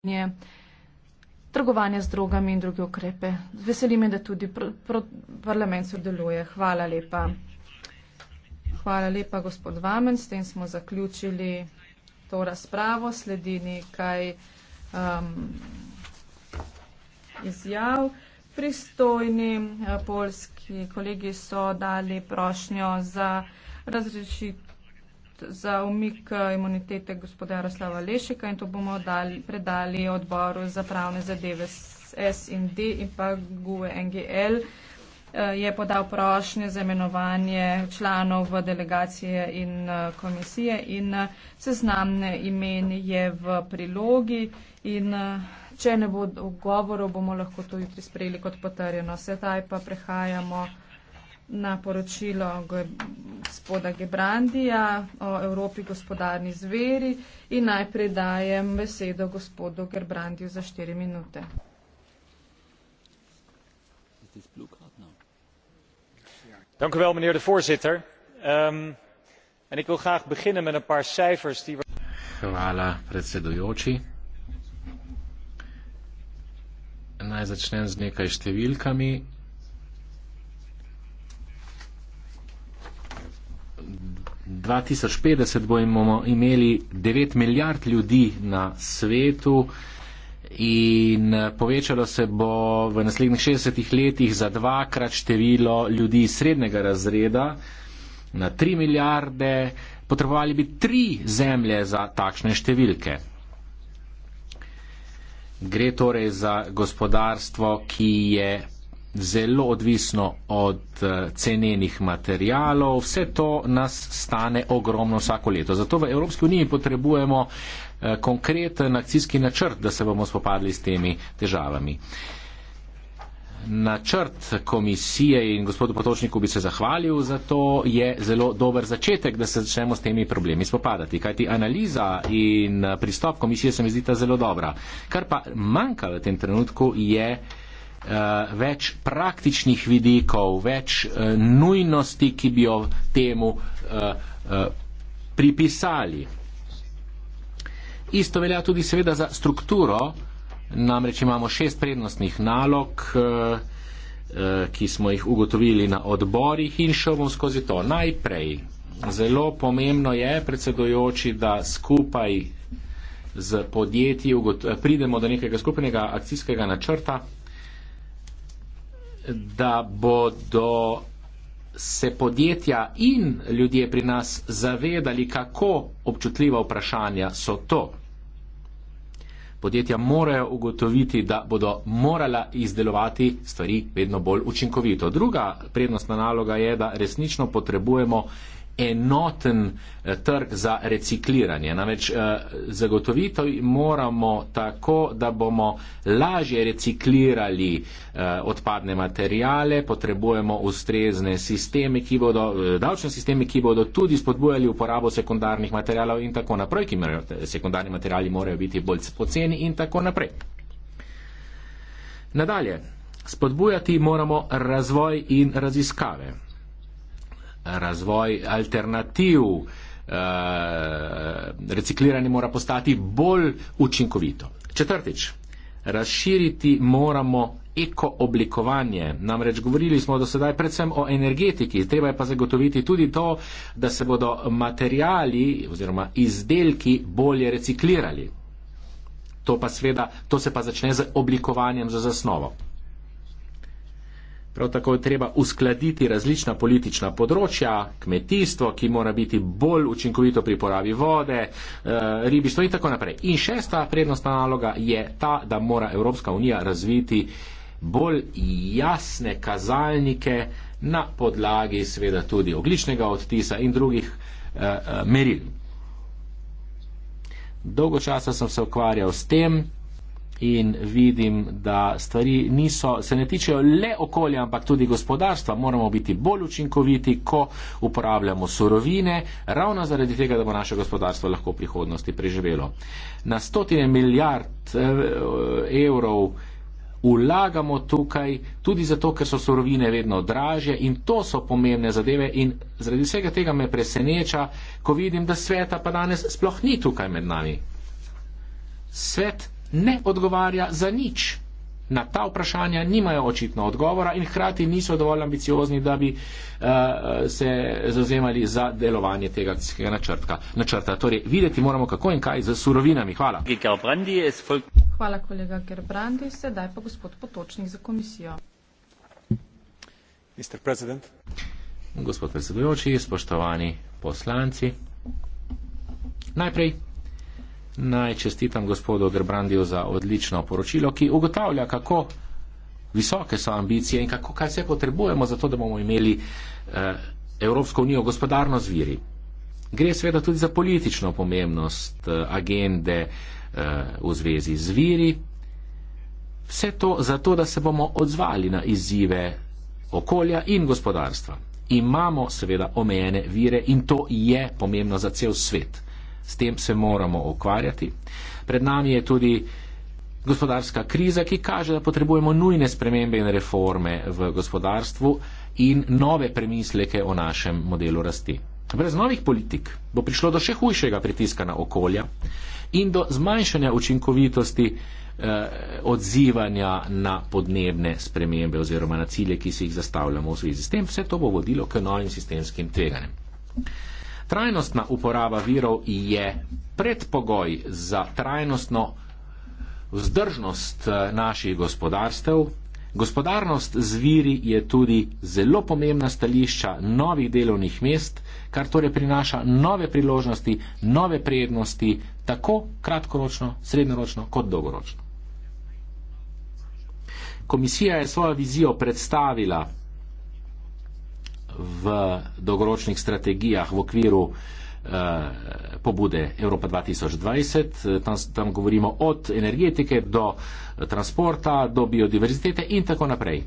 spodbujanje trgovanja z drogami in druge ukrepe. Veseli me, da tudi pr pr parlament sodeluje. Hvala lepa. Hvala lepa, gospod Vamen. S tem smo zaključili to razpravo. Sledi nekaj um, izjav. Pristojni uh, polski kolegi so dali prošnjo za razrešitev za umik eh, imunitete gospoda Jaroslava Lešika in to bomo dali, predali odboru za pravne zadeve S in D in pa GUE NGL. Eh, je podal prošnje za imenovanje članov v delegacije in eh, komisije in seznamne imeni je v prilogi in če ne bo govoru, bomo lahko to jutri sprejeli kot potrjeno. Sedaj pa prehajamo na poročilo gospoda Gebrandija o Evropi gospodarni zveri in najprej dajem besedo gospodu Gebrandiju za štiri minute. Dank u wel, meneer de voorzitter. Um, en ik wil graag beginnen met een paar cijfers die. Hvala, predsedujoči. Naj začnem z nekaj številkami. 2050 bomo imeli 9 milijard ljudi na svetu in eh, povečalo se bo v naslednjih 60 letih za dvakrat število ljudi srednjega razreda na 3 milijarde. Potrebovali bi tri zemlje za takšne številke. Gre torej za gospodarstvo, ki je zelo odvisno od eh, cenenih materijalov. Vse to nas stane ogromno vsako leto. Zato v Evropski uniji potrebujemo eh, konkreten akcijski načrt, da se bomo spopadli s temi težavami. Načrt komisije in gospodu Potočniku bi se zahvalil za to, je zelo dober začetek, da se začnemo s temi problemi spopadati. Kajti analiza in eh, pristop komisije se mi zdi ta zelo dobra. Kar pa manjka v tem trenutku je Eh, več praktičnih vidikov, več eh, nujnosti, ki bi jo temu eh, pripisali. Isto velja tudi seveda za strukturo, namreč imamo šest prednostnih nalog, ki smo jih ugotovili na odborih in šel bom skozi to. Najprej, zelo pomembno je predsedojoči, da skupaj z podjetji pridemo do nekega skupnega akcijskega načrta, da bodo se podjetja in ljudje pri nas zavedali, kako občutljiva vprašanja so to. Podjetja morajo ugotoviti, da bodo morala izdelovati stvari vedno bolj učinkovito. Druga prednostna naloga je, da resnično potrebujemo enoten eh, trg za recikliranje. Namreč eh, zagotovito moramo tako, da bomo lažje reciklirali eh, odpadne materijale, potrebujemo ustrezne sisteme, ki bodo, davčne sisteme, ki bodo tudi spodbujali uporabo sekundarnih materijalov in tako naprej, ki morajo, sekundarni materijali morajo biti bolj poceni in tako naprej. Nadalje, spodbujati moramo razvoj in raziskave razvoj alternativ eh, recikliranje mora postati bolj učinkovito. Četrtič, razširiti moramo eko oblikovanje. Namreč govorili smo do sedaj predvsem o energetiki, treba je pa zagotoviti tudi to, da se bodo materijali oziroma izdelki bolje reciklirali. To, pa sveda, to se pa začne z oblikovanjem za zasnovo. Prav tako je treba uskladiti različna politična področja, kmetijstvo, ki mora biti bolj učinkovito pri porabi vode, eh, ribištvo in tako naprej. In šesta prednostna naloga je ta, da mora Evropska unija razviti bolj jasne kazalnike na podlagi seveda tudi ogličnega odtisa in drugih eh, eh, meril. Dolgo časa sem se ukvarjal s tem, in vidim, da stvari niso, se ne tičejo le okolja, ampak tudi gospodarstva. Moramo biti bolj učinkoviti, ko uporabljamo surovine, ravno zaradi tega, da bo naše gospodarstvo lahko v prihodnosti preživelo. Na stotine milijard eh, evrov vlagamo tukaj tudi zato, ker so surovine vedno dražje in to so pomembne zadeve in zaradi vsega tega me preseneča, ko vidim, da sveta pa danes sploh ni tukaj med nami. Svet ne odgovarja za nič. Na ta vprašanja nimajo očitno odgovora in hkrati niso dovolj ambiciozni, da bi uh, se zazemali za delovanje tega akcijskega načrta. načrta. Torej, videti moramo, kako in kaj z surovinami. Hvala. Hvala, kolega Gerbrandi. Sedaj pa gospod Potočnik za komisijo. President. Gospod predsedujoči, spoštovani poslanci. Najprej. Naj čestitam gospodu Grbrandiju za odlično poročilo, ki ugotavlja, kako visoke so ambicije in kako kaj vse potrebujemo za to, da bomo imeli eh, Evropsko unijo gospodarno zviri. Gre seveda tudi za politično pomembnost eh, agende eh, v zvezi z viri. Vse to zato, da se bomo odzvali na izzive okolja in gospodarstva. Imamo seveda omejene vire in to je pomembno za cel svet. S tem se moramo ukvarjati. Pred nami je tudi gospodarska kriza, ki kaže, da potrebujemo nujne spremembe in reforme v gospodarstvu in nove premisleke o našem modelu rasti. Brez novih politik bo prišlo do še hujšega pritiska na okolja in do zmanjšanja učinkovitosti eh, odzivanja na podnebne spremembe oziroma na cilje, ki si jih zastavljamo v zvezi s tem. Vse to bo vodilo k novim sistemskim tveganjem. Trajnostna uporaba virov je predpogoj za trajnostno vzdržnost eh, naših gospodarstev. Gospodarnost z viri je tudi zelo pomembna stališča novih delovnih mest, kar torej prinaša nove priložnosti, nove prednosti, tako kratkoročno, srednjeročno kot dolgoročno. Komisija je svojo vizijo predstavila v dolgoročnih strategijah v okviru eh, pobude Evropa 2020. Eh, tam, tam govorimo od energetike do eh, transporta, do biodiverzitete in tako naprej.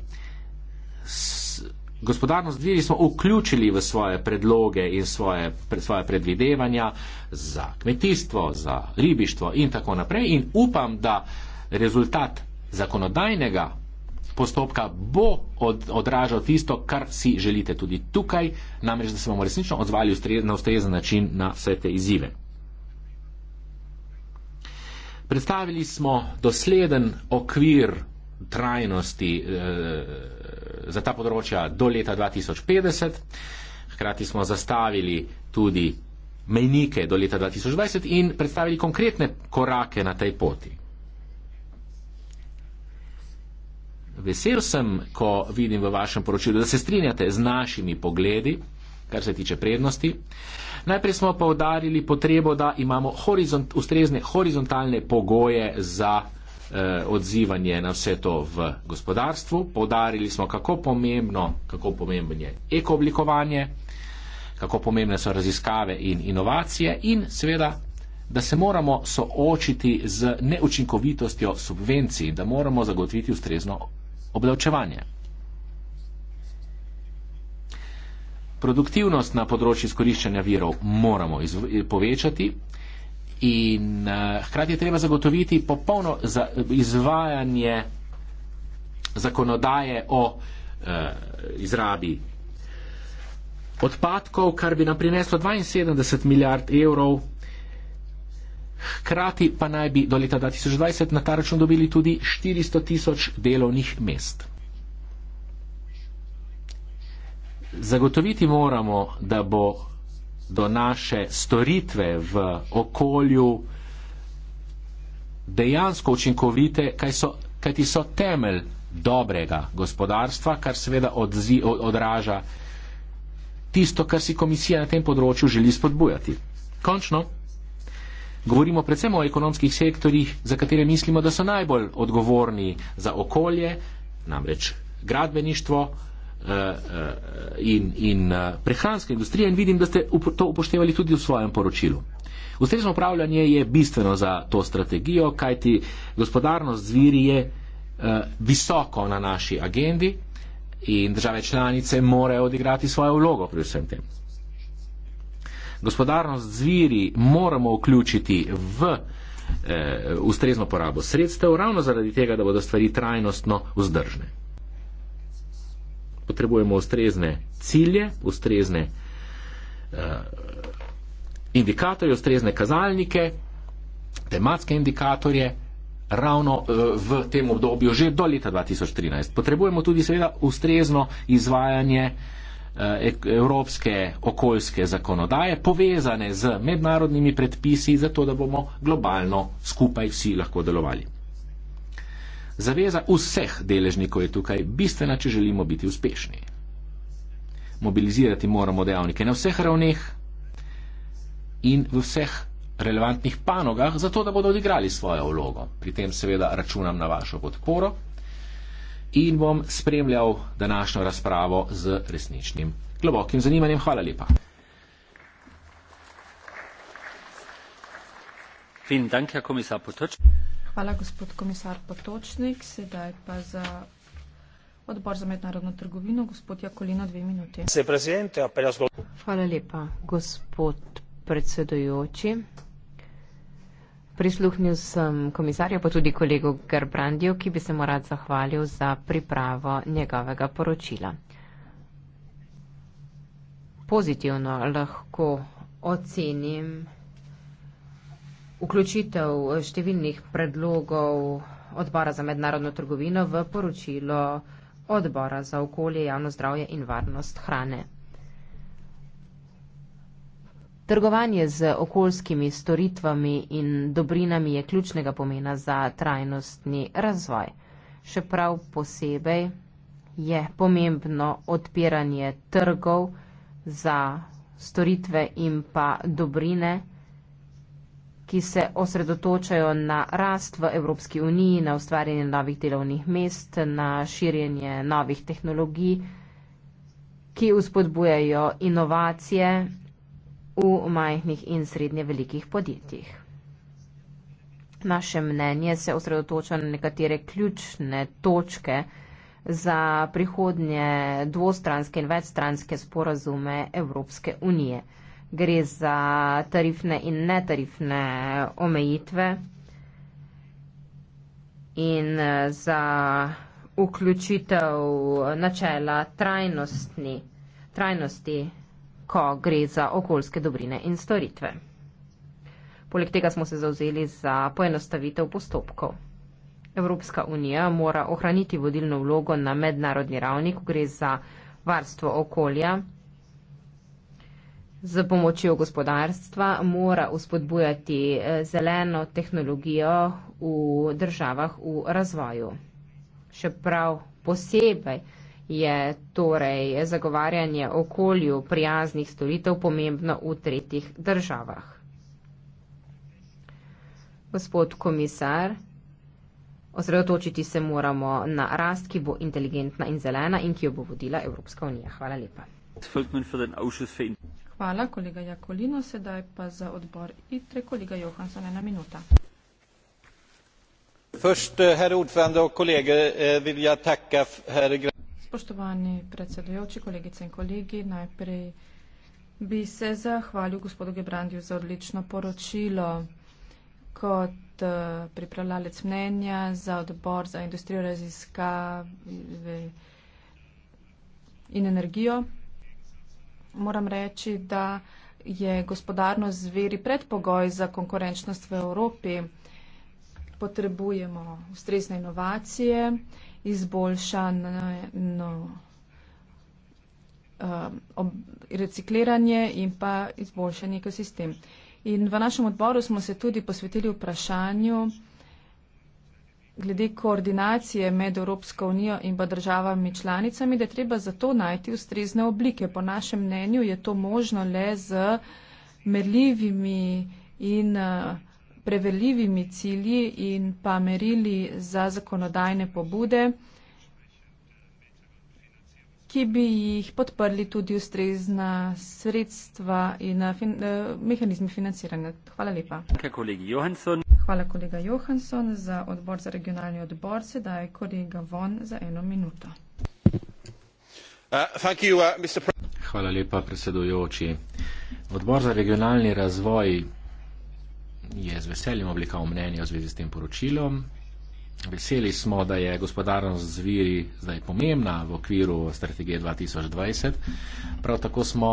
S, gospodarnost viri smo vključili v svoje predloge in svoje, svoje predvidevanja za kmetijstvo, za ribištvo in tako naprej. In upam, da rezultat zakonodajnega postopka bo od, odražal tisto, kar si želite tudi tukaj, namreč da se bomo resnično odzvali na ustrezen način na vse te izzive. Predstavili smo dosleden okvir trajnosti e, za ta področja do leta 2050, hkrati smo zastavili tudi mejnike do leta 2020 in predstavili konkretne korake na tej poti. vesel sem, ko vidim v vašem poročilu, da se strinjate z našimi pogledi, kar se tiče prednosti. Najprej smo povdarili potrebo, da imamo horizont, ustrezne horizontalne pogoje za eh, odzivanje na vse to v gospodarstvu. Povdarili smo, kako pomembno kako pomemben je ekooblikovanje, kako pomembne so raziskave in inovacije in seveda, da se moramo soočiti z neučinkovitostjo subvencij, da moramo zagotoviti ustrezno obdavčevanje. Produktivnost na področju izkoriščanja virov moramo izv, povečati in eh, hkrati je treba zagotoviti popolno za, izvajanje zakonodaje o eh, izrabi odpadkov, kar bi nam prineslo 72 milijard evrov hkrati pa naj bi do leta 2020 na ta račun dobili tudi 400 tisoč delovnih mest. Zagotoviti moramo, da bo do naše storitve v okolju dejansko učinkovite, kajti so, kaj so temelj dobrega gospodarstva, kar seveda odzi, odraža tisto, kar si komisija na tem področju želi spodbujati. Končno. Govorimo predvsem o ekonomskih sektorjih, za katere mislimo, da so najbolj odgovorni za okolje, namreč gradbeništvo eh, eh, in, in eh, prehranska industrija in vidim, da ste to upoštevali tudi v svojem poročilu. Ustrezno upravljanje je bistveno za to strategijo, kajti gospodarnost zviri je visoko na naši agendi in države članice morajo odigrati svojo vlogo pri vsem tem gospodarnost z viri moramo vključiti v eh, ustrezno porabo sredstev, ravno zaradi tega, da bodo stvari trajnostno vzdržne. Potrebujemo ustrezne cilje, ustrezne eh, indikatorje, ustrezne kazalnike, tematske indikatorje ravno eh, v tem obdobju, že do leta 2013. Potrebujemo tudi seveda ustrezno izvajanje eh, Eh, evropske okoljske zakonodaje, povezane z mednarodnimi predpisi, zato da bomo globalno skupaj vsi lahko delovali. Zaveza vseh deležnikov je tukaj bistvena, če želimo biti uspešni. Mobilizirati moramo dejavnike na vseh ravneh in v vseh relevantnih panogah, zato da bodo odigrali svojo vlogo. Pri tem seveda računam na vašo podporo in bom spremljal današnjo razpravo z resničnim globokim zanimanjem. Hvala lepa. Hvala, gospod komisar Potočnik. Sedaj pa za odbor za mednarodno trgovino, gospod Jakolino, dve minuti. Ja, Hvala lepa, gospod predsedujoči. Prisluhnil sem komisarju, pa tudi kolegu Gerbrandiju, ki bi se mu rad zahvalil za pripravo njegovega poročila. Pozitivno lahko ocenim vključitev številnih predlogov odbora za mednarodno trgovino v poročilo odbora za okolje, javno zdravje in varnost hrane. Trgovanje z okoljskimi storitvami in dobrinami je ključnega pomena za trajnostni razvoj. Še prav posebej je pomembno odpiranje trgov za storitve in pa dobrine, ki se osredotočajo na rast v Evropski uniji, na ustvarjanje novih delovnih mest, na širjenje novih tehnologij, ki uspodbujajo inovacije v majhnih in srednje velikih podjetjih. Naše mnenje se osredotoča na nekatere ključne točke za prihodnje dvostranske in večstranske sporazume Evropske unije. Gre za tarifne in netarifne omejitve in eh, za vključitev načela trajnosti, trajnosti ko gre za okoljske dobrine in storitve. Poleg tega smo se zauzeli za poenostavitev postopkov. Evropska unija mora ohraniti vodilno vlogo na mednarodni ravni, ko gre za varstvo okolja. Z pomočjo gospodarstva mora uspodbujati eh, zeleno tehnologijo v državah v razvoju. Še prav posebej je torej zagovarjanje okolju prijaznih storitev pomembno v tretjih državah. Gospod komisar, osredotočiti se moramo na rast, ki bo inteligentna in zelena in ki jo bo vodila Evropska unija. Hvala lepa. Hvala, kolega Jakolino. Sedaj pa za odbor ITRE, kolega Johansson, ena minuta. Prvi, eh, herr odvrnjen, kolege, eh, bi jaz takav, herr. Spoštovani predsedujoči, kolegice in kolegi, najprej bi se zahvalil gospodu Gebrandiju za odlično poročilo. Kot eh, pripravljalec mnenja za odbor za industrijo raziskave in energijo, moram reči, da je gospodarnost zveri predpogoj za konkurenčnost v Evropi. Potrebujemo ustrezne inovacije izboljšano no, um, recikliranje in pa izboljšanje ekosistem. In v našem odboru smo se tudi posvetili vprašanju glede koordinacije med Evropsko unijo in pa državami članicami, da je treba zato najti ustrezne oblike. Po našem mnenju je to možno le z merljivimi in uh, preveljivimi cilji in pa merili za zakonodajne pobude, ki bi jih podprli tudi ustrezna sredstva in eh, fin eh, mehanizmi financiranja. Hvala lepa. Hvala kolega Johansson za odbor za regionalni odbor. Sedaj je kolega Von za eno minuto. Uh, you, uh, Hvala lepa, predsedujoči. Odbor za regionalni razvoj je z veseljem oblikal mnenje v zvezi s tem poročilom. Veseli smo, da je gospodarnost z viri zdaj pomembna v okviru strategije 2020. Prav tako smo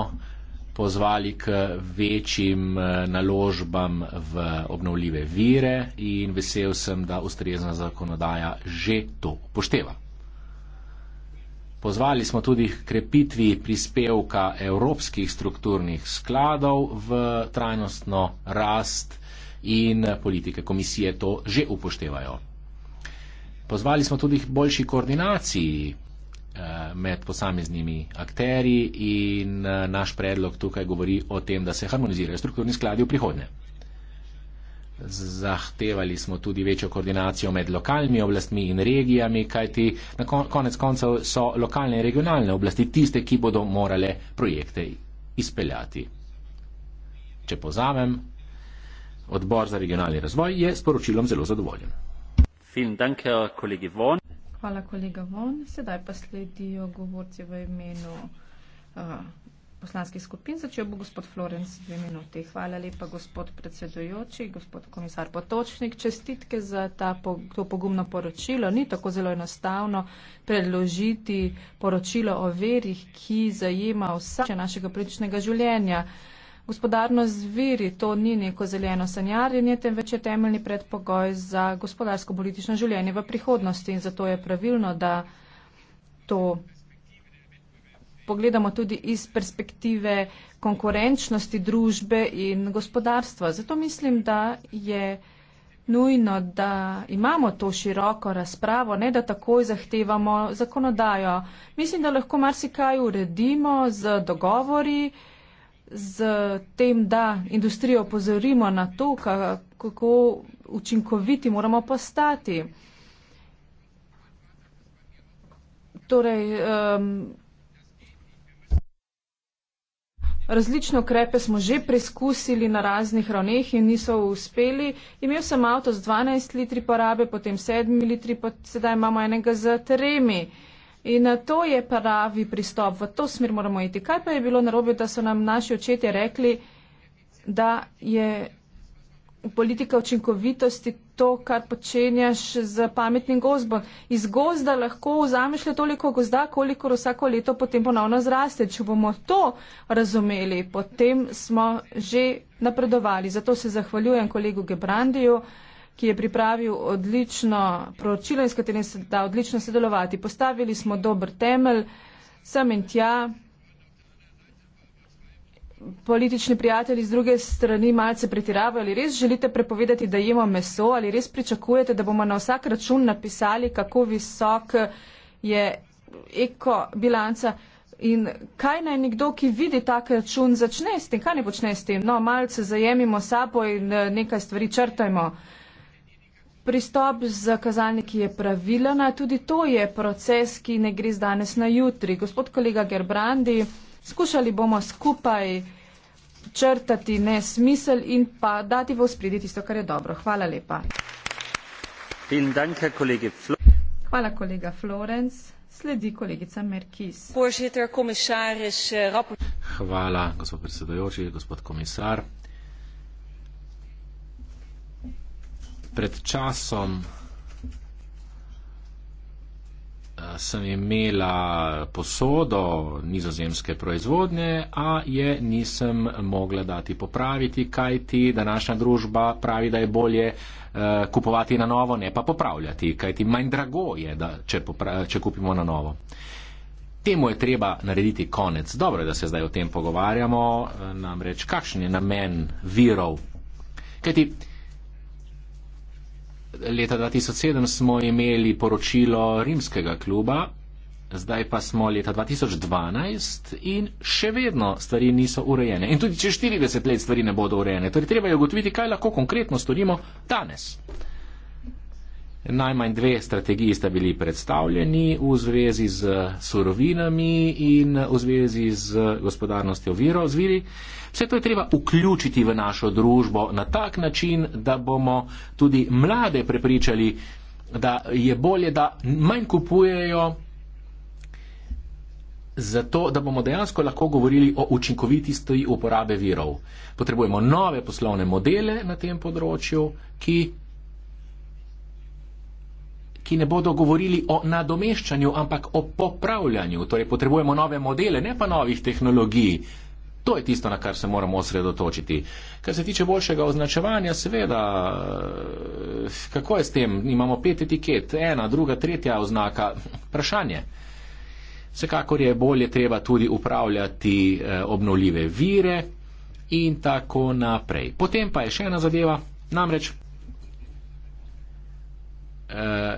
pozvali k večjim eh, naložbam v obnovljive vire in vesel sem, da ustrezna zakonodaja že to upošteva. Pozvali smo tudi k krepitvi prispevka evropskih strukturnih skladov v trajnostno rast 2020 in politike komisije to že upoštevajo. Pozvali smo tudi k boljši koordinaciji eh, med posameznimi akteri in eh, naš predlog tukaj govori o tem, da se harmonizirajo strukturni skladi v prihodnje. Zahtevali smo tudi večjo koordinacijo med lokalnimi oblastmi in regijami, kajti na konec koncev so lokalne in regionalne oblasti tiste, ki bodo morale projekte izpeljati. Če pozamem, Odbor za regionalni razvoj je s poročilom zelo zadovoljen. Danke, Hvala, kolega Von. Sedaj pa sledijo govorci v imenu uh, poslanskih skupin. Začel bo gospod Florenc v imenu te. Hvala lepa, gospod predsedujoči, gospod komisar Potočnik. Čestitke za ta, to pogumno poročilo. Ni tako zelo enostavno predložiti poročilo o verih, ki zajema vse našega prečnega življenja. Uh, Gospodarnost zviri to ni neko zeleno sanjarjenje, temveč je temeljni predpogoj za gospodarsko-politično življenje v prihodnosti in zato je pravilno, da to pogledamo tudi iz perspektive konkurenčnosti družbe in gospodarstva. Zato mislim, da je nujno, da imamo to široko razpravo, ne da takoj zahtevamo zakonodajo. Mislim, da lahko marsikaj uredimo z dogovori, uh, z tem, da industrijo opozorimo na to, kako učinkoviti moramo postati. Torej, um, različne ukrepe smo že preizkusili na raznih ravneh in niso uspeli. Imel sem avto z 12 litri porabe, potem 7 litri, sedaj imamo enega z 3 litri. In eh, to je pravi pristop, v to smer moramo iti. Kaj pa je bilo narobe, da so nam naši očetje rekli, da je politika učinkovitosti to, kar počenjaš z pametnim gozdom. Iz gozda lahko vzameš le toliko gozda, koliko vsako leto potem ponovno zraste. Če bomo to razumeli, potem smo že napredovali. Zato se zahvaljujem kolegu Gebrandiju ki je pripravil odlično proročilo, iz katerega se da odlično sodelovati. Postavili smo dober temelj, sem in tja. Politični prijatelji z druge strani malce pretiravajo, ali res želite prepovedati, da jemo meso, ali res pričakujete, da bomo na vsak račun napisali, kako visok je eko bilanca. In kaj naj nekdo, ki vidi tak račun, začne s tem? Kaj ne počne s tem? No, malce zajemimo sapo in eh, nekaj stvari črtajmo. Pristop z kazalniki je pravilen, tudi to je proces, ki ne gre z danes na jutri. Gospod kolega Gerbrandi, skušali bomo skupaj črtati nesmisel in pa dati v spredje tisto, kar je dobro. Hvala lepa. Hvala kolega Florenc. Sledi kolegica Merkis. Eh, Hvala, gospod predsedujoči, gospod komisar. pred časom eh, sem imela posodo nizozemske proizvodnje, a je nisem mogla dati popraviti, kaj ti današnja družba pravi, da je bolje eh, kupovati na novo, ne pa popravljati, kaj ti manj drago je, da, če, če kupimo na novo. Temu je treba narediti konec. Dobro je, da se zdaj o tem pogovarjamo, eh, namreč kakšen je namen virov. Kaj ti? leta 2007 smo imeli poročilo rimskega kluba, zdaj pa smo leta 2012 in še vedno stvari niso urejene. In tudi čez 40 let stvari ne bodo urejene. Torej, treba je ugotoviti, kaj lahko konkretno storimo danes. Najmanj dve strategiji sta bili predstavljeni v zvezi z surovinami in v zvezi z gospodarnostjo virov, z viri. Vse to je treba vključiti v našo družbo na tak način, da bomo tudi mlade prepričali, da je bolje, da manj kupujejo, zato da bomo dejansko lahko govorili o učinkovitosti uporabe virov. Potrebujemo nove poslovne modele na tem področju, ki ki ne bodo govorili o nadomeščanju, ampak o popravljanju. Torej, potrebujemo nove modele, ne pa novih tehnologij. To je tisto, na kar se moramo osredotočiti. Kar se tiče boljšega označevanja, seveda, kako je s tem? Imamo pet etiket, ena, druga, tretja oznaka. Vprašanje. Vsekakor je bolje treba tudi upravljati eh, obnovljive vire in tako naprej. Potem pa je še ena zadeva, namreč Eh,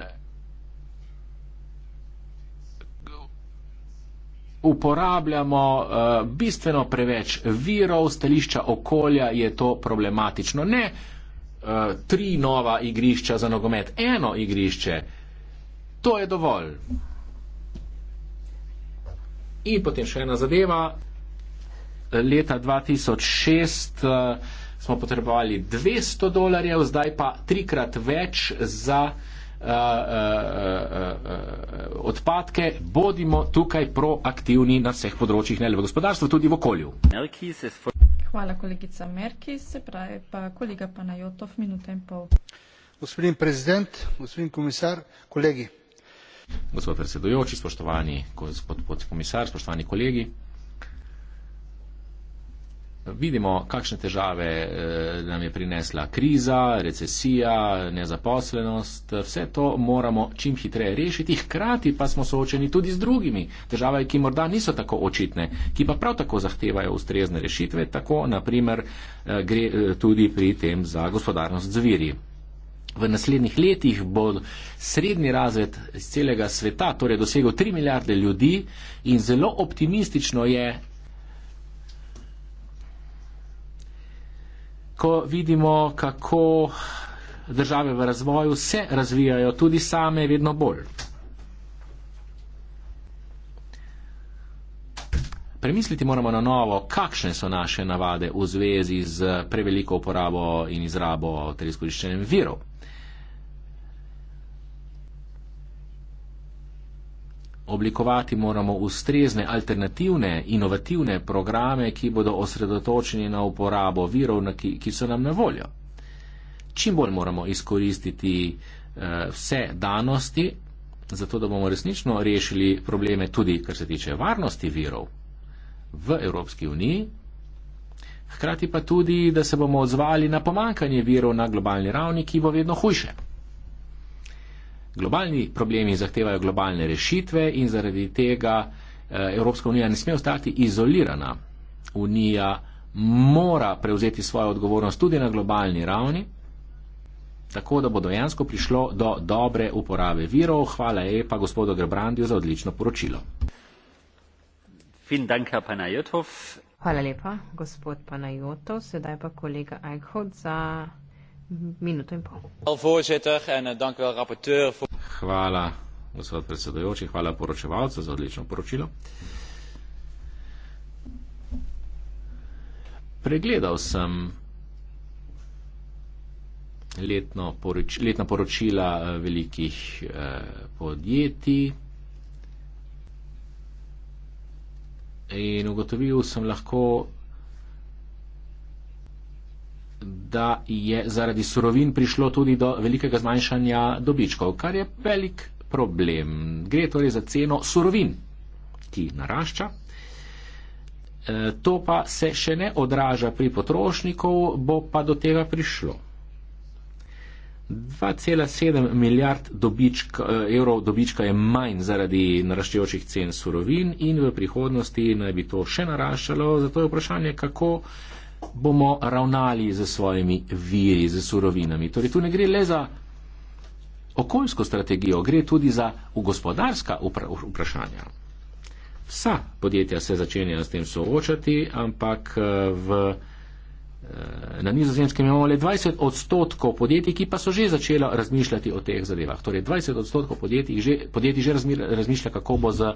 uporabljamo eh, bistveno preveč virov, stališča okolja je to problematično. Ne eh, tri nova igrišča za nogomet, eno igrišče, to je dovolj. In potem še ena zadeva. Leta 2006 smo potrebovali 200 dolarjev, zdaj pa trikrat več za Eh, eh, eh, odpadke, bodimo tukaj proaktivni na vseh področjih, ne le v gospodarstvu, tudi v okolju. Hvala, kolegica Merkis, se pravi pa kolega Panajotov, minuta in pol. Gospodin prezident, gospodin komisar, kolegi. Gospod predsedujoči, spoštovani gospod podkomisar, spoštovani kolegi vidimo, kakšne težave eh, nam je prinesla kriza, recesija, nezaposlenost. Vse to moramo čim hitreje rešiti. Hkrati pa smo soočeni tudi z drugimi težavami, ki morda niso tako očitne, ki pa prav tako zahtevajo ustrezne rešitve. Tako, naprimer, eh, gre eh, tudi pri tem za gospodarnost z viri. V naslednjih letih bo srednji razred iz celega sveta, torej dosegel 3 milijarde ljudi in zelo optimistično je, ko vidimo, kako države v razvoju se razvijajo tudi same vedno bolj. Premisliti moramo na novo, kakšne so naše navade v zvezi z preveliko uporabo in izrabo teleskoriščenem virov. Oblikovati moramo ustrezne alternativne, inovativne programe, ki bodo osredotočeni na uporabo virov, ki, ki so nam na voljo. Čim bolj moramo izkoristiti uh, vse danosti, zato da bomo resnično rešili probleme tudi, kar se tiče varnosti virov v Evropski uniji, hkrati pa tudi, da se bomo odzvali na pomankanje virov na globalni ravni, ki bo vedno hujše globalni problemi zahtevajo globalne rešitve in zaradi tega eh, Evropska unija ne sme ostati izolirana. Unija mora prevzeti svojo odgovornost tudi na globalni ravni, tako da bo dejansko prišlo do dobre uporabe virov. Hvala lepa gospodu Grebrandiju za odlično poročilo. Hvala lepa, gospod Panajotov. Sedaj pa kolega Eichhout za Eh, hvala, gospod predsedujoči, hvala poročevalcu za odlično poročilo. Pregledal sem letno poroč, letna poročila eh, velikih eh, podjetij in ugotovil sem lahko, da je zaradi surovin prišlo tudi do velikega zmanjšanja dobičkov, kar je velik problem. Gre torej za ceno surovin, ki narašča. E, to pa se še ne odraža pri potrošnikov, bo pa do tega prišlo. 2,7 milijard dobička, e, evrov dobička je manj zaradi naraščajočih cen surovin in v prihodnosti naj bi to še naraščalo. Zato je vprašanje, kako bomo ravnali z svojimi viri, z surovinami. Torej, tu ne gre le za okoljsko strategijo, gre tudi za gospodarska vprašanja. Vsa podjetja se začenjajo s tem soočati, ampak eh, v. Na nizozemskem imamo le 20 odstotkov podjetij, ki pa so že začela razmišljati o teh zadevah. Torej 20 odstotkov podjetij že, podjetij že razmišlja, kako bo z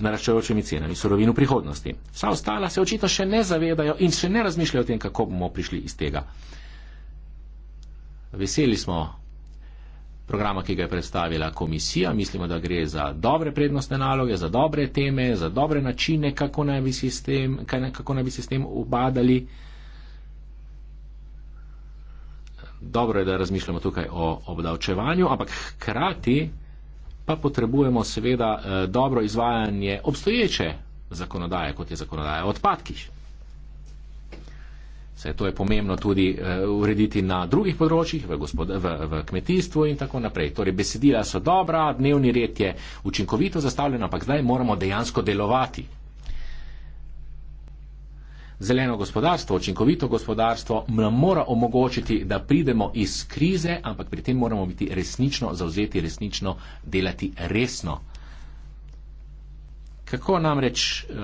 naraščajočimi cenami surovin v prihodnosti. Vsa ostala se očitno še ne zavedajo in še ne razmišljajo o tem, kako bomo prišli iz tega. Veseli smo programa, ki ga je predstavila komisija. Mislimo, da gre za dobre prednostne naloge, za dobre teme, za dobre načine, kako naj bi sistem, kako naj bi sistem obadali. dobro je, da razmišljamo tukaj o obdavčevanju, ampak hkrati pa potrebujemo seveda eh, dobro izvajanje obstoječe zakonodaje, kot je zakonodaja odpadkih. Vse to je pomembno tudi eh, urediti na drugih področjih, v, gospod, v, v kmetijstvu in tako naprej. Torej, besedila so dobra, dnevni red je učinkovito zastavljen, ampak zdaj moramo dejansko delovati. Zeleno gospodarstvo, učinkovito gospodarstvo nam mora omogočiti, da pridemo iz krize, ampak pri tem moramo biti resnično zauzeti, resnično delati resno. Kako namreč uh,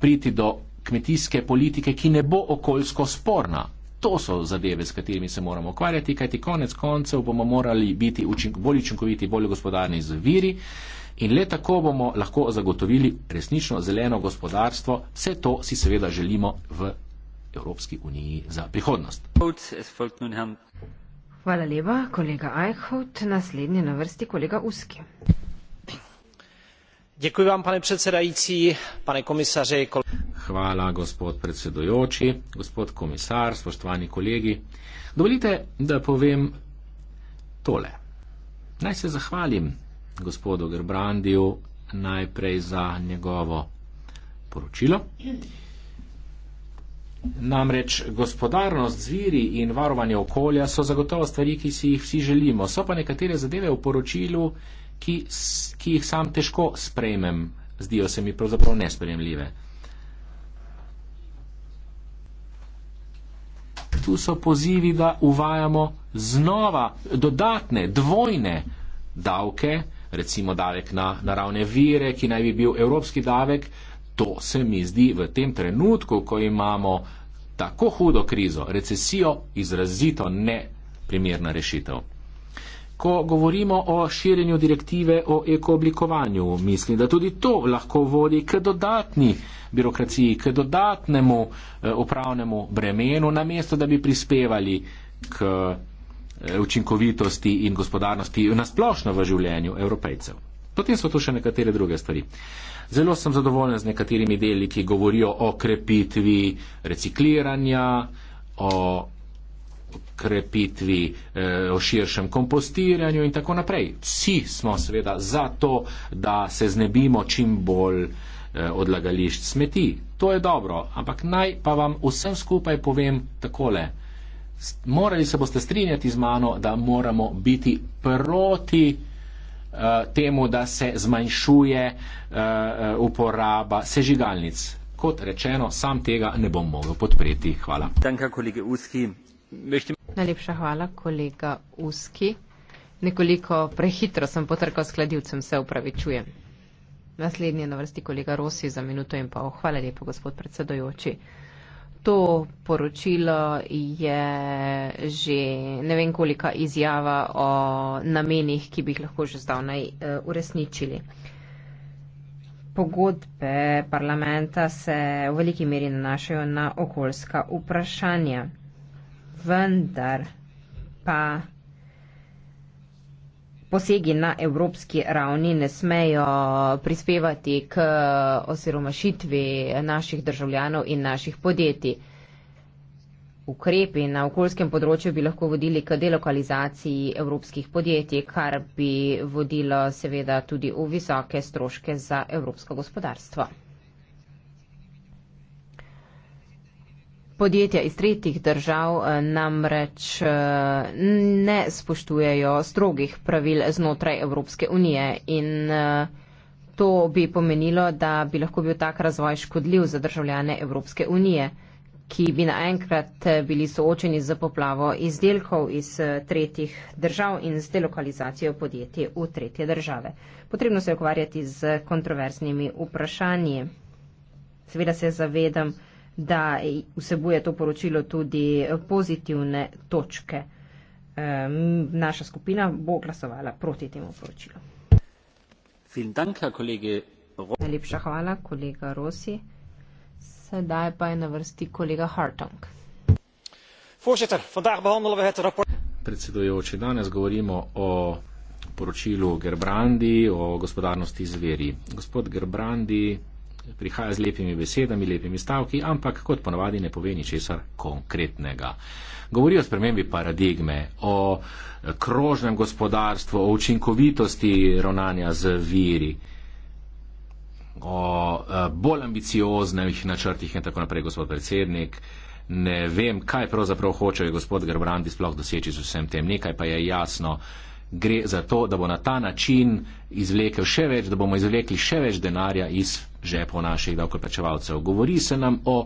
priti do kmetijske politike, ki ne bo okoljsko sporna? To so zadeve, s katerimi se moramo ukvarjati, kajti konec koncev bomo morali biti učink bolj učinkoviti, bolj gospodarni z viri. Uh, In le tako bomo lahko zagotovili resnično zeleno gospodarstvo. Vse to si seveda želimo v Evropski uniji za prihodnost. Hvala lepa, kolega Eichhout. Naslednji na vrsti kolega Uski. Děkuji vám, pane předsedající, pane komisaři. Kol- Hvala, gospod predsedujoči, gospod komisar, spoštovani kolegi. Dovolite, da povem tole. Naj se zahvalim gospodu Gerbrandiju najprej za njegovo poročilo. Namreč gospodarnost, zviri in varovanje okolja so zagotovo stvari, ki si jih vsi želimo. So pa nekatere zadeve v poročilu, ki, ki jih sam težko sprejmem, zdijo se mi pravzaprav nespremljive. Tu so pozivi, da uvajamo znova dodatne, dvojne davke, recimo davek na naravne vire, ki naj bi bil evropski davek. To se mi zdi v tem trenutku, ko imamo tako hudo krizo, recesijo, izrazito neprimerna rešitev. Ko govorimo o širjenju direktive o ekooblikovanju, mislim, da tudi to lahko vodi k dodatni birokraciji, k dodatnemu eh, upravnemu bremenu, namesto da bi prispevali k učinkovitosti in gospodarnosti nasplošno v življenju evropejcev. Potem so tu še nekatere druge stvari. Zelo sem zadovoljen z nekaterimi deli, ki govorijo o krepitvi recikliranja, o krepitvi, eh, o širšem kompostiranju in tako naprej. Vsi smo seveda za to, da se znebimo čim bolj eh, odlagališč smeti. To je dobro, ampak naj pa vam vsem skupaj povem takole morali se boste strinjati z mano, da moramo biti proti eh, temu, da se zmanjšuje eh, uporaba sežigalnic. Kot rečeno, sam tega ne bom mogel podpreti. Hvala. Danka, Najlepša hvala, kolega Uski. Nekoliko prehitro sem potrkal s kladivcem, se upravičujem. Naslednji je na vrsti kolega Rosi za minuto in pol. Hvala lepa, gospod predsedojoči to poročilo je že ne vem kolika izjava o namenih, ki bi jih lahko že zdavnaj eh, uresničili. Pogodbe parlamenta se v veliki meri nanašajo na okoljska vprašanja, vendar pa posegi na evropski ravni ne smejo prispevati k osiromašitvi naših državljanov in naših podjetij. Ukrepi na okoljskem področju bi lahko vodili k delokalizaciji evropskih podjetij, kar bi vodilo seveda tudi v visoke stroške za evropsko gospodarstvo. Podjetja iz tretjih držav eh, namreč eh, ne spoštujejo strogih pravil znotraj Evropske unije in eh, to bi pomenilo, da bi lahko bil tak razvoj škodljiv za državljane Evropske unije, ki bi naenkrat bili soočeni z poplavo izdelkov iz tretjih držav in z delokalizacijo podjetij v tretje države. Potrebno se je ukvarjati z kontroverznimi vprašanji. Seveda se zavedam, da vsebuje to poročilo tudi pozitivne točke. Naša skupina bo glasovala proti temu poročilu. Najlepša hvala, kolega Rosi. Sedaj pa je na vrsti kolega Hartung. Predsedujoči, danes govorimo o poročilu Gerbrandi o gospodarnosti zveri. Gospod Gerbrandi, prihaja z lepimi besedami, lepimi stavki, ampak kot ponavadi ne pove ničesar konkretnega. Govori o spremembi paradigme, o eh, krožnem gospodarstvu, o učinkovitosti ravnanja z viri, o eh, bolj ambicioznih načrtih in tako naprej, gospod predsednik. Ne vem, kaj pravzaprav hoče gospod Grbrandi sploh doseči z vsem tem. Nekaj pa je jasno, gre za to, da bo na ta način izvlekel še več, da bomo izvlekli še več denarja iz žepov naših davkoplačevalcev. Govori se nam o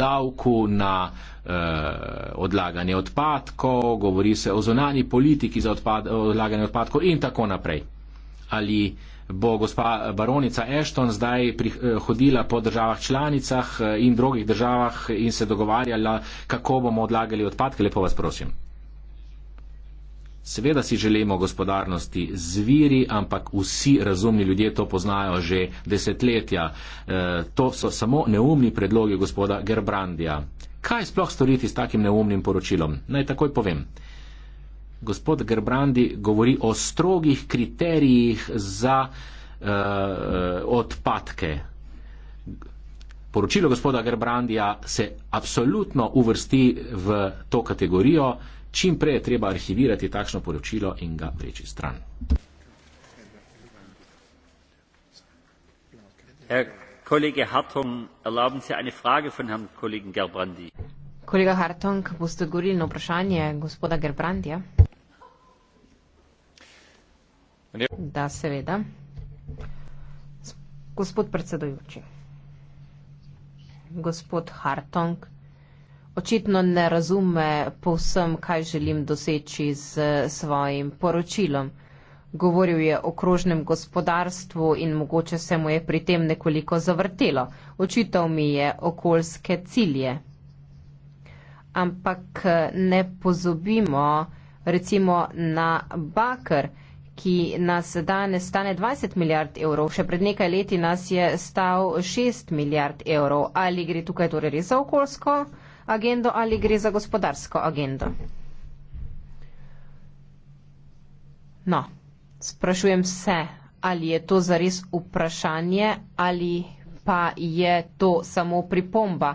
davku na eh, odlaganje odpadkov, govori se o zonani politiki za odpad, odlaganje odpadkov in tako naprej. Ali bo gospa baronica Ashton zdaj eh, hodila po državah članicah eh, in drugih državah in se dogovarjala, kako bomo odlagali odpadke, lepo vas prosim. Seveda si želimo gospodarnosti z viri, ampak vsi razumni ljudje to poznajo že desetletja. E, to so samo neumni predlogi gospoda Gerbrandija. Kaj sploh storiti s takim neumnim poročilom? Naj takoj povem. Gospod Gerbrandi govori o strogih kriterijih za e, odpadke. Poročilo gospoda Gerbrandija se absolutno uvrsti v to kategorijo, čim prej je treba arhivirati takšno poročilo in ga vreči stran. Kolega Hartung, erlauben Sie eine Frage von Herrn Kollegen Gerbrandi. Kolega Hartung, boste odgovorili na vprašanje gospoda Gerbrandija? Da, seveda. Gospod predsedujoči. Gospod Hartung, očitno ne razume povsem, kaj želim doseči z svojim poročilom. Govoril je o krožnem gospodarstvu in mogoče se mu je pri tem nekoliko zavrtelo. Očital mi je okoljske cilje. Ampak ne pozobimo recimo na bakr, ki nas danes stane 20 milijard evrov, še pred nekaj leti nas je stal 6 milijard evrov. Ali gre tukaj torej res za okoljsko? agendo ali gre za gospodarsko agendo? No, sprašujem se, ali je to zares vprašanje ali pa je to samo pripomba.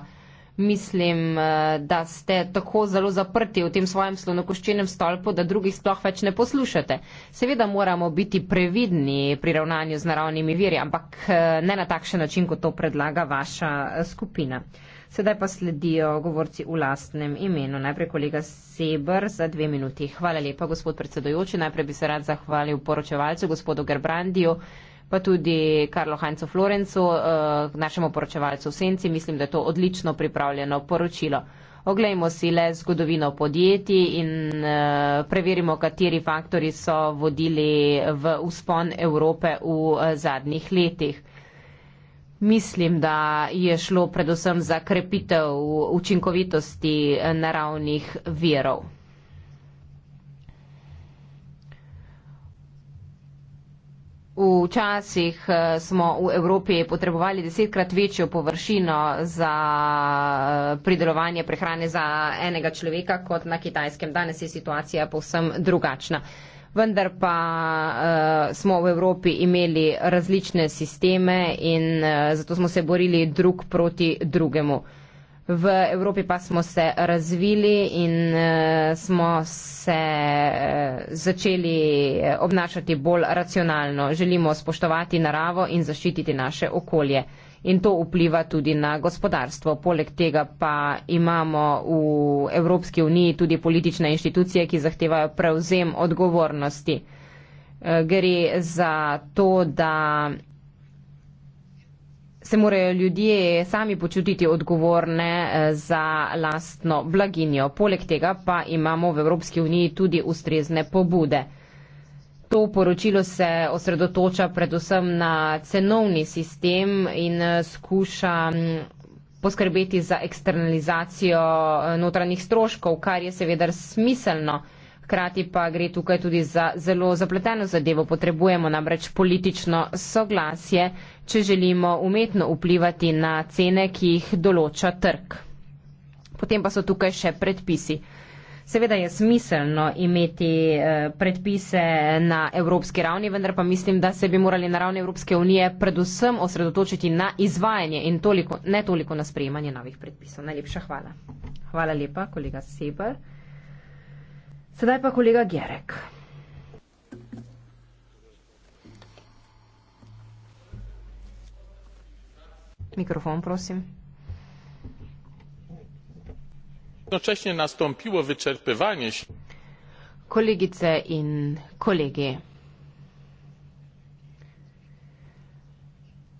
Mislim, eh, da ste tako zelo zaprti v tem svojem slonokoščenem stolpu, da drugih sploh več ne poslušate. Seveda moramo biti previdni pri ravnanju z naravnimi viri, ampak eh, ne na takšen način, kot to predlaga vaša eh, skupina. Sedaj pa sledijo govorci v lastnem imenu. Najprej kolega Sebr za dve minuti. Hvala lepa, gospod predsedojoči. Najprej bi se rad zahvalil poročevalcu, gospodu Gerbrandiju, pa tudi Karlo Hanco Florencu, eh, našemu poročevalcu v Senci. Mislim, da je to odlično pripravljeno poročilo. Oglejmo si le zgodovino podjetij in eh, preverimo, kateri faktori so vodili v uspon Evrope v eh, zadnjih letih. Mislim, da je šlo predvsem za krepitev učinkovitosti naravnih virov. Včasih eh, smo v Evropi potrebovali desetkrat večjo površino za eh, pridelovanje prehrane za enega človeka kot na kitajskem. Danes je situacija povsem drugačna vendar pa uh, smo v Evropi imeli različne sisteme in uh, zato smo se borili drug proti drugemu. V Evropi pa smo se razvili in uh, smo se uh, začeli obnašati bolj racionalno. Želimo spoštovati naravo in zaščititi naše okolje in to vpliva tudi na gospodarstvo. Poleg tega pa imamo v Evropski uniji tudi politične inštitucije, ki zahtevajo prevzem odgovornosti. Eh, gre za to, da se morajo ljudje sami počutiti odgovorne eh, za lastno blaginjo. Poleg tega pa imamo v Evropski uniji tudi ustrezne pobude. To poročilo se osredotoča predvsem na cenovni sistem in eh, skuša mm, poskrbeti za eksternalizacijo eh, notranjih stroškov, kar je seveda smiselno. Hkrati pa gre tukaj tudi za zelo zapleteno zadevo. Potrebujemo namreč politično soglasje, če želimo umetno vplivati na cene, ki jih določa trg. Potem pa so tukaj še predpisi. Seveda je smiselno imeti eh, predpise na evropski ravni, vendar pa mislim, da se bi morali na ravni Evropske unije predvsem osredotočiti na izvajanje in toliko, ne toliko na sprejemanje novih predpisov. Najlepša hvala. Hvala lepa, kolega Sebr. Sedaj pa kolega Gerek. Mikrofon, prosim. jednocześnie nastąpiło wyczerpywanie się Kolegice in kolegie.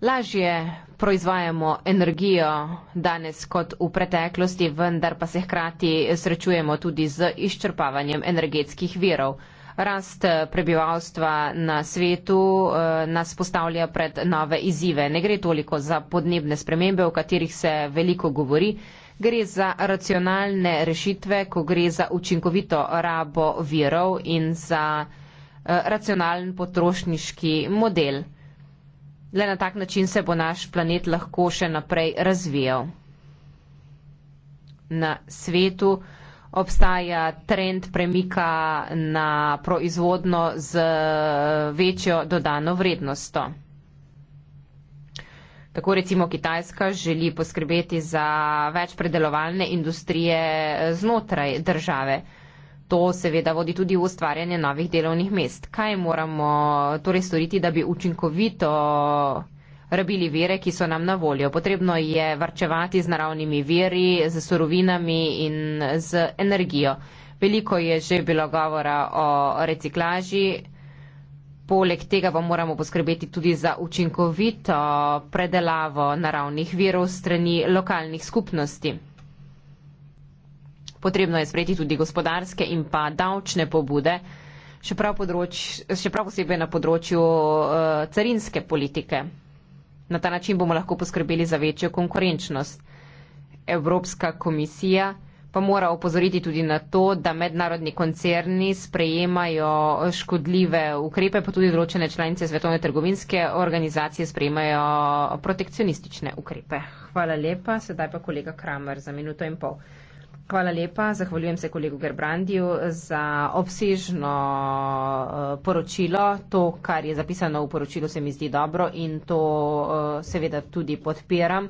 Lažje proizvajamo energijo danes kot v preteklosti, vendar pa se hkrati srečujemo tudi z izčrpavanjem energetskih virov. Rast prebivalstva na svetu eh, nas postavlja pred nove izzive. Ne gre toliko za podnebne spremembe, o katerih se veliko govori gre za racionalne rešitve, ko gre za učinkovito rabo virov in za eh, racionalen potrošniški model. Le na tak način se bo naš planet lahko še naprej razvijal. Na svetu obstaja trend premika na proizvodno z večjo dodano vrednostjo. Tako recimo Kitajska želi poskrbeti za več predelovalne industrije eh, znotraj države. To seveda vodi tudi v ustvarjanje novih delovnih mest. Kaj moramo torej storiti, da bi učinkovito rabili vere, ki so nam na voljo? Potrebno je varčevati z naravnimi veri, z sorovinami in z energijo. Veliko je že bilo govora o reciklaži poleg tega pa moramo poskrbeti tudi za učinkovito predelavo naravnih virov strani lokalnih skupnosti. Potrebno je sprejeti tudi gospodarske in pa davčne pobude, še prav, področ, še prav posebej na področju uh, carinske politike. Na ta način bomo lahko poskrbeli za večjo konkurenčnost. Evropska komisija pa mora opozoriti tudi na to, da mednarodni koncerni sprejemajo škodljive ukrepe, pa tudi določene članice Svetovne trgovinske organizacije sprejemajo protekcionistične ukrepe. Hvala lepa, sedaj pa kolega Kramer za minuto in pol. Hvala lepa, zahvaljujem se kolegu Gerbrandiju za obsežno eh, poročilo. To, kar je zapisano v poročilu, se mi zdi dobro in to eh, seveda tudi podpiram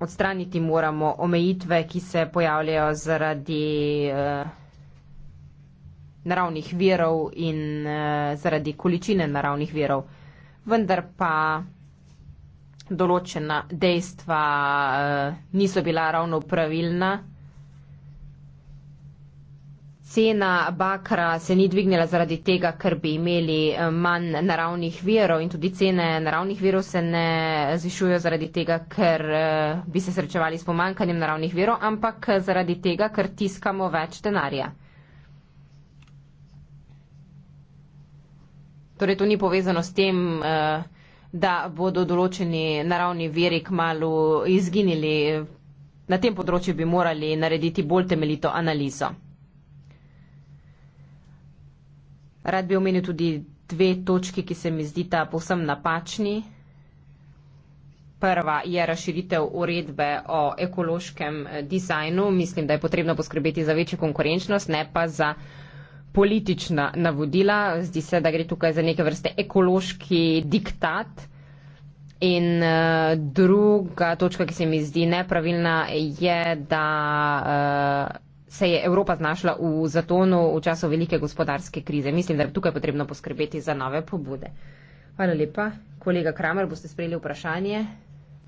odstraniti moramo omejitve, ki se pojavljajo zaradi uh, naravnih virov in uh, zaradi količine naravnih virov. Vendar pa določena dejstva uh, niso bila ravno pravilna cena bakra se ni dvignila zaradi tega, ker bi imeli eh, manj naravnih verov in tudi cene naravnih verov se ne zvišujo zaradi tega, ker eh, bi se srečevali s pomankanjem naravnih verov, ampak eh, zaradi tega, ker tiskamo več denarja. Torej, to ni povezano s tem, da bodo določeni naravni veri kmalo izginili. Na tem področju bi morali narediti bolj temeljito analizo. Rad bi omenil tudi dve točki, ki se mi zdita povsem napačni. Prva je razširitev uredbe o ekološkem eh, dizajnu. Mislim, da je potrebno poskrbeti za večjo konkurenčnost, ne pa za politična navodila. Zdi se, da gre tukaj za neke vrste ekološki diktat. In eh, druga točka, ki se mi zdi nepravilna, je, da. Uh, se je Evropa znašla v zatonu v času velike gospodarske krize. Mislim, da je tukaj potrebno poskrbeti za nove pobude. Hvala lepa. Kolega Kramer, boste sprejeli vprašanje,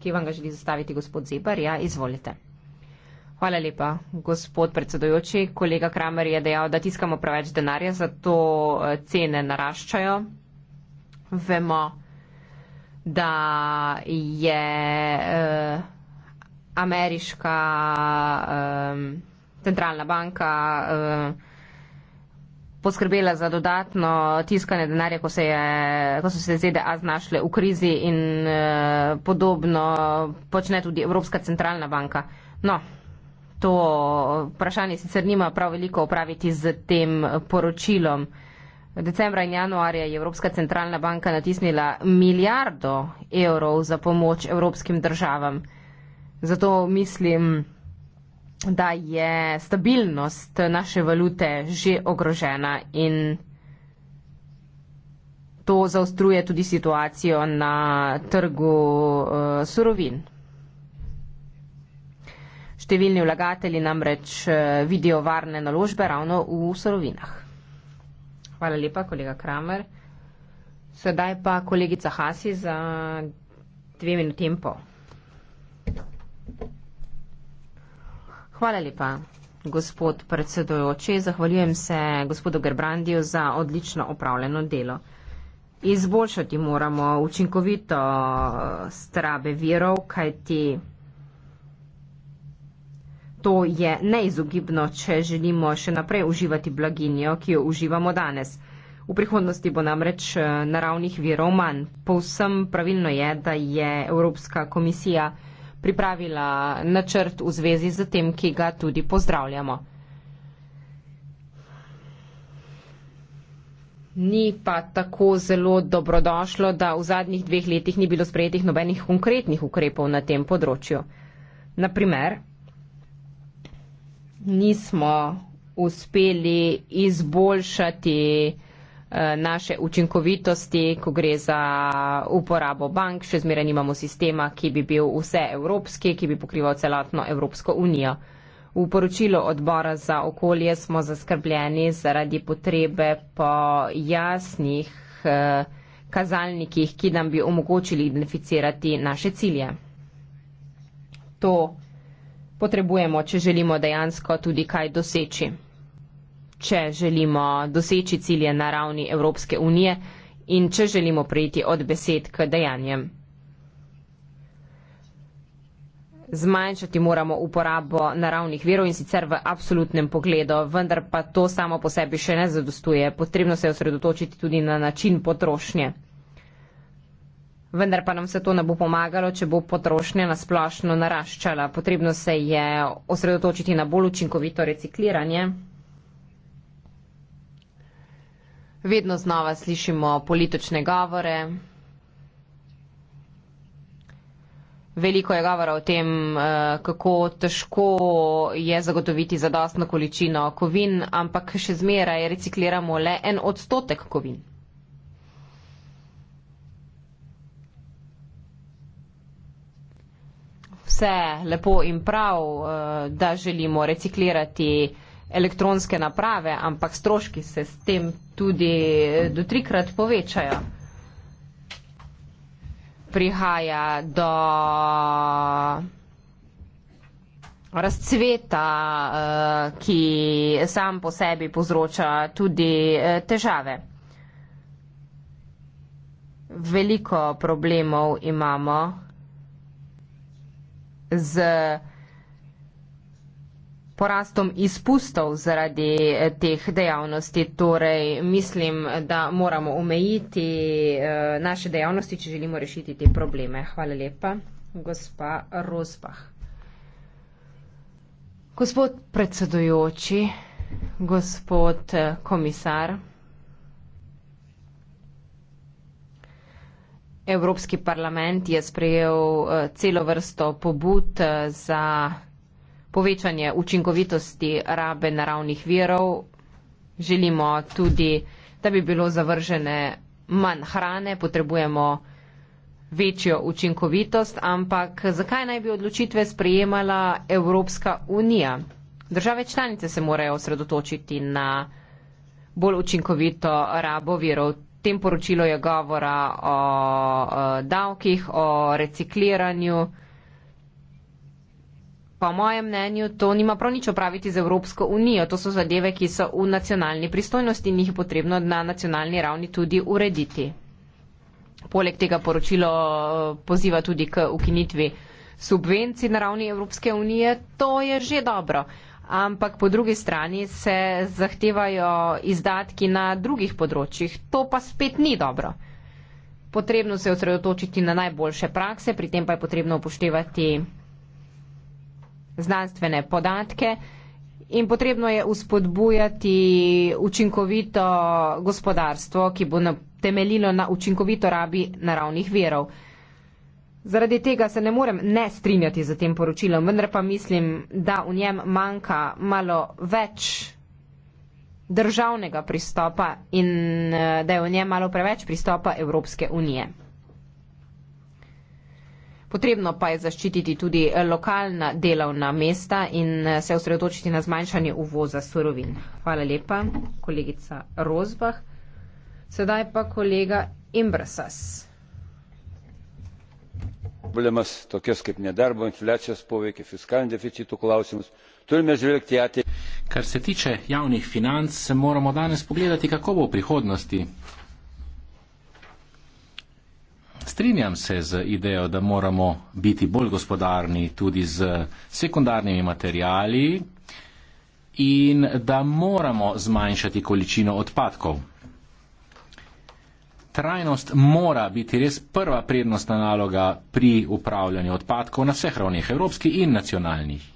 ki vam ga želi zastaviti gospod Zebar. Ja, izvolite. Hvala lepa, gospod predsedojoči. Kolega Kramer je dejal, da tiskamo preveč denarja, zato eh, cene naraščajo. Vemo, da je eh, ameriška. Eh, centralna banka eh, poskrbela za dodatno tiskanje denarja, ko, se je, ko so se ZDA znašle v krizi in eh, podobno počne tudi Evropska centralna banka. No, to vprašanje sicer nima prav veliko opraviti z tem poročilom. Decembra in januarja je Evropska centralna banka natisnila milijardo evrov za pomoč evropskim državam. Zato mislim, da je stabilnost naše valute že ogrožena in to zaostruje tudi situacijo na trgu uh, surovin. Številni vlagatelji namreč eh, vidijo varne naložbe ravno v surovinah. Hvala lepa, kolega Kramer. Sedaj pa kolegica Hasi za dve minuti in pol. Hvala lepa, gospod predsedojoči. Zahvaljujem se gospodu Gerbrandiju za odlično opravljeno delo. Izboljšati moramo učinkovito strabe virov, kajti to je neizogibno, če želimo še naprej uživati blaginjo, ki jo uživamo danes. V prihodnosti bo namreč eh, naravnih virov manj. Povsem pravilno je, da je Evropska komisija pripravila načrt v zvezi z tem, ki ga tudi pozdravljamo. Ni pa tako zelo dobrodošlo, da v zadnjih dveh letih ni bilo sprejetih nobenih konkretnih ukrepov na tem področju. Naprimer, nismo uspeli izboljšati Eh, naše učinkovitosti, ko gre za uporabo bank, še zmeraj nimamo sistema, ki bi bil vse evropski, ki bi pokrival celotno Evropsko unijo. V poročilu odbora za okolje smo zaskrbljeni zaradi potrebe po jasnih eh, kazalnikih, ki nam bi omogočili identificirati naše cilje. To potrebujemo, če želimo dejansko tudi kaj doseči če želimo doseči cilje na ravni Evropske unije in če želimo prejti od besed k dejanjem. Zmanjšati moramo uporabo naravnih verov in sicer v absolutnem pogledu, vendar pa to samo po sebi še ne zadostuje. Potrebno se je osredotočiti tudi na način potrošnje. Vendar pa nam se to ne bo pomagalo, če bo potrošnja nasplošno naraščala. Potrebno se je osredotočiti na bolj učinkovito recikliranje. Vedno znova slišimo politične govore. Veliko je govora o tem, eh, kako težko je zagotoviti zadostno količino kovin, ampak še zmeraj recikliramo le en odstotek kovin. Vse lepo in prav, eh, da želimo reciklirati elektronske naprave, ampak stroški se s tem tudi eh, do trikrat povečajo. Prihaja do razcveta, eh, ki sam po sebi povzroča tudi eh, težave. Veliko problemov imamo z porastom izpustov zaradi eh, teh dejavnosti. Torej, mislim, da moramo omejiti eh, naše dejavnosti, če želimo rešiti te probleme. Hvala lepa, gospa Rozbah. Gospod predsedujoči, gospod eh, komisar. Evropski parlament je sprejel celo vrsto pobud za povečanje učinkovitosti rabe naravnih virov, želimo tudi, da bi bilo zavržene manj hrane, potrebujemo večjo učinkovitost, ampak zakaj naj bi odločitve sprejemala Evropska unija? Države članice se morajo osredotočiti na bolj učinkovito rabo virov. V tem poročilu je govora o, o eh, davkih, o recikliranju po mojem mnenju, to nima prav nič opraviti z Evropsko unijo. To so zadeve, ki so v nacionalni pristojnosti in jih je potrebno na nacionalni ravni tudi urediti. Poleg tega poročilo eh, poziva tudi k ukinitvi subvencij na ravni Evropske unije. To je že dobro. Ampak po drugi strani se zahtevajo izdatki na drugih področjih. To pa spet ni dobro. Potrebno se osredotočiti na najboljše prakse, pri tem pa je potrebno upoštevati znanstvene podatke in potrebno je uspodbujati učinkovito gospodarstvo, ki bo temeljilo na učinkovito rabi naravnih verov. Zaradi tega se ne morem ne strinjati z tem poročilom, vendar pa mislim, da v njem manjka malo več državnega pristopa in eh, da je v njem malo preveč pristopa Evropske unije. Potrebno pa je zaščititi tudi eh, lokalna delovna mesta in eh, se osredotočiti na zmanjšanje uvoza surovin. Hvala lepa, kolegica Rozbah. Sedaj pa kolega Imbrasas. Problemas tokios kaip nedarbo, infliacijos poveikia, fiskalinio deficito klausimus. Turime žvelgti ateitį. Kar se tiče javnih financ, moramo danes pogledati, kako bo v prihodnosti. Strinjam se z idejo, da moramo biti bolj gospodarni tudi z sekundarnimi materijali in da moramo zmanjšati količino odpadkov. Trajnost mora biti res prva prednostna naloga pri upravljanju odpadkov na vseh ravneh, evropski in nacionalnih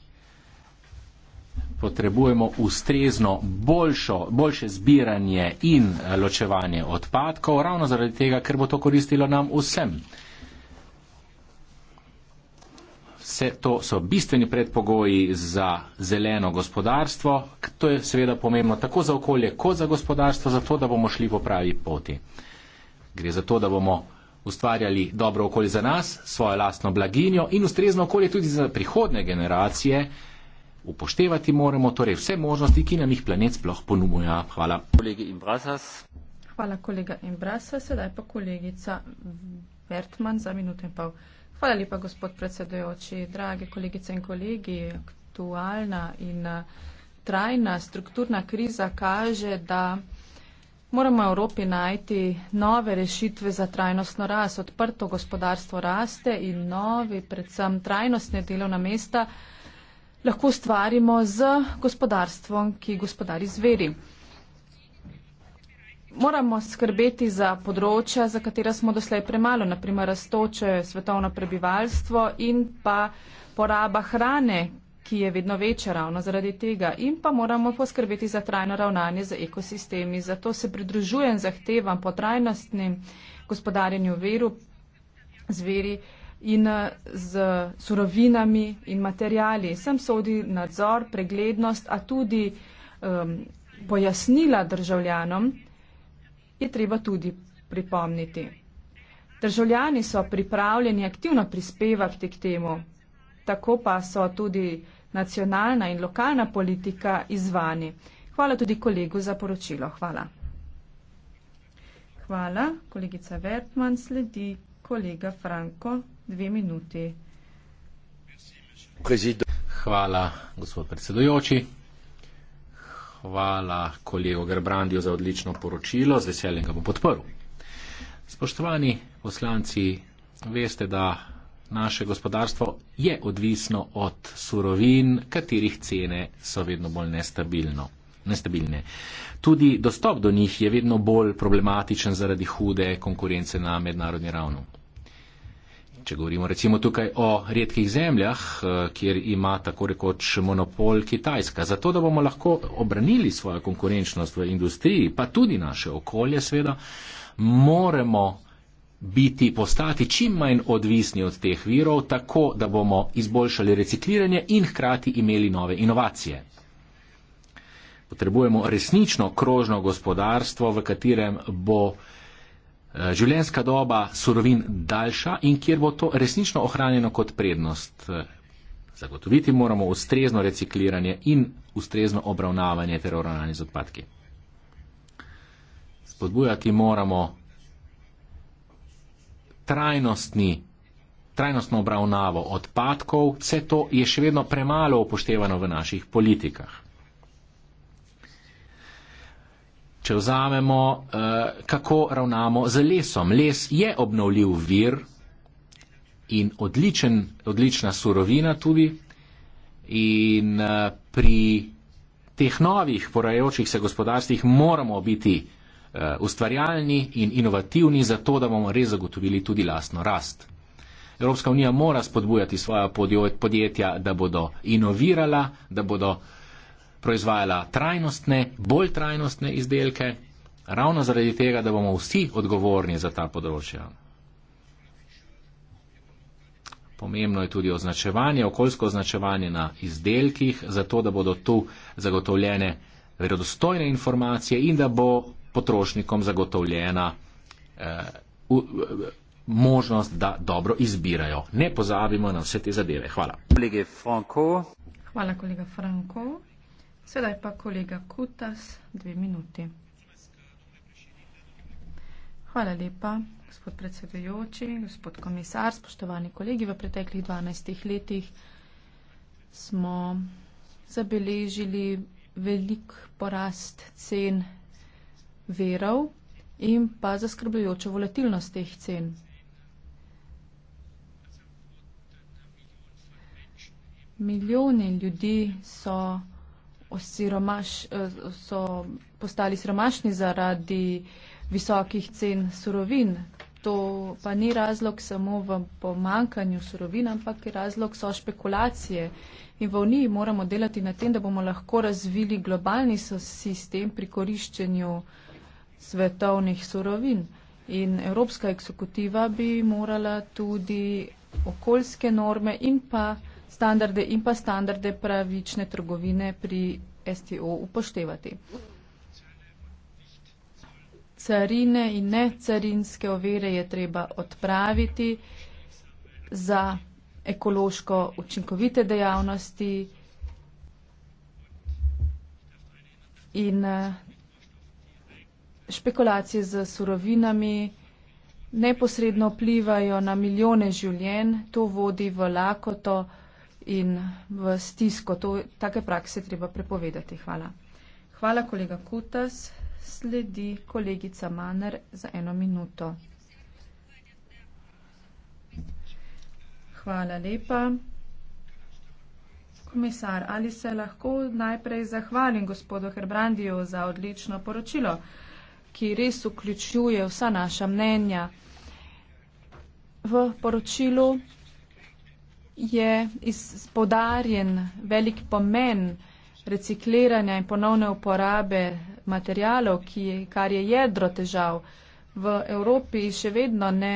potrebujemo ustrezno boljšo, boljše zbiranje in eh, ločevanje odpadkov, ravno zaradi tega, ker bo to koristilo nam vsem. Vse to so bistveni predpogoji za zeleno gospodarstvo, to je seveda pomembno tako za okolje kot za gospodarstvo, zato da bomo šli po pravi poti. Gre za to, da bomo ustvarjali dobro okolje za nas, svojo lastno blaginjo in ustrezno okolje tudi za prihodne generacije, upoštevati moramo torej vse možnosti, ki nam jih planet sploh ponumuje. Hvala. Kolegi in Brasas. Hvala, kolega in Brasas. Sedaj pa kolegica Bertman za minuto in pol. Hvala lepa, gospod predsedojoči. Drage kolegice in kolegi, aktualna in eh, trajna strukturna kriza kaže, da moramo v Evropi najti nove rešitve za trajnostno rast. Odprto gospodarstvo raste in novi, predvsem trajnostne delovna mesta lahko ustvarimo z gospodarstvom, ki gospodari zveri. Moramo skrbeti za področja, za katera smo doslej premalo, naprimer raztoče svetovno prebivalstvo in pa poraba hrane, ki je vedno večja ravno zaradi tega. In pa moramo poskrbeti za trajno ravnanje z ekosistemi. Zato se pridružujem zahtevam po trajnostnem gospodarjenju veru zveri in eh, z surovinami in materijali. Sem sodi nadzor, preglednost, a tudi um, pojasnila državljanom je treba tudi pripomniti. Državljani so pripravljeni aktivno prispevati k temu, tako pa so tudi nacionalna in lokalna politika izvani. Hvala tudi kolegu za poročilo. Hvala. Hvala, kolegica Vertman, sledi kolega Franko dve minuti. Hvala, gospod predsedujoči. Hvala kolego Gerbrandijo za odlično poročilo. Z veseljem ga bom podprl. Spoštovani poslanci, veste, da naše gospodarstvo je odvisno od surovin, katerih cene so vedno bolj nestabilno. Nestabilne. Tudi dostop do njih je vedno bolj problematičen zaradi hude konkurence na mednarodni ravni. Če govorimo recimo tukaj o redkih zemljah, eh, kjer ima tako rekoč monopol Kitajska, zato da bomo lahko obranili svojo konkurenčnost v industriji, pa tudi naše okolje, seveda, moramo biti, postati čim manj odvisni od teh virov, tako da bomo izboljšali recikliranje in hkrati imeli nove inovacije. Potrebujemo resnično krožno gospodarstvo, v katerem bo Eh, življenjska doba surovin daljša in kjer bo to resnično ohranjeno kot prednost. Eh, zagotoviti moramo ustrezno recikliranje in ustrezno obravnavanje ter ravnanje z odpadki. Spodbujati moramo trajnostni, trajnostno obravnavo odpadkov, vse to je še vedno premalo upoštevano v naših politikah. če vzamemo, eh, kako ravnamo z lesom. Les je obnovljiv vir in odličen, odlična surovina tudi. In eh, pri teh novih porajočih se gospodarstvih moramo biti eh, ustvarjalni in inovativni, zato da bomo res zagotovili tudi lastno rast. Evropska unija mora spodbujati svoja podjetja, da bodo inovirala, da bodo proizvajala trajnostne, bolj trajnostne izdelke, ravno zaradi tega, da bomo vsi odgovorni za ta področja. Pomembno je tudi označevanje, okoljsko označevanje na izdelkih, zato da bodo tu zagotovljene verodostojne informacije in da bo potrošnikom zagotovljena eh, u, u, eh, možnost, da dobro izbirajo. Ne pozabimo na vse te zadeve. Hvala. Hvala, kolega Franko. Sedaj pa kolega Kutas, dve minuti. Hvala lepa, gospod predsedujoči, gospod komisar, spoštovani kolegi. V preteklih 12 letih smo zabeležili velik porast cen verov in pa zaskrbljujočo volatilnost teh cen. Milijoni ljudi so osiromaš, eh, so postali siromašni zaradi visokih cen surovin. To pa ni razlog samo v pomankanju surovin, ampak je razlog so špekulacije. In v Uniji moramo delati na tem, da bomo lahko razvili globalni sistem pri koriščenju svetovnih surovin. In Evropska eksekutiva bi morala tudi okoljske norme in pa standarde in pa standarde pravične trgovine pri STO upoštevati. Carine in necarinske ovire je treba odpraviti za ekološko učinkovite dejavnosti in eh, špekulacije z surovinami neposredno vplivajo na milijone življenj, to vodi v lakoto, in v stisko. To, take prakse treba prepovedati. Hvala. Hvala, kolega Kutas. Sledi kolegica Maner za eno minuto. Hvala lepa. Komisar, ali se lahko najprej zahvalim gospodu Herbrandiju za odlično poročilo, ki res vključuje vsa naša mnenja. V poročilu je izpodarjen velik pomen recikliranja in ponovne uporabe materijalov, ki, kar je jedro težav. V Evropi še vedno ne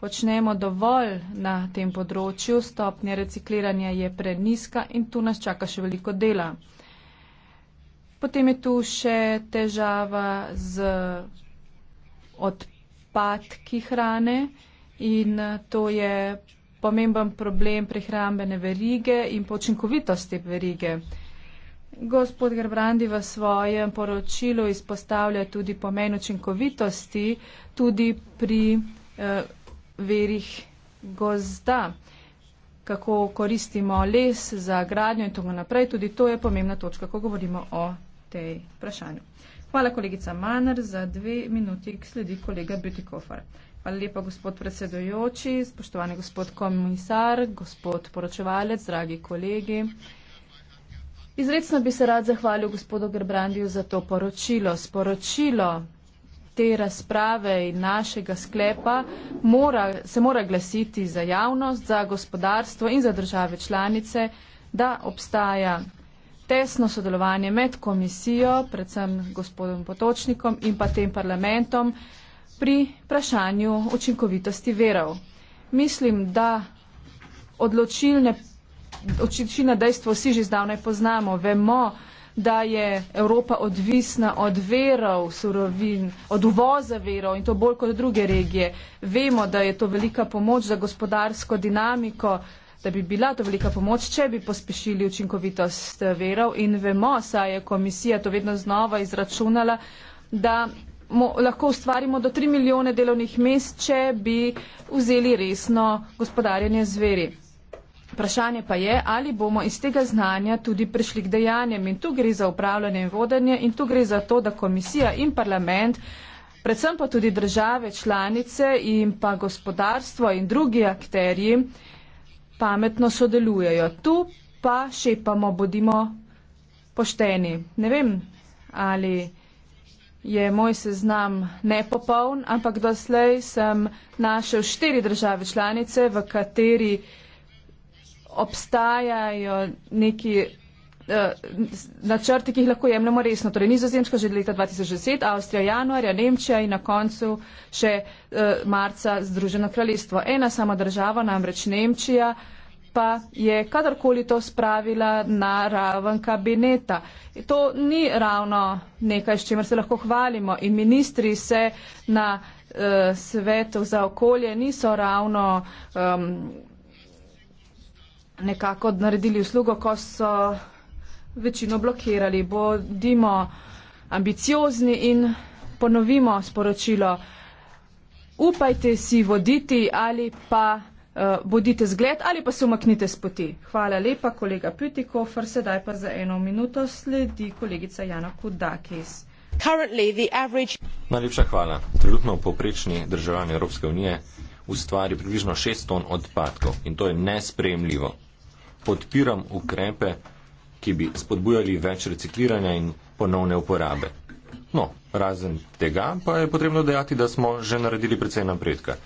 počnemo dovolj na tem področju, stopnja recikliranja je preniska in tu nas čaka še veliko dela. Potem je tu še težava z odpadki hrane in to je pomemben problem prehrambene verige in počinkovitosti verige. Gospod Gerbrandi v svojem poročilu izpostavlja tudi pomen učinkovitosti tudi pri eh, verih gozda, kako koristimo les za gradnjo in tako naprej. Tudi to je pomembna točka, ko govorimo o tej vprašanju. Hvala kolegica Maner, za dve minuti sledi kolega Bütikofer. Hvala lepa, gospod predsedojoči, spoštovani gospod komisar, gospod poročevalec, dragi kolegi. Izredno bi se rad zahvalil gospodu Gerbrandiju za to poročilo. Sporočilo te razprave in našega sklepa mora, se mora glasiti za javnost, za gospodarstvo in za države članice, da obstaja tesno sodelovanje med komisijo, predvsem gospodom Potočnikom in pa tem parlamentom, pri vprašanju učinkovitosti verov. Mislim, da odločilne, očitčine dejstvo vsi že zdavnaj poznamo. Vemo, da je Evropa odvisna od verov, surovin, od uvoza verov in to bolj kot druge regije. Vemo, da je to velika pomoč za gospodarsko dinamiko, da bi bila to velika pomoč, če bi pospešili učinkovitost verov in vemo, saj je komisija to vedno znova izračunala, da mo, lahko ustvarimo do 3 milijone delovnih mest, če bi vzeli resno gospodarjenje zveri. Vprašanje pa je, ali bomo iz tega znanja tudi prišli k dejanjem. In tu gre za upravljanje in vodenje in tu gre za to, da komisija in parlament, predvsem pa tudi države, članice in pa gospodarstvo in drugi akterji pametno sodelujejo. Tu pa šepamo, bodimo pošteni. Ne vem, ali je moj seznam nepopoln, ampak doslej sem našel štiri države članice, v kateri obstajajo neki uh, načrti, ki jih lahko jemljemo resno. Torej Nizozemska že leta 2010, Avstrija januarja, Nemčija in na koncu še uh, marca Združeno kraljestvo. Ena sama država, namreč Nemčija, uh, pa je kadarkoli to spravila na raven kabineta. To ni ravno nekaj, s čimer se lahko hvalimo in ministri se na uh, svetu za okolje niso ravno um, nekako naredili uslugo, ko so večino blokirali. Bodimo ambiciozni in ponovimo sporočilo. Upajte si voditi ali pa Eh, bodite zgled ali pa se umaknite z poti. Hvala lepa, kolega Pütikofer. Sedaj pa za eno minuto sledi kolegica Jana Kudakis. Average... Najlepša hvala. Trenutno poprečni državljan Evropske unije ustvari približno 6 ton odpadkov in to je nespremljivo. Podpiram ukrepe, ki bi spodbujali več recikliranja in ponovne uporabe. No, razen tega pa je potrebno dejati, da smo že naredili precej napredka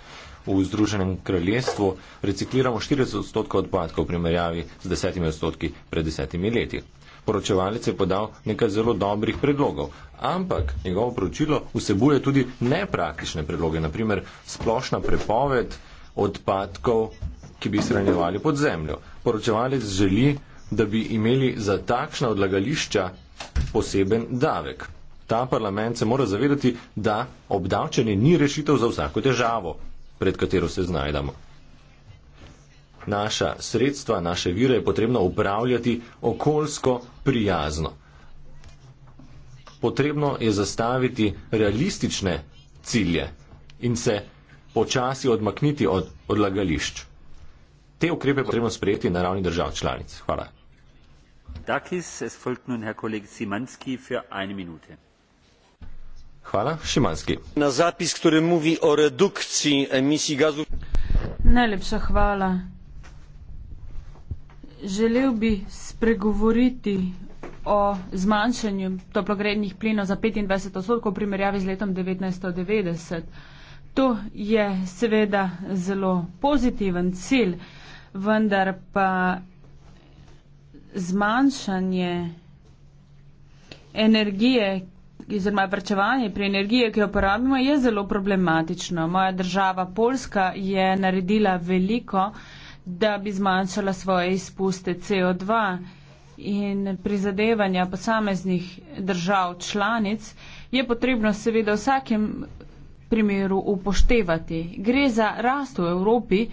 v Združenem kraljestvu recikliramo 40 odstotkov odpadkov v primerjavi z 10 odstotki pred 10 leti. Poročevalec je podal nekaj zelo dobrih predlogov, ampak njegovo poročilo vsebuje tudi nepraktične predloge, naprimer splošna prepoved odpadkov, ki bi shranjevali pod zemljo. Poročevalec želi, da bi imeli za takšna odlagališča poseben davek. Ta parlament se mora zavedati, da obdavčenje ni rešitev za vsako težavo, pred katero se znajdamo. Naša sredstva, naše vire je potrebno upravljati okoljsko prijazno. Potrebno je zastaviti realistične cilje in se počasi odmakniti od odlagališč. Te ukrepe je potrebno sprejeti na ravni držav članic. Hvala. Dakis, es folgt nun Herr Kollege Simanski für eine Minute. Hvala. Šimanski. Na zapis, ki mluvi o redukciji emisij gazov. Najlepša hvala. Želel bi spregovoriti o zmanjšanju toplogrednih plinov za 25 odstotkov v primerjavi z letom 1990. To je seveda zelo pozitiven cilj, vendar pa zmanjšanje energije, oziroma vrčevanje pri energiji, ki jo uporabimo, je zelo problematično. Moja država Poljska je naredila veliko, da bi zmanjšala svoje izpuste CO2 in prizadevanja posameznih držav članic je potrebno seveda vsakem primeru upoštevati. Gre za rast v Evropi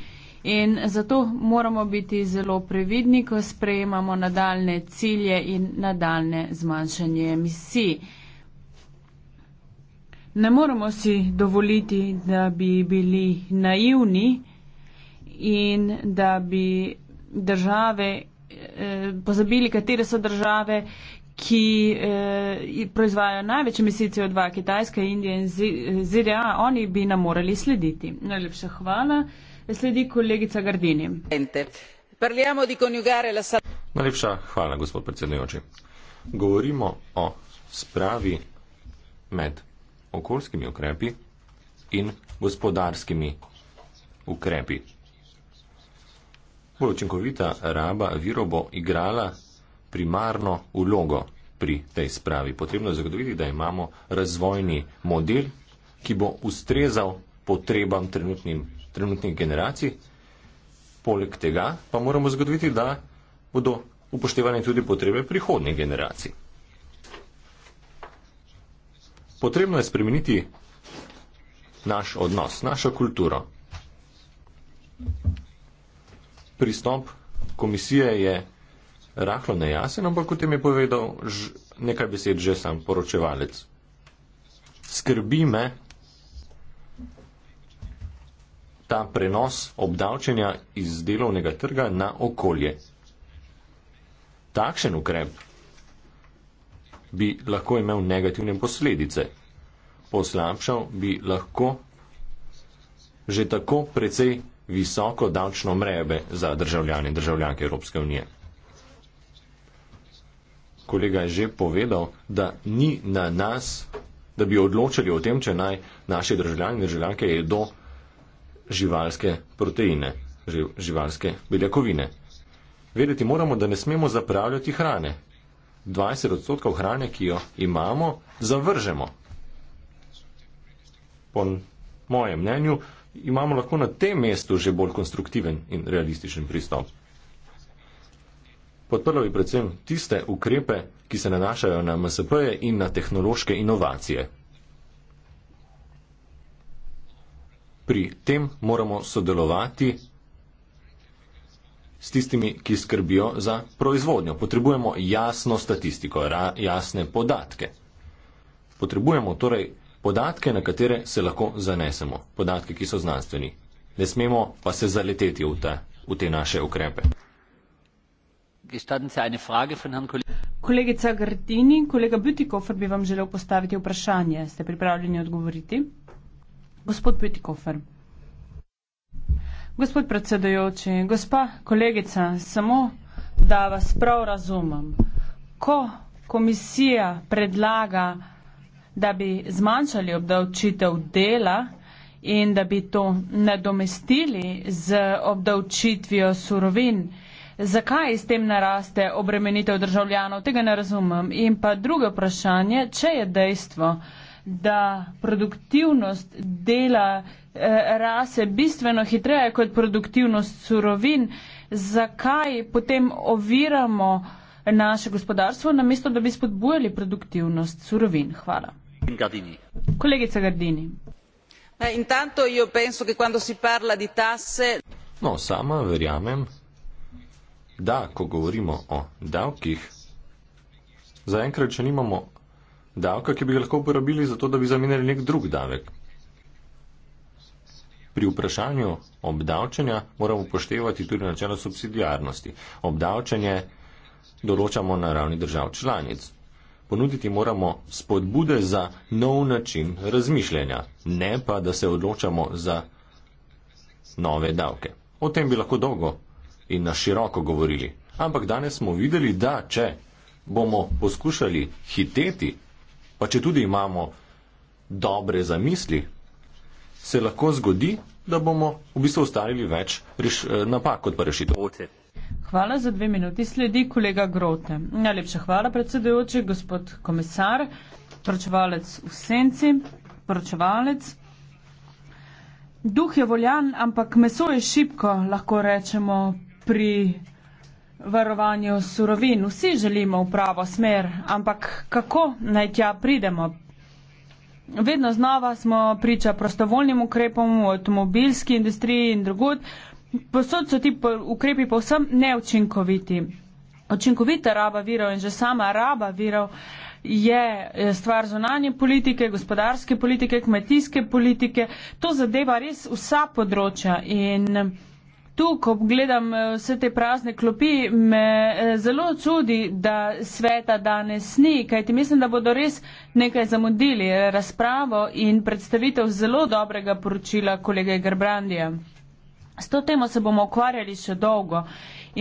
in zato moramo biti zelo previdni, ko sprejemamo nadaljne cilje in nadaljne zmanjšanje emisij. Ne moremo si dovoliti, da bi bili naivni in da bi države, eh, pozabili, katere so države, ki eh, proizvajajo največ emisij CO2, Kitajska, Indija in ZDA, oni bi nam morali slediti. Najlepša hvala. Sledi kolegica Gardini. Najlepša hvala, gospod predsedujoči. Govorimo o spravi med okoljskimi ukrepi in gospodarskimi ukrepi. Bolj učinkovita raba virov bo igrala primarno ulogo pri tej spravi. Potrebno je zagotoviti, da imamo razvojni model, ki bo ustrezal potrebam trenutnih generacij. Poleg tega pa moramo zagotoviti, da bodo upoštevane tudi potrebe prihodnih generacij potrebno je spremeniti naš odnos, našo kulturo. Pristop komisije je rahlo nejasen, ampak kot je mi povedal ž, nekaj besed že sam poročevalec. Skrbi me ta prenos obdavčenja iz delovnega trga na okolje. Takšen ukrep bi lahko imel negativne posledice. Poslabšal bi lahko že tako precej visoko davčno mreve za državljane in državljanke Evropske unije. Kolega je že povedal, da ni na nas, da bi odločili o tem, če naj naši državljani in državljanke jedo živalske proteine, živalske beljakovine. Vedeti moramo, da ne smemo zapravljati hrane, 20 odstotkov hrane, ki jo imamo, zavržemo. Po mojem mnenju imamo lahko na tem mestu že bolj konstruktiven in realističen pristop. Podprlo bi predvsem tiste ukrepe, ki se nanašajo na MSP-je in na tehnološke inovacije. Pri tem moramo sodelovati s tistimi, ki skrbijo za proizvodnjo. Potrebujemo jasno statistiko, ra, jasne podatke. Potrebujemo torej podatke, na katere se lahko zanesemo, podatke, ki so znanstveni. Ne smemo pa se zaleteti v, ta, v te naše ukrepe. Kolegica Gardini, kolega Bütikofer bi vam želel postaviti vprašanje. Ste pripravljeni odgovoriti? Gospod Bütikofer. Gospod predsedujoči, gospa kolegica, samo da vas prav razumem. Ko komisija predlaga, da bi zmanjšali obdavčitev dela in da bi to nadomestili z obdavčitvijo surovin, zakaj s tem naraste obremenitev državljanov, tega ne razumem. In pa drugo vprašanje, če je dejstvo, da produktivnost dela rase bistveno hitreje kot produktivnost surovin, zakaj potem oviramo naše gospodarstvo, namesto da bi spodbujali produktivnost surovin? Hvala. Gardini. Kolegica Gardini. Eh, intanto io penso che quando si parla di tasse. No, sama verjamem, da ko govorimo o davkih, zaenkrat še nimamo davka, ki bi ga lahko uporabili za to, da bi zamenjali nek drug davek. Pri vprašanju obdavčanja moramo upoštevati tudi načelo subsidijarnosti. Obdavčanje določamo na ravni držav članic. Ponuditi moramo spodbude za nov način razmišljanja, ne pa, da se odločamo za nove davke. O tem bi lahko dolgo in na široko govorili. Ampak danes smo videli, da če bomo poskušali hiteti, pa če tudi imamo dobre zamisli, se lahko zgodi, da bomo v bistvu ustavili več reš, eh, napak kot pa rešitev. Hvala za dve minuti. Sledi kolega Grote. Najlepša hvala, predsedujoči, gospod komisar, poročevalec v senci, poročevalec. Duh je voljan, ampak meso je šipko, lahko rečemo, pri varovanju surovin. Vsi želimo v pravo smer, ampak kako naj tja pridemo? Vedno znova smo priča prostovoljnim ukrepom v avtomobilski industriji in drugod. Posod so ti ukrepi povsem neučinkoviti. Očinkovita raba virov in že sama raba virov je stvar zonanje politike, gospodarske politike, kmetijske politike. To zadeva res vsa področja. In tu, ko gledam eh, vse te prazne klopi, me eh, zelo čudi, da sveta danes ni, kajti mislim, da bodo res nekaj zamudili razpravo in predstavitev zelo dobrega poročila kolege Grbrandija. S to temo se bomo ukvarjali še dolgo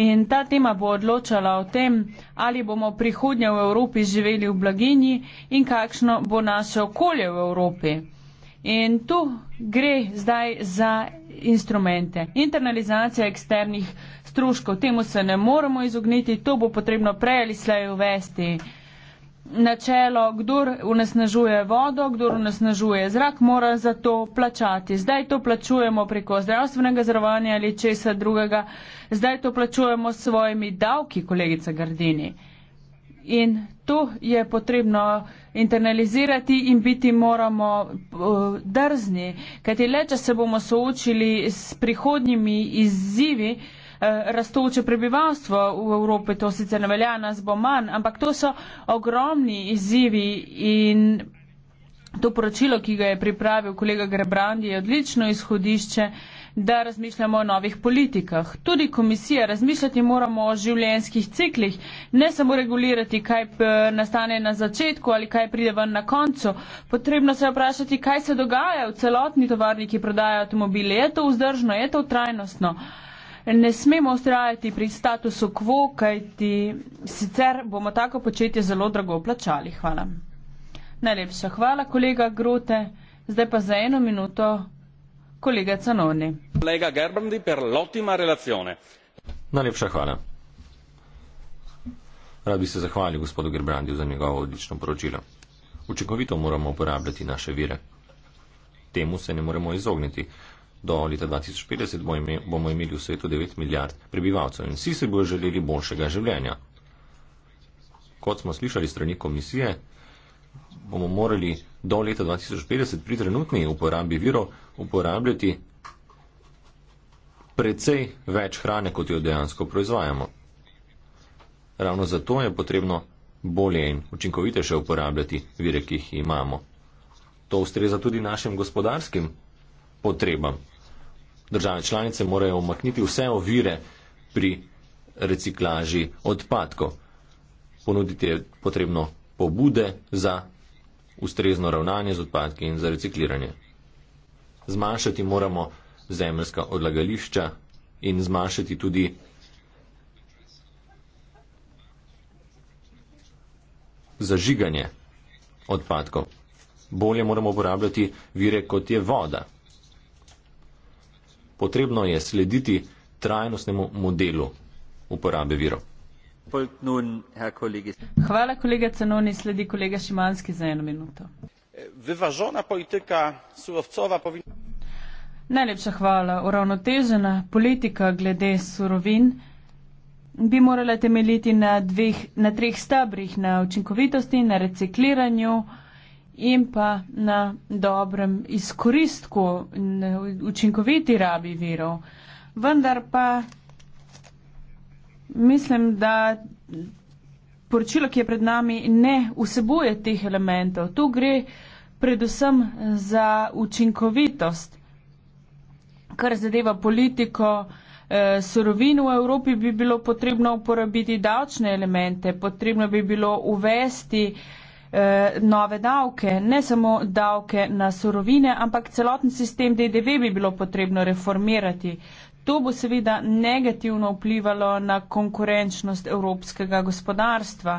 in ta tema bo odločala o tem, ali bomo prihodnje v Evropi živeli v blaginji in kakšno bo naše okolje v Evropi. In tu gre zdaj za instrumente. Internalizacija eksternih stroškov, temu se ne moremo izogniti, to bo potrebno prej ali slej uvesti. Načelo, kdor unesnažuje vodo, kdor unesnažuje zrak, mora za to plačati. Zdaj to plačujemo preko zdravstvenega zarovanja ali česa drugega. Zdaj to plačujemo s svojimi davki, kolegica Gardini in to je potrebno internalizirati in biti moramo eh, drzni, kajti le, če se bomo soočili s prihodnjimi izzivi, eh, Rastoče prebivalstvo v Evropi, to sicer ne velja, nas bo manj, ampak to so ogromni izzivi in to poročilo, ki ga je pripravil kolega Grebrandi, je odlično izhodišče, da razmišljamo o novih politikah. Tudi komisija, razmišljati moramo o življenjskih ciklih, ne samo regulirati, kaj eh, nastane na začetku ali kaj pride ven na koncu. Potrebno se je vprašati, kaj se dogaja v celotni tovarni, ki prodaja avtomobile. Je to vzdržno, je to trajnostno? Ne smemo ustrajati pri statusu quo, kajti sicer bomo tako početje zelo drago plačali. Hvala. Najlepša hvala, kolega Grote. Zdaj pa za eno minuto, kolega Canoni. Najlepša hvala. Rad bi se zahvalil gospodu Gerbrandiju za njegovo odlično poročilo. Učinkovito moramo uporabljati naše vire. Temu se ne moremo izogniti. Do leta 2050 bomo imeli, bomo imeli v svetu 9 milijard prebivalcev in vsi si bojo želeli boljšega življenja. Kot smo slišali strani komisije, bomo morali do leta 2050 pri trenutni uporabi virov uporabljati precej več hrane, kot jo dejansko proizvajamo. Ravno zato je potrebno bolje in učinkoviteje uporabljati vire, ki jih imamo. To ustreza tudi našim gospodarskim potrebam. Države članice morajo omakniti vse ovire pri reciklaži odpadkov. Ponuditi je potrebno pobude za ustrezno ravnanje z odpadki in za recikliranje. Zmanjšati moramo zemljska odlagališča in zmanjšati tudi zažiganje odpadkov. Bolje moramo uporabljati vire, kot je voda. Potrebno je slediti trajnostnemu modelu uporabe virov. Hvala, kolega Cenoni. Sledi kolega Šimanski za eno minuto. Vyvažena politika surovcova povinna. Najlepša hvala. Uravnotežena politika glede surovin bi morala temeljiti na, dveh, na treh stabrih, na učinkovitosti, na recikliranju in pa na dobrem izkoristku, učinkoviti rabi virov. Vendar pa mislim, da poročilo, ki je pred nami, ne vsebuje teh elementov. Tu gre predvsem za učinkovitost kar zadeva politiko eh, surovin v Evropi, bi bilo potrebno uporabiti davčne elemente, potrebno bi bilo uvesti eh, nove davke, ne samo davke na surovine, ampak celoten sistem DDV bi bilo potrebno reformirati. To bo seveda negativno vplivalo na konkurenčnost evropskega gospodarstva.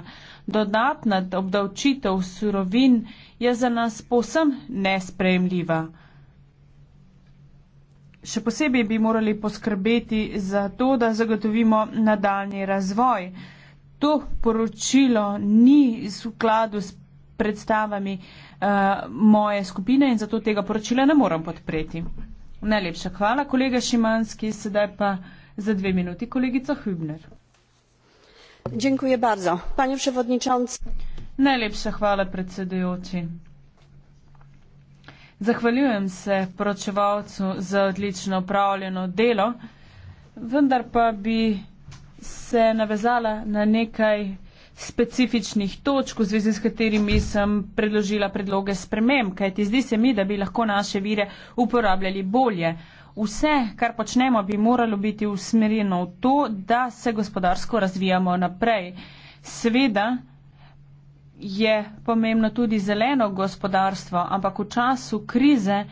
Dodatna obdavčitev surovin je za nas posem nesprejemljiva. Še posebej bi morali poskrbeti za to, da zagotovimo nadaljni razvoj. To poročilo ni v skladu s predstavami uh, moje skupine in zato tega poročila ne moram podpreti. Najlepša hvala, kolega Šimanski, sedaj pa za dve minuti kolegica Hübner. Dziękuję bardzo, panie przewodniczący. Najlepsza chwała, predsedujący. Zahvaljujem se poročevalcu za odlično upravljeno delo, vendar pa bi se navezala na nekaj specifičnih točk, v zvezi s katerimi sem predložila predloge spremem, kajti zdi se mi, da bi lahko naše vire uporabljali bolje. Vse, kar počnemo, bi moralo biti usmerjeno v to, da se gospodarsko razvijamo naprej. Seveda, je pomembno tudi zeleno gospodarstvo, ampak v času krize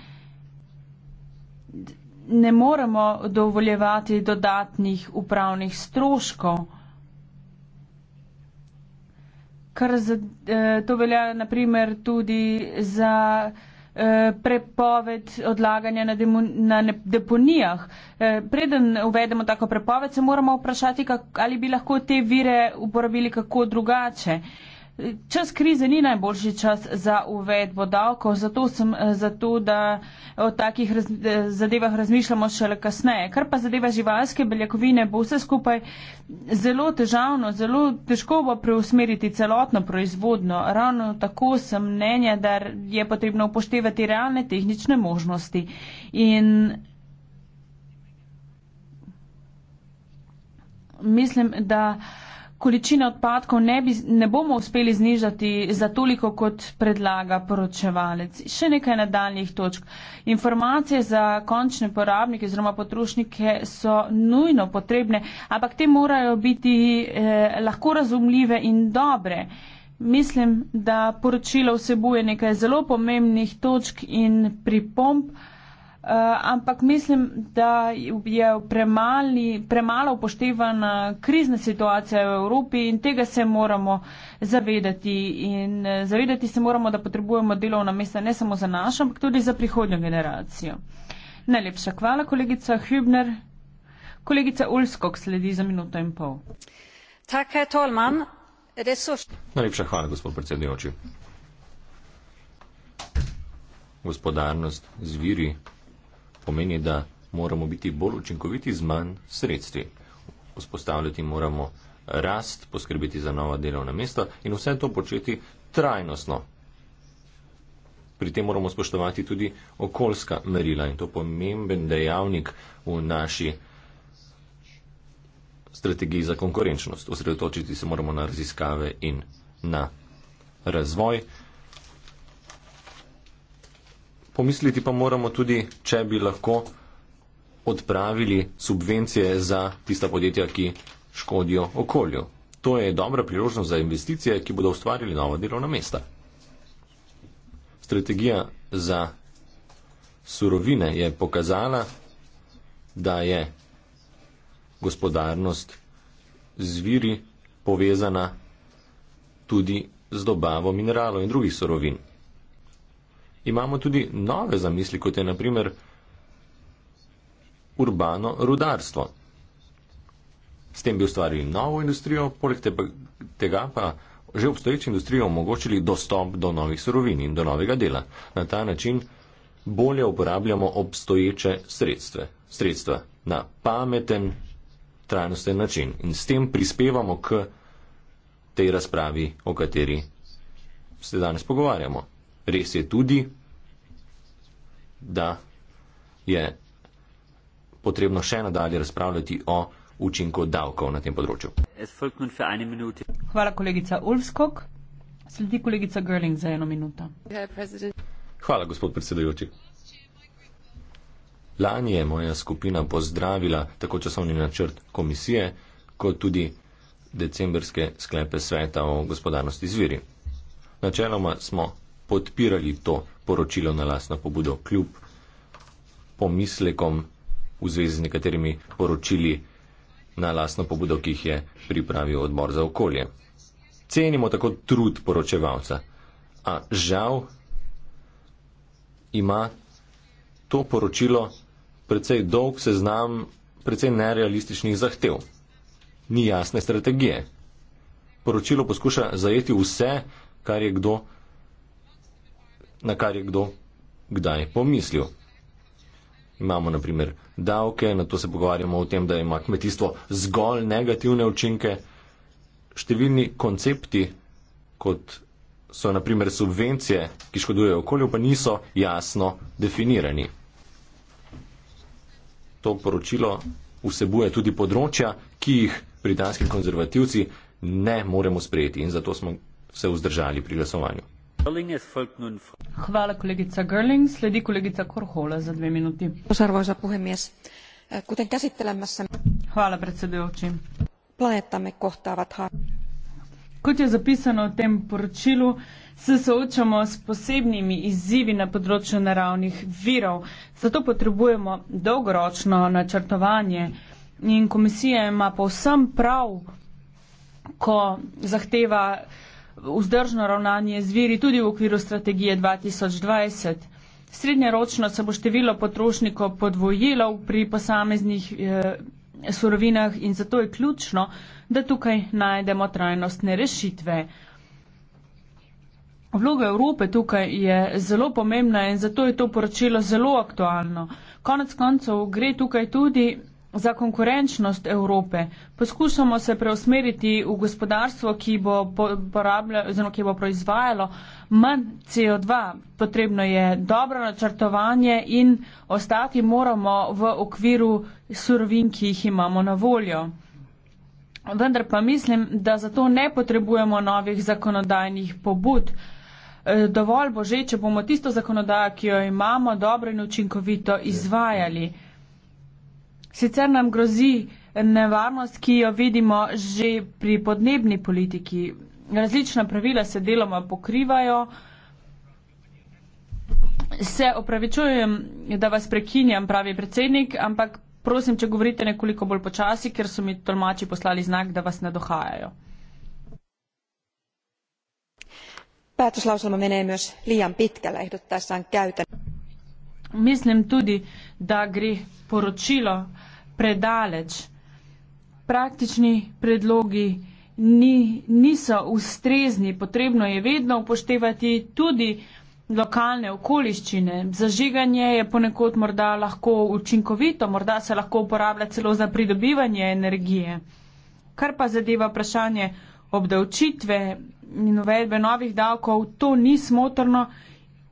ne moremo dovoljevati dodatnih upravnih stroškov. Kar za, eh, to velja naprimer tudi za eh, prepoved odlaganja na, demo, na deponijah. Eh, preden uvedemo tako prepoved, se moramo vprašati, kak, ali bi lahko te vire uporabili kako drugače. Čas krize ni najboljši čas za uvedbo davkov, zato sem eh, za to, da o takih raz, eh, zadevah razmišljamo šele kasneje. Kar pa zadeva živalske beljakovine, bo vse skupaj zelo težavno, zelo težko bo preusmeriti celotno proizvodno. Ravno tako sem mnenja, da je potrebno upoštevati realne tehnične možnosti. In mislim, da količine odpadkov ne, bi, ne bomo uspeli znižati za toliko, kot predlaga poročevalec. Še nekaj nadaljnih točk. Informacije za končne porabnike oziroma potrošnike so nujno potrebne, ampak te morajo biti eh, lahko razumljive in dobre. Mislim, da poročilo vsebuje nekaj zelo pomembnih točk in pripomp. Eh, ampak mislim, da je premali, premalo upoštevana krizna situacija v Evropi in tega se moramo zavedati. In eh, zavedati se moramo, da potrebujemo delovna mesta ne samo za našo, ampak tudi za prihodnjo generacijo. Najlepša hvala, kolegica Hübner. Kolegica Ulskog sledi za minuto in pol. Tako je, Tolman. Resurs. Najlepša hvala, gospod predsedujoči. Gospodarnost z viri pomeni, da moramo biti bolj učinkoviti z manj sredstvi. Vzpostavljati moramo rast, poskrbeti za nova delovna mesta in vse to početi trajnostno. Pri tem moramo spoštovati tudi okoljska merila in to pomemben dejavnik v naši strategiji za konkurenčnost. Osredotočiti se moramo na raziskave in na razvoj pomisliti pa moramo tudi, če bi lahko odpravili subvencije za tista podjetja, ki škodijo okolju. To je dobra priložnost za investicije, ki bodo ustvarili nova delovna mesta. Strategija za surovine je pokazala, da je gospodarnost z viri povezana tudi z dobavo mineralov in drugih surovin imamo tudi nove zamisli, kot je naprimer urbano rudarstvo. S tem bi ustvarili novo industrijo, poleg tega pa že obstoječi industrijo omogočili dostop do novih surovin in do novega dela. Na ta način bolje uporabljamo obstoječe sredstve, sredstva na pameten, trajnosten način in s tem prispevamo k tej razpravi, o kateri se danes pogovarjamo. Res je tudi, da je potrebno še nadalje razpravljati o učinku davkov na tem področju. Hvala, kolegica Ulfskog. Sledi kolegica Görling za eno minuto. Hvala, gospod predsedujoči. Lani je moja skupina pozdravila tako časovni načrt komisije, kot tudi decembrske sklepe sveta o gospodarnosti z viri. Načeloma smo podpirali to poročilo na lasno pobudo, kljub pomislekom v zvezi z nekaterimi poročili na lasno pobudo, ki jih je pripravil odbor za okolje. Cenimo tako trud poročevalca, a žal ima to poročilo precej dolg seznam precej nerealističnih zahtev. Ni jasne strategije. Poročilo poskuša zajeti vse, kar je kdo na kar je kdo kdaj pomislil. Imamo naprimer davke, na to se pogovarjamo o tem, da ima kmetijstvo zgolj negativne učinke. Številni koncepti, kot so naprimer subvencije, ki škodujejo okolju, pa niso jasno definirani. To poročilo vsebuje tudi področja, ki jih britanski konzervativci ne moremo sprejeti in zato smo se vzdržali pri glasovanju arvoisa puhemies äh, kuten käsittelemässämme planeettaamme kohtaavat Kot je zapisano v tem poročilu, se soočamo s posebnimi izzivi na področju naravnih virov. Zato potrebujemo dolgoročno načrtovanje in komisija ima povsem prav, ko zahteva uh, vzdržno ravnanje z viri tudi v okviru strategije 2020. Srednjeročno se bo število potrošnikov podvojilo pri posameznih eh, surovinah in zato je ključno, da tukaj najdemo trajnostne rešitve. Vloga Evrope tukaj je zelo pomembna in zato je to poročilo zelo aktualno. Konec koncev gre tukaj tudi za konkurenčnost Evrope. Poskušamo se preusmeriti v gospodarstvo, ki bo, oziroma, ki bo proizvajalo manj CO2. Potrebno je dobro načrtovanje in ostati moramo v okviru surovin, ki jih imamo na voljo. Vendar pa mislim, da zato ne potrebujemo novih zakonodajnih pobud. E, dovolj bo že, če bomo tisto zakonodajo, ki jo imamo, dobro in učinkovito izvajali. Je. Sicer nam grozi nevarnost, ki jo vidimo že pri podnebni politiki. Različna pravila se deloma pokrivajo. Se opravičujem, da vas prekinjam, pravi predsednik, ampak prosim, če govorite nekoliko bolj počasi, ker so mi tolmači poslali znak, da vas ne dohajajo. Päätöslauselma menee myös liian pitkälle ehdottaessaan käytännön. Mislim tudi, da gre poročilo predaleč. Praktični predlogi ni, niso ustrezni, potrebno je vedno upoštevati tudi lokalne okoliščine. Zažiganje je ponekod morda lahko učinkovito, morda se lahko uporablja celo za pridobivanje energije. Kar pa zadeva vprašanje obdavčitve in uvedbe novih davkov, to ni smotrno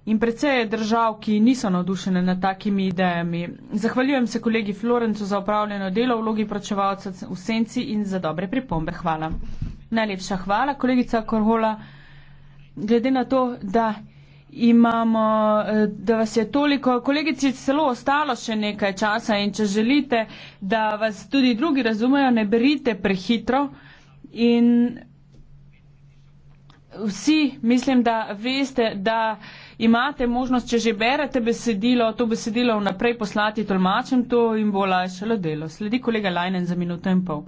In precej je držav, ki niso navdušene nad takimi idejami. Zahvaljujem se kolegi Florencu za upravljeno delo v vlogi pročevalca v senci in za dobre pripombe. Hvala. Najlepša hvala, kolegica Korhola. Glede na to, da imamo, eh, da vas je toliko, kolegici celo ostalo še nekaj časa in če želite, da vas tudi drugi razumejo, ne berite prehitro in vsi mislim, da veste, da imate možnost, če že berete besedilo, to besedilo vnaprej poslati tolmačem, to jim bo lajšalo delo. Sledi kolega Lajnen za minuto in pol.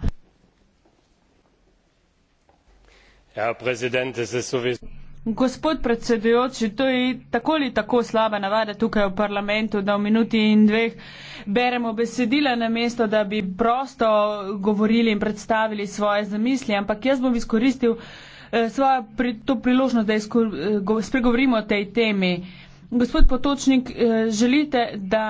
Herr ja, Präsident, es ist sowieso. Gospod predsedujoči, to je tako ali tako slaba navada tukaj v parlamentu, da v minuti in dveh beremo besedila na mesto, da bi prosto govorili in predstavili svoje zamisli, ampak jaz bom izkoristil. Eh, svojo pri, to priložnost, da eh, spregovorimo o tej temi. Gospod Potočnik, eh, želite, da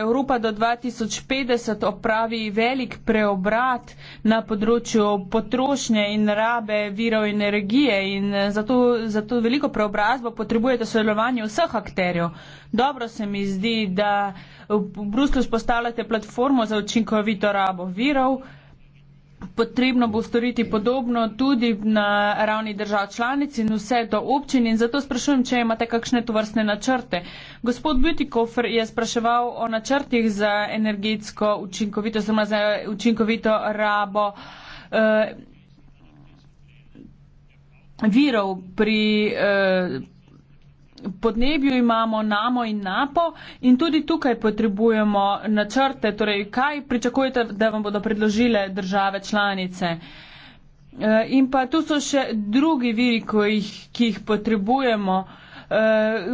Evropa do 2050 opravi velik preobrat na področju potrošnje in rabe virov energije in zato, zato veliko preobrazbo potrebujete sodelovanje vseh akterjev. Dobro se mi zdi, da v Bruslju spostavljate platformo za učinkovito rabo virov. Potrebno bo storiti podobno tudi na ravni držav članic in vse do občin in zato sprašujem, če imate kakšne tovrstne načrte. Gospod Butikofer je spraševal o načrtih za energetsko učinkovito, oziroma za učinkovito rabo eh, virov pri. Eh, podnebju imamo namo in napo in tudi tukaj potrebujemo načrte, torej kaj pričakujete, da vam bodo predložile države članice. Eh, in pa tu so še drugi viri, ki jih potrebujemo.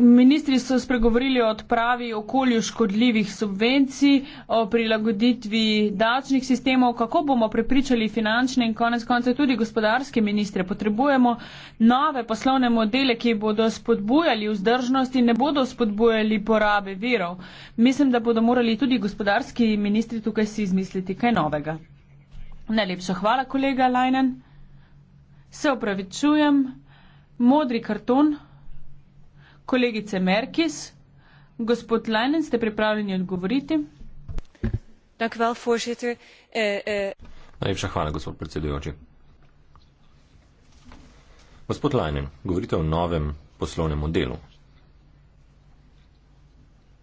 Ministri so spregovorili o odpravi okolju škodljivih subvencij, o prilagoditvi davčnih sistemov, kako bomo prepričali finančne in konec konca tudi gospodarske ministre. Potrebujemo nove poslovne modele, ki bodo spodbujali vzdržnost in ne bodo spodbujali porabe virov. Mislim, da bodo morali tudi gospodarski ministri tukaj si izmisliti kaj novega. Najlepša hvala, kolega Lajnen. Se opravičujem. Modri karton kolegice Merkis. Gospod Leinen, ste pripravljeni odgovoriti? Dankjewel, voorzitter. Uh, uh... Najlepša hvala, gospod predsedujoči. Gospod Leinen, govorite o novem poslovnem modelu.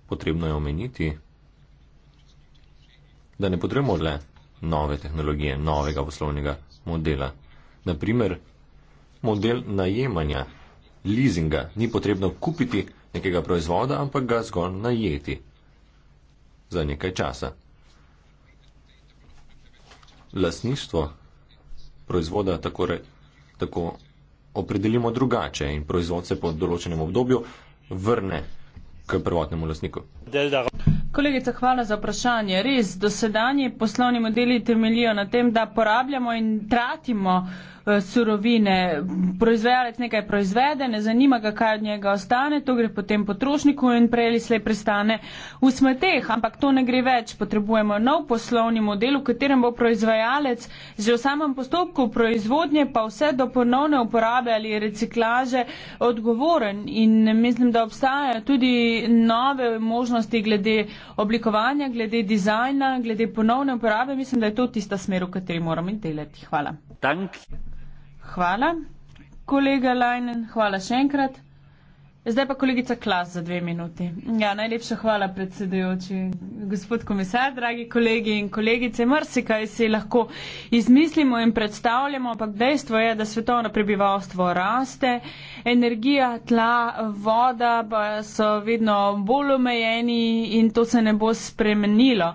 Potrebno je omeniti, da ne potrebujemo le nove tehnologije, novega poslovnega modela. Naprimer, model najemanja leasinga. Ni potrebno kupiti nekega proizvoda, ampak ga zgolj najeti za nekaj časa. Lasništvo proizvoda tako, re, tako opredelimo drugače in proizvod se po določenem obdobju vrne k prvotnemu lasniku. Kolegica, hvala za vprašanje. Res, dosedanji poslovni modeli temeljijo na tem, da porabljamo in tratimo uh, Eh, surovine. Proizvajalec nekaj proizvede, ne zanima ga, kaj od njega ostane, to gre potem potrošniku in prej ali slej pristane v smeteh, ampak to ne gre več. Potrebujemo nov poslovni model, v katerem bo proizvajalec že v samem postopku proizvodnje pa vse do ponovne uporabe ali reciklaže odgovoren in mislim, da obstajajo tudi nove možnosti glede oblikovanja, glede dizajna, glede ponovne uporabe. Mislim, da je to tista smer, v kateri moramo delati. Hvala. Thank you hvala. Kolega Lajnen, hvala še enkrat. Zdaj pa kolegica Klas za dve minuti. Ja, najlepša hvala, predsedujoči, gospod komisar, dragi kolegi in kolegice. Mrsikaj si lahko izmislimo in predstavljamo, ampak dejstvo je, da svetovno prebivalstvo raste, energija, tla, voda pa so vedno bolj omejeni in to se ne bo spremenilo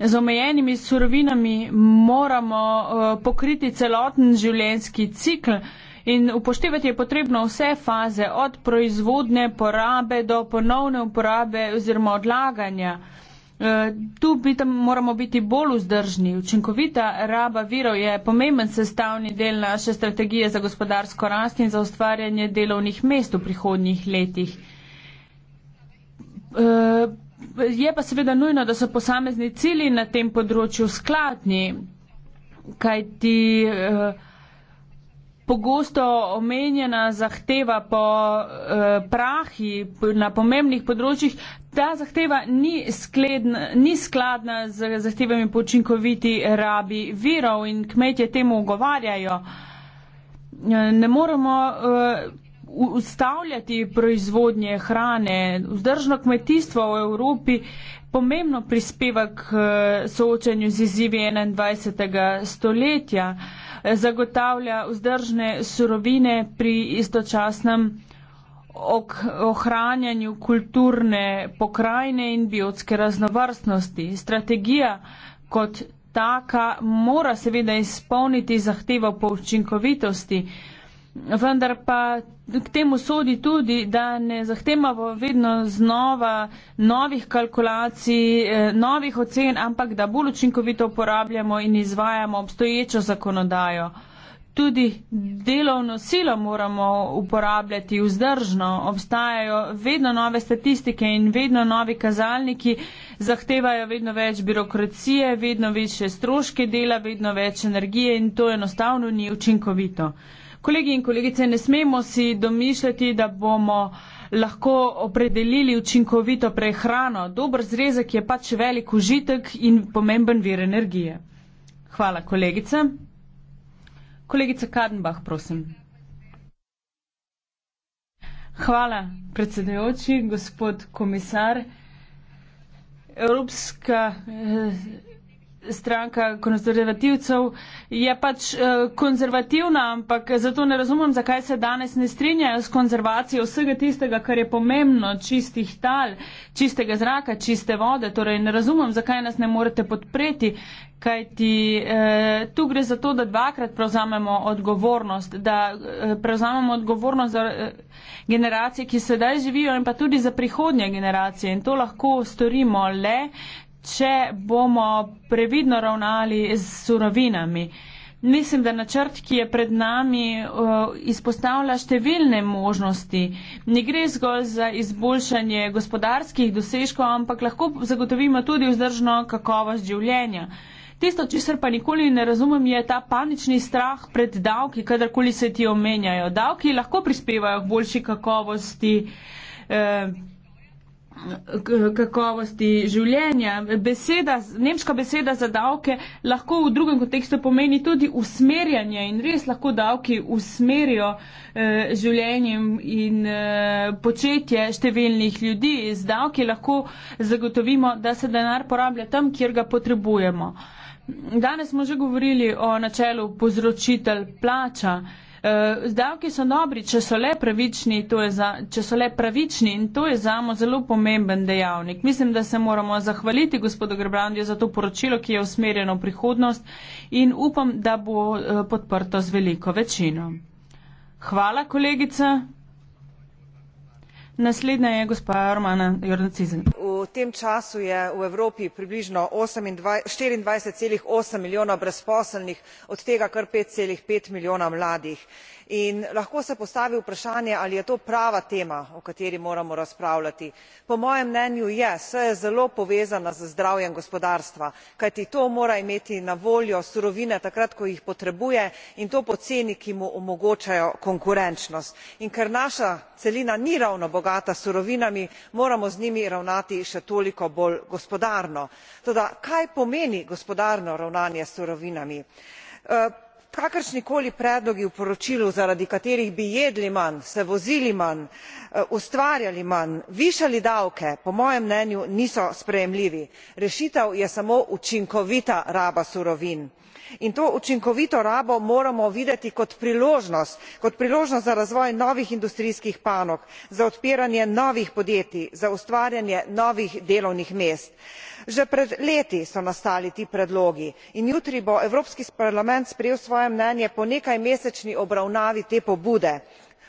z omejenimi surovinami moramo eh, pokriti celoten življenjski cikl in upoštevati je potrebno vse faze, od proizvodne porabe do ponovne uporabe oziroma odlaganja. Eh, tu moramo biti bolj vzdržni. Učinkovita raba virov je pomemben sestavni del naše strategije za gospodarsko rast in za ustvarjanje delovnih mest v prihodnjih letih. Eh, je pa seveda nujno, da so posamezni cili na tem področju skladni, kaj ti eh, pogosto omenjena zahteva po eh, prahi na pomembnih področjih, ta zahteva ni, skledna, ni skladna z zahtevami po učinkoviti rabi virov in kmetje temu ugovarjajo. Ne moramo eh, ustavljati proizvodnje hrane. Vzdržno kmetijstvo v Evropi pomembno prispeva k eh, soočanju z izzivi 21. stoletja, zagotavlja vzdržne surovine pri istočasnem ohranjanju kulturne pokrajine in biotske raznovrstnosti. Strategija kot taka mora seveda izpolniti zahtevo po učinkovitosti. Vendar pa k temu sodi tudi, da ne zahtemamo vedno znova novih kalkulacij, eh, novih ocen, ampak da bolj učinkovito uporabljamo in izvajamo obstoječo zakonodajo. Tudi delovno silo moramo uporabljati vzdržno. Obstajajo vedno nove statistike in vedno novi kazalniki, zahtevajo vedno več birokracije, vedno više stroške dela, vedno več energije in to enostavno ni učinkovito. Kolegi in kolegice, ne smemo si domišljati, da bomo lahko opredelili učinkovito prehrano. Dober zrezek je pač velik užitek in pomemben vir energije. Hvala, kolegica. Kolegica Kadenbach, prosim. Hvala, predsedujoči, gospod komisar. Evropska. Eh, stranka konzervativcev je pač uh, konzervativna, ampak zato ne razumem, zakaj se danes ne strinjajo s konzervacijo vsega tistega, kar je pomembno, čistih tal, čistega zraka, čiste vode. Torej, ne razumem, zakaj nas ne morete podpreti, kajti uh, tu gre za to, da dvakrat prevzamemo odgovornost, da uh, prevzamemo odgovornost za uh, generacije, ki sedaj živijo in pa tudi za prihodnje generacije. In to lahko storimo le, če bomo previdno ravnali z surovinami. Mislim, da načrt, ki je pred nami, uh, izpostavlja številne možnosti. Ne gre zgolj za izboljšanje gospodarskih dosežkov, ampak lahko zagotovimo tudi vzdržno kakovost življenja. Tisto, česar pa nikoli ne razumem, je ta panični strah pred davki, kadarkoli se ti omenjajo. Davki lahko prispevajo k boljši kakovosti. Eh, kakovosti življenja. Beseda, nemška beseda za davke lahko v drugem kontekstu pomeni tudi usmerjanje in res lahko davki usmerijo eh, življenje in eh, početje številnih ljudi. Z davki lahko zagotovimo, da se denar porablja tam, kjer ga potrebujemo. Danes smo že govorili o načelu povzročitelj plača. Uh, zdavki so dobri, če so, pravični, za, če so le pravični in to je zamo zelo pomemben dejavnik. Mislim, da se moramo zahvaliti gospodu Grebrandiju za to poročilo, ki je usmerjeno v prihodnost in upam, da bo uh, podprto z veliko večino. Hvala, kolegica. Naslednja je gospa Armana Jordan-Cizelj. V tem času je v Evropi približno 24,8 milijona brezposelnih, od tega kar 5,5 milijona mladih in lahko se postavi vprašanje ali je to prava tema o kateri moramo razpravljati. po mojem mnenju je saj je zelo povezana z zdravjem gospodarstva kajti to mora imeti na voljo surovine takrat ko jih potrebuje in to po ceni ki mu omogočajo konkurenčnost in ker naša celina ni ravno bogata s surovinami moramo z njimi ravnati še toliko bolj gospodarno. toda kaj pomeni gospodarno ravnanje s surovinami? Eh, kakršnikoli predlogi v poročilu zaradi katerih bi jedli manj se vozili manj eh, ustvarjali manj višali davke po mojem mnenju niso sprejemljivi rešitev je samo učinkovita raba surovin in to učinkovito rabo moramo videti kot priložnost kot priložnost za razvoj novih industrijskih panog za odpiranje novih podjetij za ustvarjanje novih delovnih mest že pred leti so nastali ti predlogi in jutri bo evropski parlament sprejel svoje mnenje po nekajmesečni obravnavi te pobude.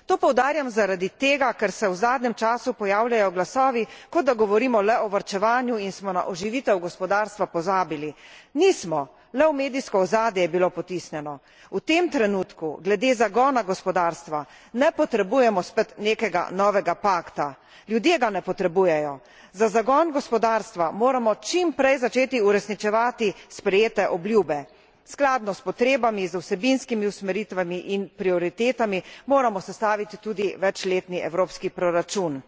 to poudarjam zaradi tega ker se v zadnjem času pojavljajo glasovi kot da govorimo le o varčevanju in smo na oživitev gospodarstva pozabili. nismo! le v medijsko ozadje je bilo potisnjeno. v tem trenutku glede zagona gospodarstva ne potrebujemo spet nekega novega pakta ljudje ga ne potrebujejo. za zagon gospodarstva moramo čim prej začeti uresničevati sprejete obljube. skladno s potrebami z vsebinskimi usmeritvami in prioritetami moramo sestaviti tudi večletni evropski proračun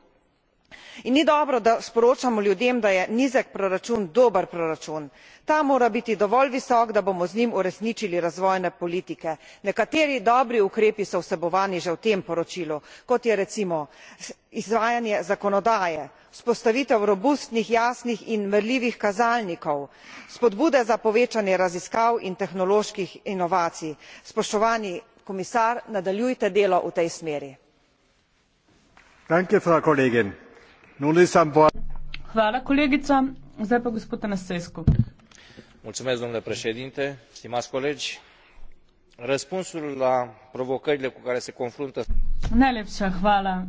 in ni dobro da sporočamo ljudem da je nizek proračun dober proračun ta mora biti dovolj visok da bomo z njim uresničili razvojne politike nekateri dobri ukrepi so vsebovani že v tem poročilu kot je recimo izvajanje zakonodaje vzpostavitev robustnih jasnih in merljivih kazalnikov spodbude za povečanje raziskav in tehnoloških inovacij spoštovani komisar nadaljujte delo v tej smeri. Hvala, kolegica. Zdaj pa gospod Anastescu. Mulțumesc, domnule președinte, stimați colegi. Răspunsul la provocările cu care se confruntă... Najlepša hvala.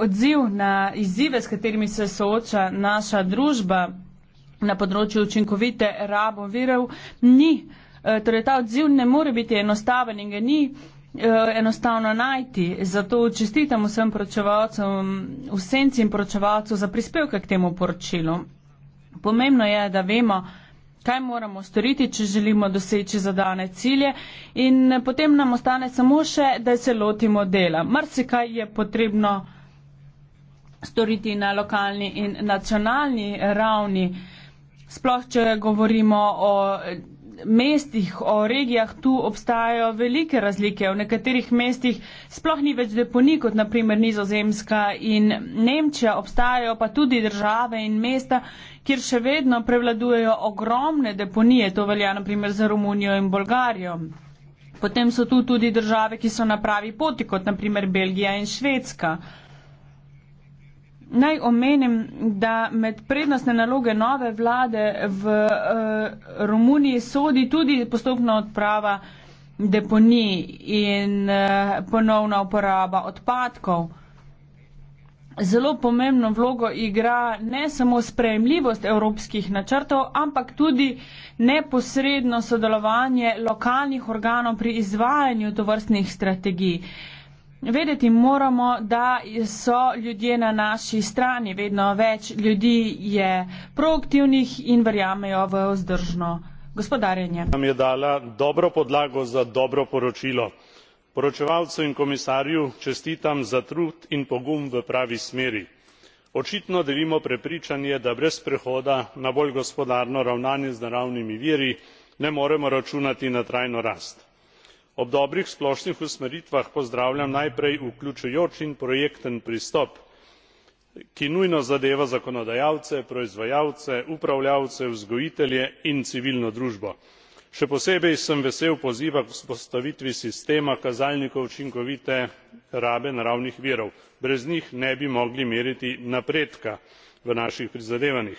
Odziv na izzive, s katerimi se sooča naša družba na področju učinkovite rabo virov, ni. Eh, torej, ta odziv ne more biti enostaven in ga ni. Eh, enostavno najti. Zato čestitam vsem poročevalcem, vsemci in poročevalcu za prispevke k temu poročilu. Pomembno je, da vemo, kaj moramo storiti, če želimo doseči zadane cilje in potem nam ostane samo še, da se lotimo dela. Mrsikaj je potrebno storiti na lokalni in nacionalni ravni, sploh če govorimo o mestih, o regijah tu obstajajo velike razlike. V nekaterih mestih sploh ni več deponi, kot naprimer Nizozemska in Nemčija, obstajajo pa tudi države in mesta, kjer še vedno prevladujejo ogromne deponije. To velja naprimer za Romunijo in Bolgarijo. Potem so tu tudi države, ki so na pravi poti, kot naprimer Belgija in Švedska. Naj omenim, da med prednostne naloge nove vlade v uh, Romuniji sodi tudi postopna odprava deponij in uh, ponovna uporaba odpadkov. Zelo pomembno vlogo igra ne samo sprejemljivost evropskih načrtov, ampak tudi neposredno sodelovanje lokalnih organov pri izvajanju tovrstnih strategij. Uh, Vedeti moramo, da so ljudje na naši strani, vedno več ljudi je proaktivnih in verjamejo v vzdržno gospodarjenje. Nam je dala dobro podlago za dobro poročilo. Poročevalcu in komisarju čestitam za trud in pogum v pravi smeri. Očitno delimo prepričanje, da brez prehoda na bolj gospodarno ravnanje z naravnimi viri ne moremo računati na trajno rast ob dobrih splošnih usmeritvah pozdravljam najprej vključujoč in projekten pristop ki nujno zadeva zakonodajalce proizvajalce upravljavce vzgojitelje in civilno družbo. še posebej sem vesel poziva k vzpostavitvi sistema kazalnikov učinkovite rabe naravnih virov brez njih ne bi mogli meriti napredka v naših prizadevanjih.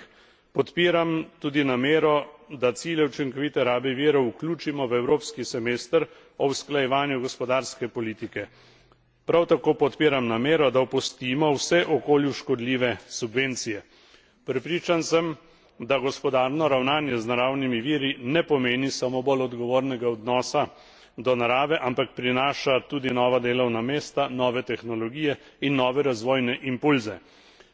podpiram tudi namero da cilje učinkovite rabe virov vključimo v evropski semester o usklajevanju gospodarske politike. prav tako podpiram namero da opustimo vse okolju škodljive subvencije. prepričan sem da gospodarno ravnanje z naravnimi viri ne pomeni samo bolj odgovornega odnosa do narave ampak prinaša tudi nova delovna mesta nove tehnologije in nove razvojne impulze.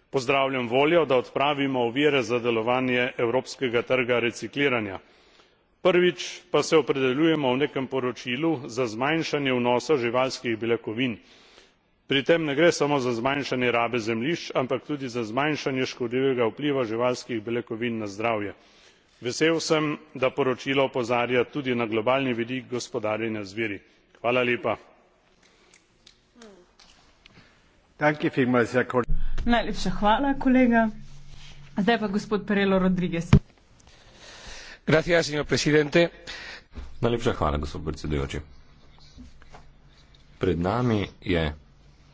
pozdravljam voljo da odpravimo ovire za delovanje evropskega trga recikliranja prvič pa se opredeljujemo v nekem poročilu za zmanjšanje vnosa živalskih beljakovin pri tem ne gre samo za zmanjšanje rabe zemljišč ampak tudi za zmanjšanje škodljivega vpliva živalskih beljakovin na zdravje. vesel sem da poročilo opozarja tudi na globalni vidik gospodarjenja z viri. najlepša hvala kolega. zdaj pa gospod pereira rodriguez najlepša hvala gospod predsedujoči. pred nami je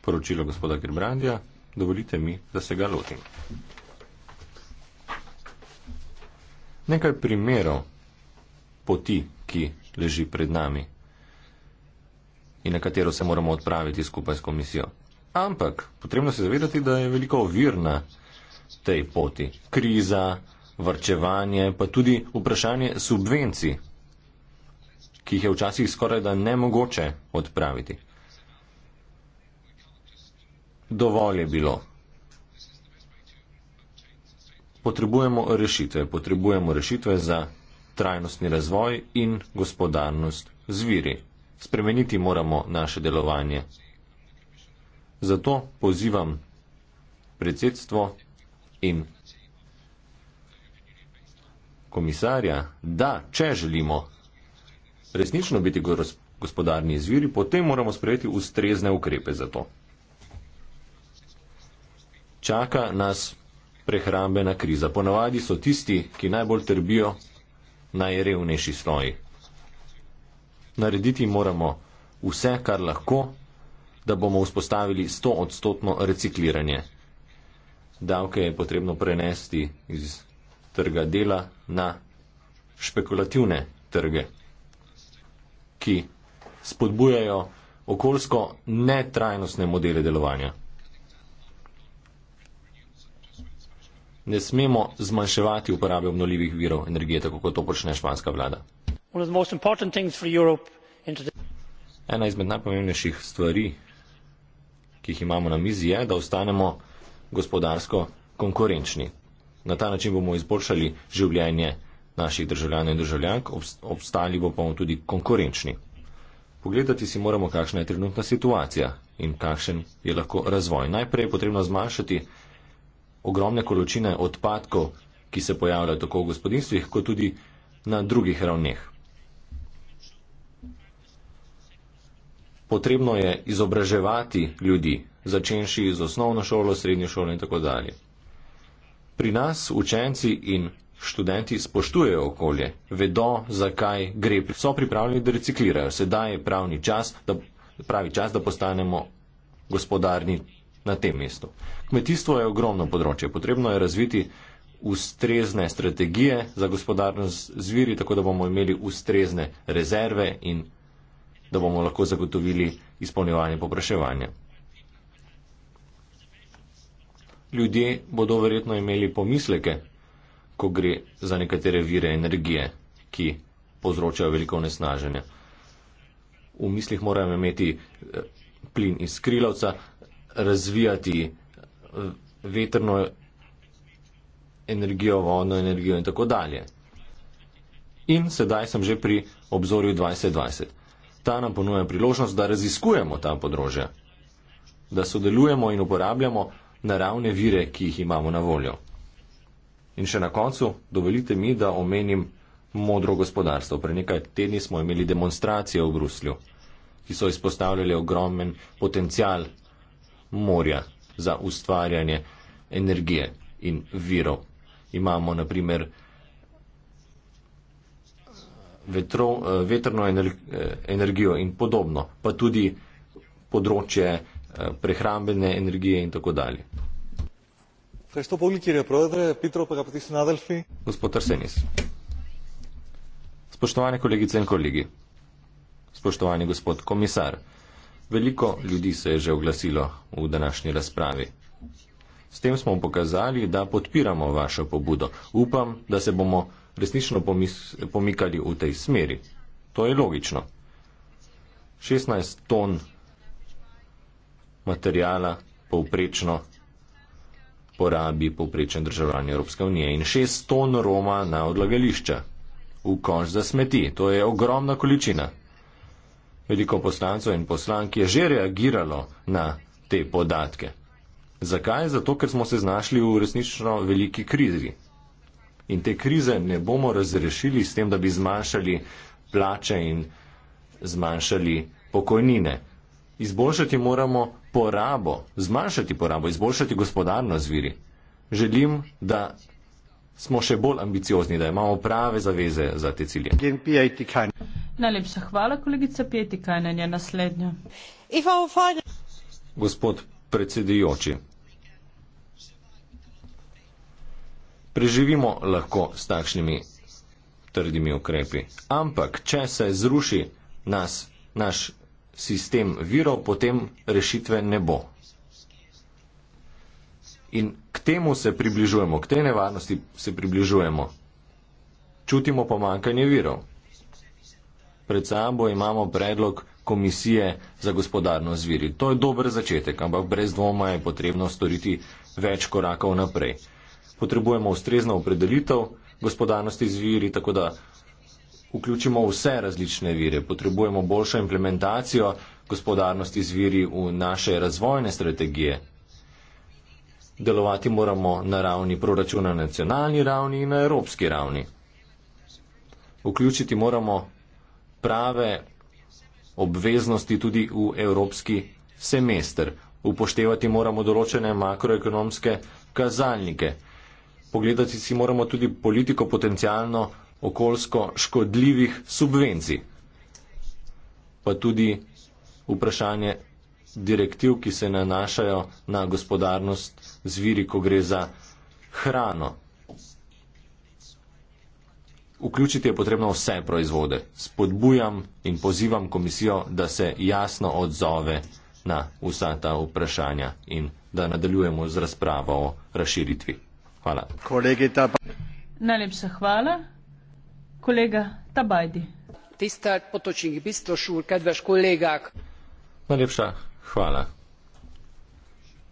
poročilo gospoda Grimrandija, dovolite mi, da se ga lotim. Nekaj primerov poti, ki leži pred nami in na katero se moramo odpraviti skupaj s komisijo. Ampak potrebno se zavedati, da je veliko ovir na tej poti. Kriza, varčevanje, pa tudi vprašanje subvencij, ki jih je včasih skoraj da nemogoče odpraviti. Dovolj je bilo. Potrebujemo rešitve, potrebujemo rešitve za trajnostni razvoj in gospodarnost z viri. Spremeniti moramo naše delovanje. Zato pozivam predsedstvo in komisarja, da če želimo resnično biti gospodarni izviri, potem moramo sprejeti ustrezne ukrepe za to. Čaka nas prehrambena kriza. Ponavadi so tisti, ki najbolj trbijo najrevnejši sloji. Narediti moramo vse, kar lahko, da bomo vzpostavili 100-odstotno recikliranje. Davke je potrebno prenesti iz trga dela na špekulativne trge, ki spodbujajo okoljsko netrajnostne modele delovanja. Ne smemo zmanjševati uporabe obnoljivih virov energije, tako kot to počne španska vlada. Ena izmed najpomembnejših stvari, ki jih imamo na mizi, je, da ostanemo gospodarsko konkurenčni. Na ta način bomo izboljšali življenje naših državljanov in državljank, obstali bo bomo tudi konkurenčni. Pogledati si moramo, kakšna je trenutna situacija in kakšen je lahko razvoj. Najprej je potrebno zmanjšati ogromne količine odpadkov, ki se pojavljajo tako v gospodinstvih, kot tudi na drugih ravneh. Potrebno je izobraževati ljudi, začenši z osnovno šolo, srednjo šolo in tako dalje. Pri nas učenci in študenti spoštujejo okolje, vedo, zakaj gre, so pripravljeni, da reciklirajo. Sedaj je pravni čas, da, pravi čas, da postanemo gospodarni na tem mestu. Kmetijstvo je ogromno področje, potrebno je razviti ustrezne strategije za gospodarnost zviri, tako da bomo imeli ustrezne rezerve in da bomo lahko zagotovili izpolnjevanje popraševanja. ljudje bodo verjetno imeli pomisleke, ko gre za nekatere vire energije, ki povzročajo veliko nesnaženja. V mislih moramo imeti eh, plin iz krilovca, razvijati eh, vetrno energijo, vodno energijo in tako dalje. In sedaj sem že pri obzorju 2020. Ta nam ponuja priložnost, da raziskujemo ta področja, da sodelujemo in uporabljamo naravne vire, ki jih imamo na voljo. In še na koncu, dovolite mi, da omenim modro gospodarstvo. Pre nekaj tedni smo imeli demonstracije v Bruslju, ki so izpostavljali ogromen potencial morja za ustvarjanje energije in virov. Imamo naprimer vetro, eh, vetrno eh, energijo in podobno, pa tudi področje eh, prehrambene energije in tako dalje. Ευχαριστώ πολύ κύριε Πρόεδρε, Επίτροπε, αγαπητοί συνάδελφοι. Gospod Arsenis. Spoštovane kolegice in kolegi, spoštovani gospod komisar, veliko ljudi se je že oglasilo v današnji razpravi. S tem smo pokazali, da podpiramo vašo pobudo. Upam, da se bomo resnično pomikali v tej smeri. To je logično. 16 ton materijala povprečno porabi poprečen državljan Evropske unije in šest ton roma na odlagališča v koš za smeti. To je ogromna količina. Veliko poslancov in poslank je že reagiralo na te podatke. Zakaj? Zato, ker smo se znašli v resnično veliki krizi. In te krize ne bomo razrešili s tem, da bi zmanjšali plače in zmanjšali pokojnine. Izboljšati moramo porabo, zmanjšati porabo, izboljšati gospodarnost viri. Želim, da smo še bolj ambiciozni, da imamo prave zaveze za te cilje. Najlepša hvala, kolegica Pietikajnen, je naslednja. Gospod predsedujoči, preživimo lahko s takšnimi trdimi ukrepi, ampak če se zruši nas, naš sistem virov, potem rešitve ne bo. In k temu se približujemo, k tej nevarnosti se približujemo. Čutimo pomankanje virov. Pred sabo imamo predlog komisije za gospodarno zviri. To je dober začetek, ampak brez dvoma je potrebno storiti več korakov naprej. Potrebujemo ustrezno opredelitev gospodarnosti zviri, tako da vključimo vse različne vire, potrebujemo boljšo implementacijo gospodarnosti z viri v naše razvojne strategije. Delovati moramo na ravni proračuna na nacionalni ravni in na evropski ravni. Vključiti moramo prave obveznosti tudi v evropski semester. Upoštevati moramo določene makroekonomske kazalnike. Pogledati si moramo tudi politiko potencijalno okoljsko škodljivih subvencij. Pa tudi vprašanje direktiv, ki se nanašajo na gospodarnost zviri, ko gre za hrano. Vključiti je potrebno vse proizvode. Spodbujam in pozivam komisijo, da se jasno odzove na vsa ta vprašanja in da nadaljujemo z razpravo o razširitvi. Hvala. Kolegita. Najlepša hvala. Tisztelt Potocsinyi biztos úr, kedves kollégák! Najlépsa, hvala,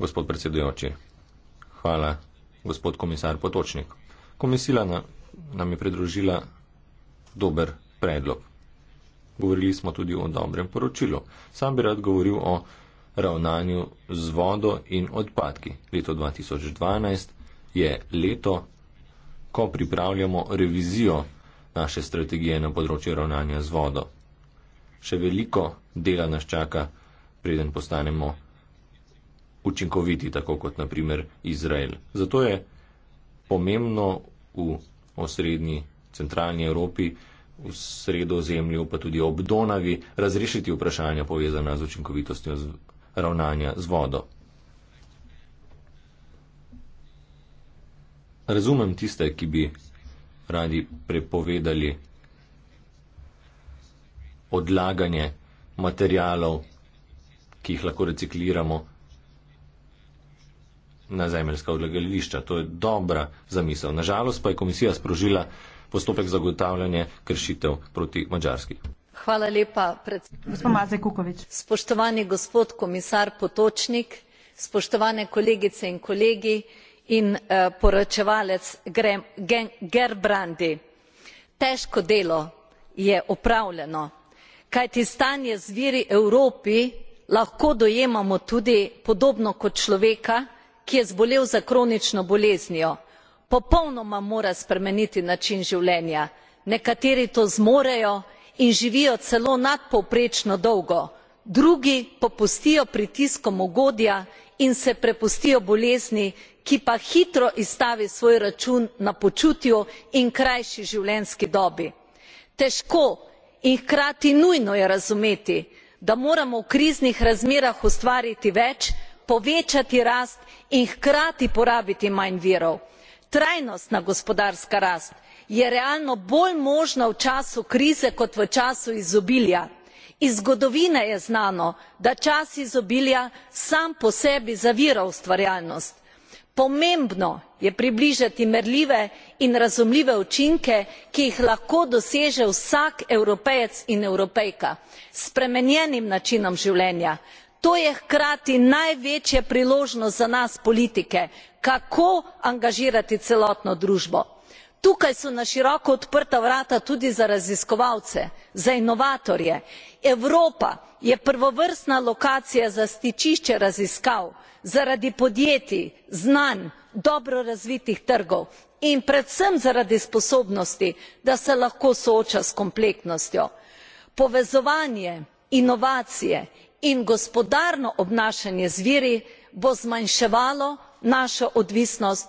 gospod predsedujoči. Hvala, gospod komisár Potocsnik. Komisila na, nam je pridružila dober predlog. Govorili smo tudi o dobrem poročilu. Sam bi rad govoril o ravnanju z vodo in odpadki. Leto 2012 je leto, ko pripravljamo revizijo naše strategije na področju ravnanja z vodo. Še veliko dela nas čaka, preden postanemo učinkoviti, tako kot naprimer Izrael. Zato je pomembno v osrednji centralni Evropi, v sredo zemlju, pa tudi ob Donavi, razrešiti vprašanja povezana z učinkovitostjo z ravnanja z vodo. Razumem tiste, ki bi radi prepovedali odlaganje materijalov, ki jih lahko recikliramo na zemeljska odlagališča. To je dobra zamisel. Nažalost pa je komisija sprožila postopek zagotavljanja kršitev proti mačarski. Hvala lepa, predsednik. Spoštovani gospod komisar Potočnik, spoštovane kolegice in kolegi, in eh, poročevalec gerbrandy. težko delo je opravljeno kajti stanje z viri v evropi lahko dojemamo tudi podobno kot človeka ki je zbolel za kronično boleznijo. popolnoma mora spremeniti način življenja nekateri to zmorejo in živijo celo nadpovprečno dolgo drugi popustijo pritiskom ugodja in se prepustijo bolezni ki pa hitro izstavi svoj račun na počutju in krajši življenjski dobi. težko in hkrati nujno je razumeti da moramo v kriznih razmerah ustvariti več povečati rast in hkrati porabiti manj virov. trajnostna gospodarska rast je realno bolj možna v času krize kot v času izobilja. iz zgodovine je znano da čas izobilja sam po sebi zavira ustvarjalnost pomembno je približati merljive in razumljive učinke ki jih lahko doseže vsak evropejec in evropejka s spremenjenim načinom življenja to je hkrati največja priložnost za nas politike kako angažirati celotno družbo tukaj so na široko odprta vrata tudi za raziskovalce za inovatorje evropa je prvovrstna lokacija za stičišče raziskav zaradi podjetij znanj dobro razvitih trgov in predvsem zaradi sposobnosti da se lahko sooča s kompleksnostjo povezovanje inovacije in gospodarno obnašanje z viri bo zmanjševalo našo odvisnost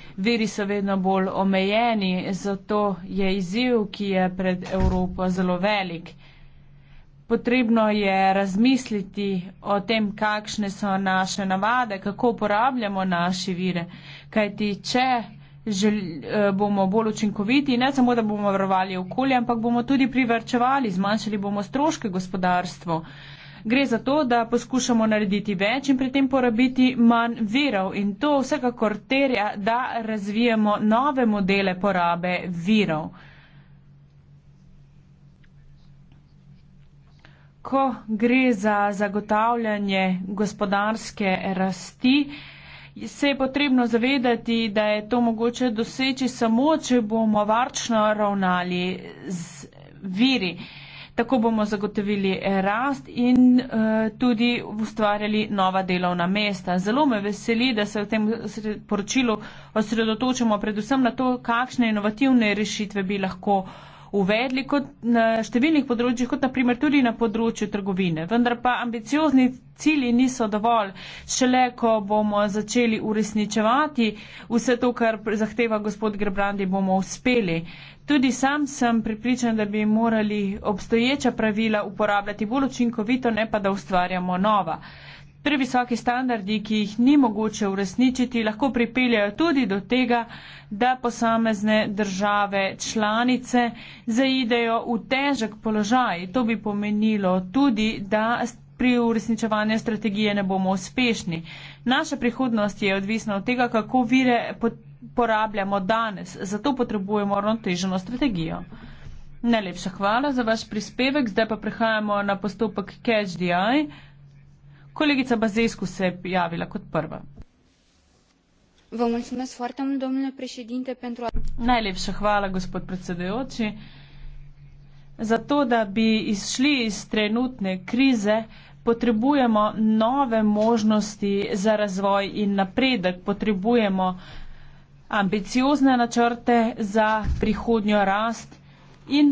Viri so vedno bolj omejeni, zato je izziv, ki je pred Evropo, zelo velik. Potrebno je razmisliti o tem, kakšne so naše navade, kako uporabljamo naše vire. Kajti, če žel, eh, bomo bolj učinkoviti, ne samo, da bomo varovali okolje, ampak bomo tudi privrčevali, zmanjšali bomo stroške gospodarstvo. Gre za to, da poskušamo narediti več in pri tem porabiti manj virov in to vsekakor terja, da razvijemo nove modele porabe virov. Ko gre za zagotavljanje gospodarske rasti, se je potrebno zavedati, da je to mogoče doseči samo, če bomo varčno ravnali z viri. Tako bomo zagotovili eh, rast in eh, tudi ustvarjali nova delovna mesta. Zelo me veseli, da se v tem poročilu osredotočamo predvsem na to, kakšne inovativne rešitve bi lahko uvedli kot na številnih področjih, kot naprimer tudi na področju trgovine. Vendar pa ambiciozni cilji niso dovolj. Šele, ko bomo začeli uresničevati vse to, kar zahteva gospod Grebrandi, bomo uspeli. Tudi sam sem pripričan, da bi morali obstoječa pravila uporabljati bolj učinkovito, ne pa da ustvarjamo nova. Previsoki standardi, ki jih ni mogoče uresničiti, lahko pripeljajo tudi do tega, da posamezne države članice zaidejo v težek položaj. To bi pomenilo tudi, da pri uresničevanju strategije ne bomo uspešni. Naša prihodnost je odvisna od tega, kako vire porabljamo danes. Zato potrebujemo ravnoteženo strategijo. Najlepša hvala za vaš prispevek. Zdaj pa prehajamo na postopek Catch the Eye. Kolegica Bazescu se je javila kot prva. Vă mulțumesc foarte mult, domnule președinte, pentru... Najlepša hvala, gospod predsedujoči. Zato, da bi izšli iz trenutne krize, potrebujemo nove možnosti za razvoj in napredek. Potrebujemo ambiciozne načrte za prihodnjo rast in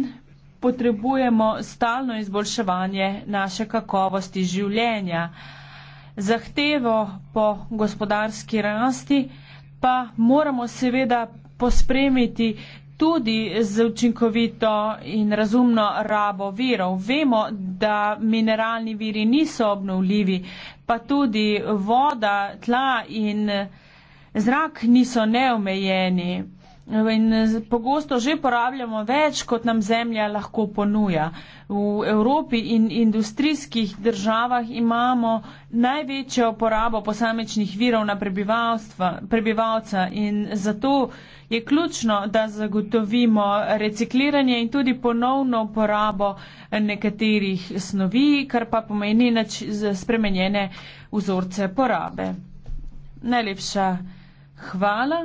potrebujemo stalno izboljševanje naše kakovosti življenja. Zahtevo po gospodarski rasti pa moramo seveda pospremiti tudi z učinkovito in razumno rabo virov. Vemo, da mineralni viri niso obnovljivi, pa tudi voda, tla in zrak niso neomejeni. In eh, pogosto že porabljamo več, kot nam zemlja lahko ponuja. V Evropi in industrijskih državah imamo največjo porabo posamečnih virov na prebivalca in zato je ključno, da zagotovimo recikliranje in tudi ponovno uporabo nekaterih snovi, kar pa pomeni nač spremenjene vzorce porabe. Najlepša hvala.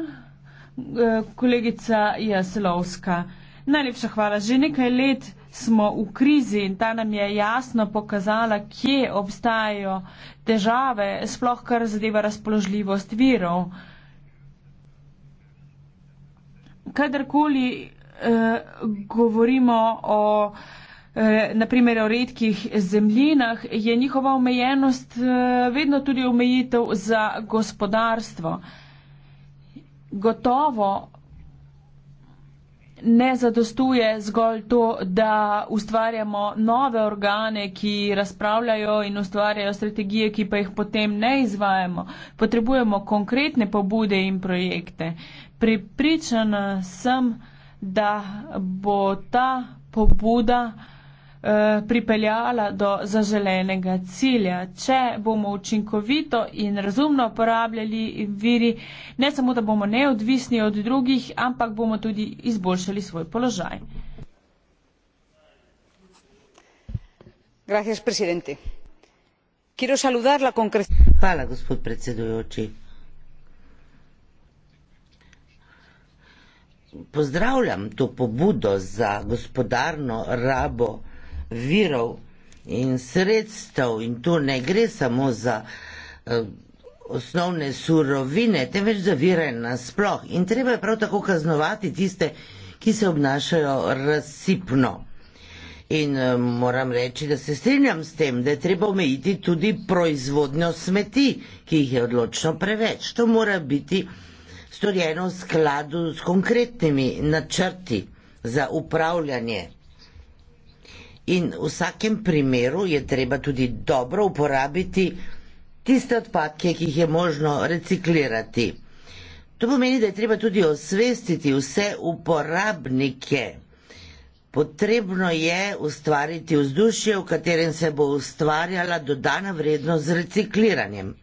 Eh, kolegica Jaslovska. Najlepša hvala. Že nekaj let smo v krizi in ta nam je jasno pokazala, kje obstajajo težave, sploh kar zadeva razpoložljivost virov. Kadarkoli eh, govorimo o eh, naprimer o redkih zemljinah, je njihova omejenost eh, vedno tudi omejitev za gospodarstvo gotovo ne zadostuje zgolj to, da ustvarjamo nove organe, ki razpravljajo in ustvarjajo strategije, ki pa jih potem ne izvajamo. Potrebujemo konkretne pobude in projekte. Pripričana sem, da bo ta pobuda. Eh, pripeljala do zaželenega cilja. Če bomo učinkovito in razumno uporabljali viri, ne samo, da bomo neodvisni od drugih, ampak bomo tudi izboljšali svoj položaj. Hvala, gospod predsedujoči. Pozdravljam to pobudo za gospodarno rabo virov in sredstev, in tu ne gre samo za eh, osnovne surovine, temveč za vire nasploh. In treba je prav tako kaznovati tiste, ki se obnašajo razsipno. In eh, moram reči, da se strinjam s tem, da je treba omejiti tudi proizvodnjo smeti, ki jih je odločno preveč. To mora biti storjeno v skladu s konkretnimi načrti za upravljanje In v vsakem primeru je treba tudi dobro uporabiti tiste odpadke, ki jih je možno reciklirati. To pomeni, da je treba tudi osvestiti vse uporabnike. Potrebno je ustvariti vzdušje, v katerem se bo ustvarjala dodana vrednost z recikliranjem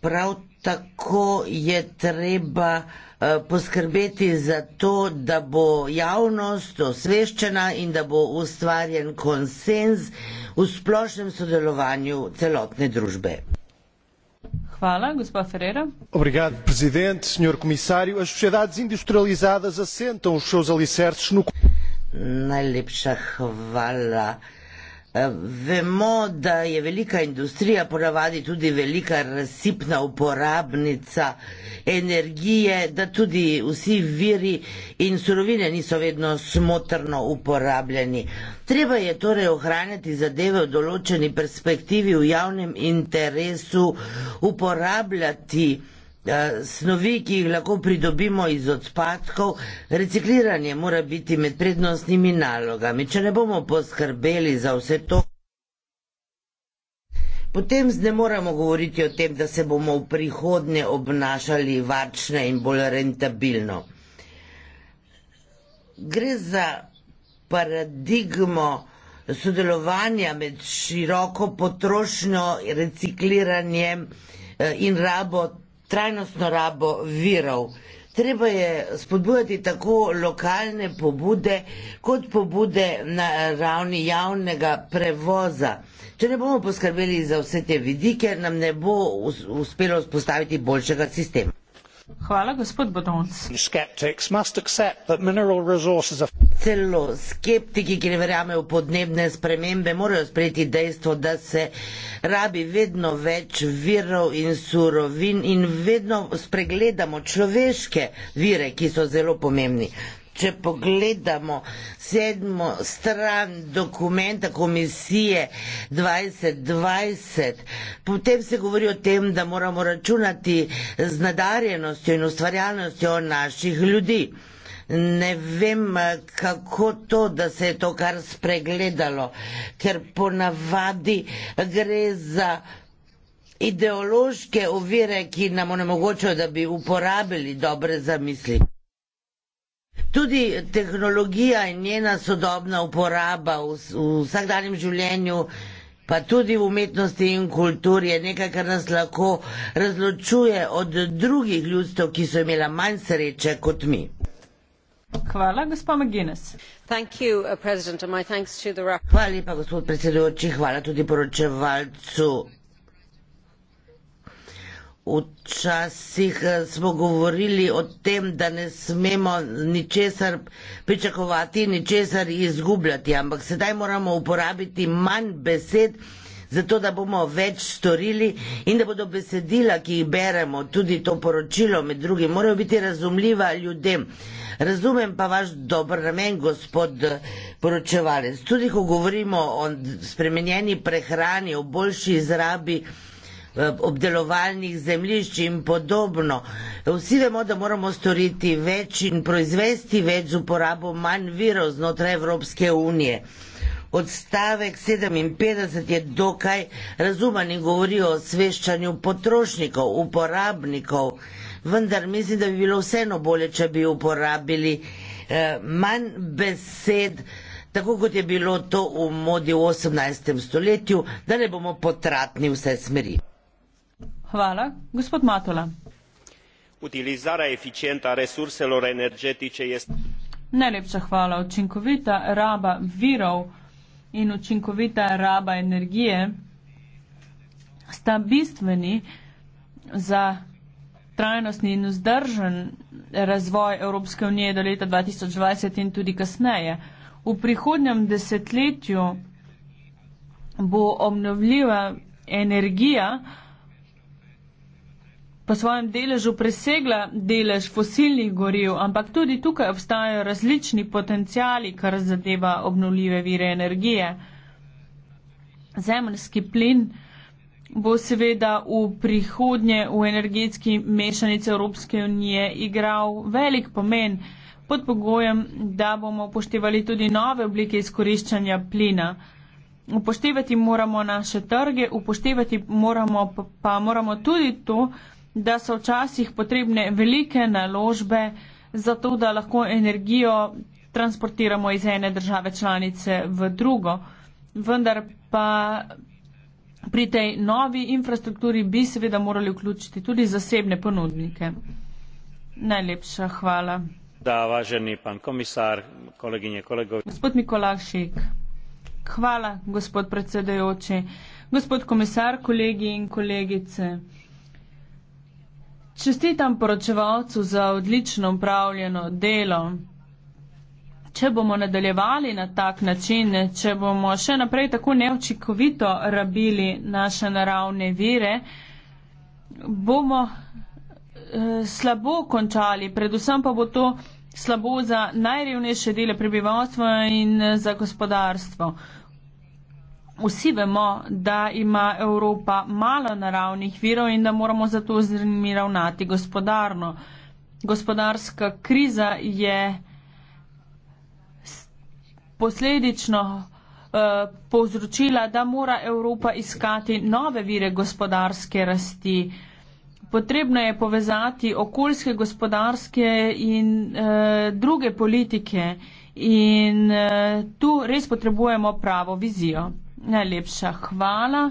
prav tako je treba eh, poskrbeti za to, da bo javnost osveščena in da bo ustvarjen konsens v splošnem sodelovanju celotne družbe. Hvala, gospa Ferreira. Obrigado, presidente, senhor komisário. As sociedades industrializadas assentam os seus alicerces no... Najlepša hvala, uh, Vemo, da je velika industrija, ponavadi tudi velika razsipna uporabnica energije, da tudi vsi viri in surovine niso vedno smotrno uporabljeni. Treba je torej ohranjati zadeve v določeni perspektivi v javnem interesu, uporabljati Eh, snovi, ki jih lahko pridobimo iz odpadkov, recikliranje mora biti med prednostnimi nalogami. Če ne bomo poskrbeli za vse to, potem ne moramo govoriti o tem, da se bomo v prihodnje obnašali varčne in bolj rentabilno. Gre za paradigmo sodelovanja med široko potrošnjo, recikliranjem eh, in rabo trajnostno rabo virov. Treba je spodbujati tako lokalne pobude, kot pobude na ravni javnega prevoza. Če ne bomo poskrbeli za vse te vidike, nam ne bo uspelo vzpostaviti boljšega sistema. Hvala, gospod Bodonc. Celo skeptiki, ki ne verjamejo v podnebne spremembe, morajo sprejeti dejstvo, da se rabi vedno več virov in surovin in vedno spregledamo človeške vire, ki so zelo pomembni če pogledamo sedmo stran dokumenta komisije 2020, potem se govori o tem, da moramo računati z nadarjenostjo in ustvarjalnostjo naših ljudi. Ne vem, kako to, da se je to kar spregledalo, ker ponavadi gre za ideološke ovire, ki nam onemogočajo, da bi uporabili dobre zamisli. Tudi tehnologija in njena sodobna uporaba v, v vsakdanjem življenju, pa tudi v umetnosti in kulturi, je nekaj, kar nas lahko razločuje od drugih ljudstev, ki so imela manj sreče kot mi. Hvala, gospod McGuinness. Uh, Hvala lepa, gospod predsedujoči. Hvala tudi poročevalcu. Včasih eh, smo govorili o tem, da ne smemo ničesar pričakovati, ničesar izgubljati, ampak sedaj moramo uporabiti manj besed, zato da bomo več storili in da bodo besedila, ki jih beremo, tudi to poročilo med drugim, morajo biti razumljiva ljudem. Razumem pa vaš dober namen, gospod eh, poročevalec. Tudi ko govorimo o spremenjeni prehrani, o boljši izrabi, Eh, obdelovalnih zemljišč in podobno. Vsi vemo, da moramo storiti več in proizvesti več z uporabo manj virov znotraj Evropske unije. Odstavek 57 je dokaj razumen in govori o osveščanju potrošnikov, uporabnikov, vendar mislim, da bi bilo vseeno bolje, če bi uporabili eh, manj besed, tako kot je bilo to v modi v 18. stoletju, da ne bomo potratni vse smeri. Hvala. Gospod Matola. Utilizarea eficientă a resurselor energetice este. Najlepša hvala. Učinkovita raba virov in učinkovita raba energije sta bistveni za trajnostni in vzdržen razvoj Evropske unije do leta 2020 in tudi kasneje. V prihodnjem desetletju bo obnovljiva energija po svojem deležu presegla delež fosilnih goriv, ampak tudi tukaj obstajajo različni potencijali, kar zadeva obnovljive vire energije. Zemljski plin bo seveda v prihodnje v energetski mešanici Evropske unije igral velik pomen pod pogojem, da bomo upoštevali tudi nove oblike izkoriščanja plina. Upoštevati moramo naše trge, upoštevati moramo, pa moramo tudi to, da so včasih potrebne velike naložbe, zato da lahko energijo transportiramo iz ene države članice v drugo. Vendar pa pri tej novi infrastrukturi bi seveda morali vključiti tudi zasebne ponudnike. Najlepša hvala. Da, važeni pan komisar, koleginje, kolegov. Gospod Mikolašik, hvala, gospod predsedajoči. Gospod komisar, kolegi in kolegice. Čestitam poročevalcu za odlično upravljeno delo. Če bomo nadaljevali na tak način, če bomo še naprej tako neočikovito rabili naše naravne vire, bomo e, slabo končali. Predvsem pa bo to slabo za najrevnejše dele prebivalstva in eh, za gospodarstvo. Vsi vemo, da ima Evropa malo naravnih virov in da moramo zato z njimi ravnati gospodarno. Gospodarska kriza je posledično uh, povzročila, da mora Evropa iskati nove vire gospodarske rasti. Potrebno je povezati okoljske, gospodarske in uh, druge politike in uh, tu res potrebujemo pravo vizijo. Najlepša hvala.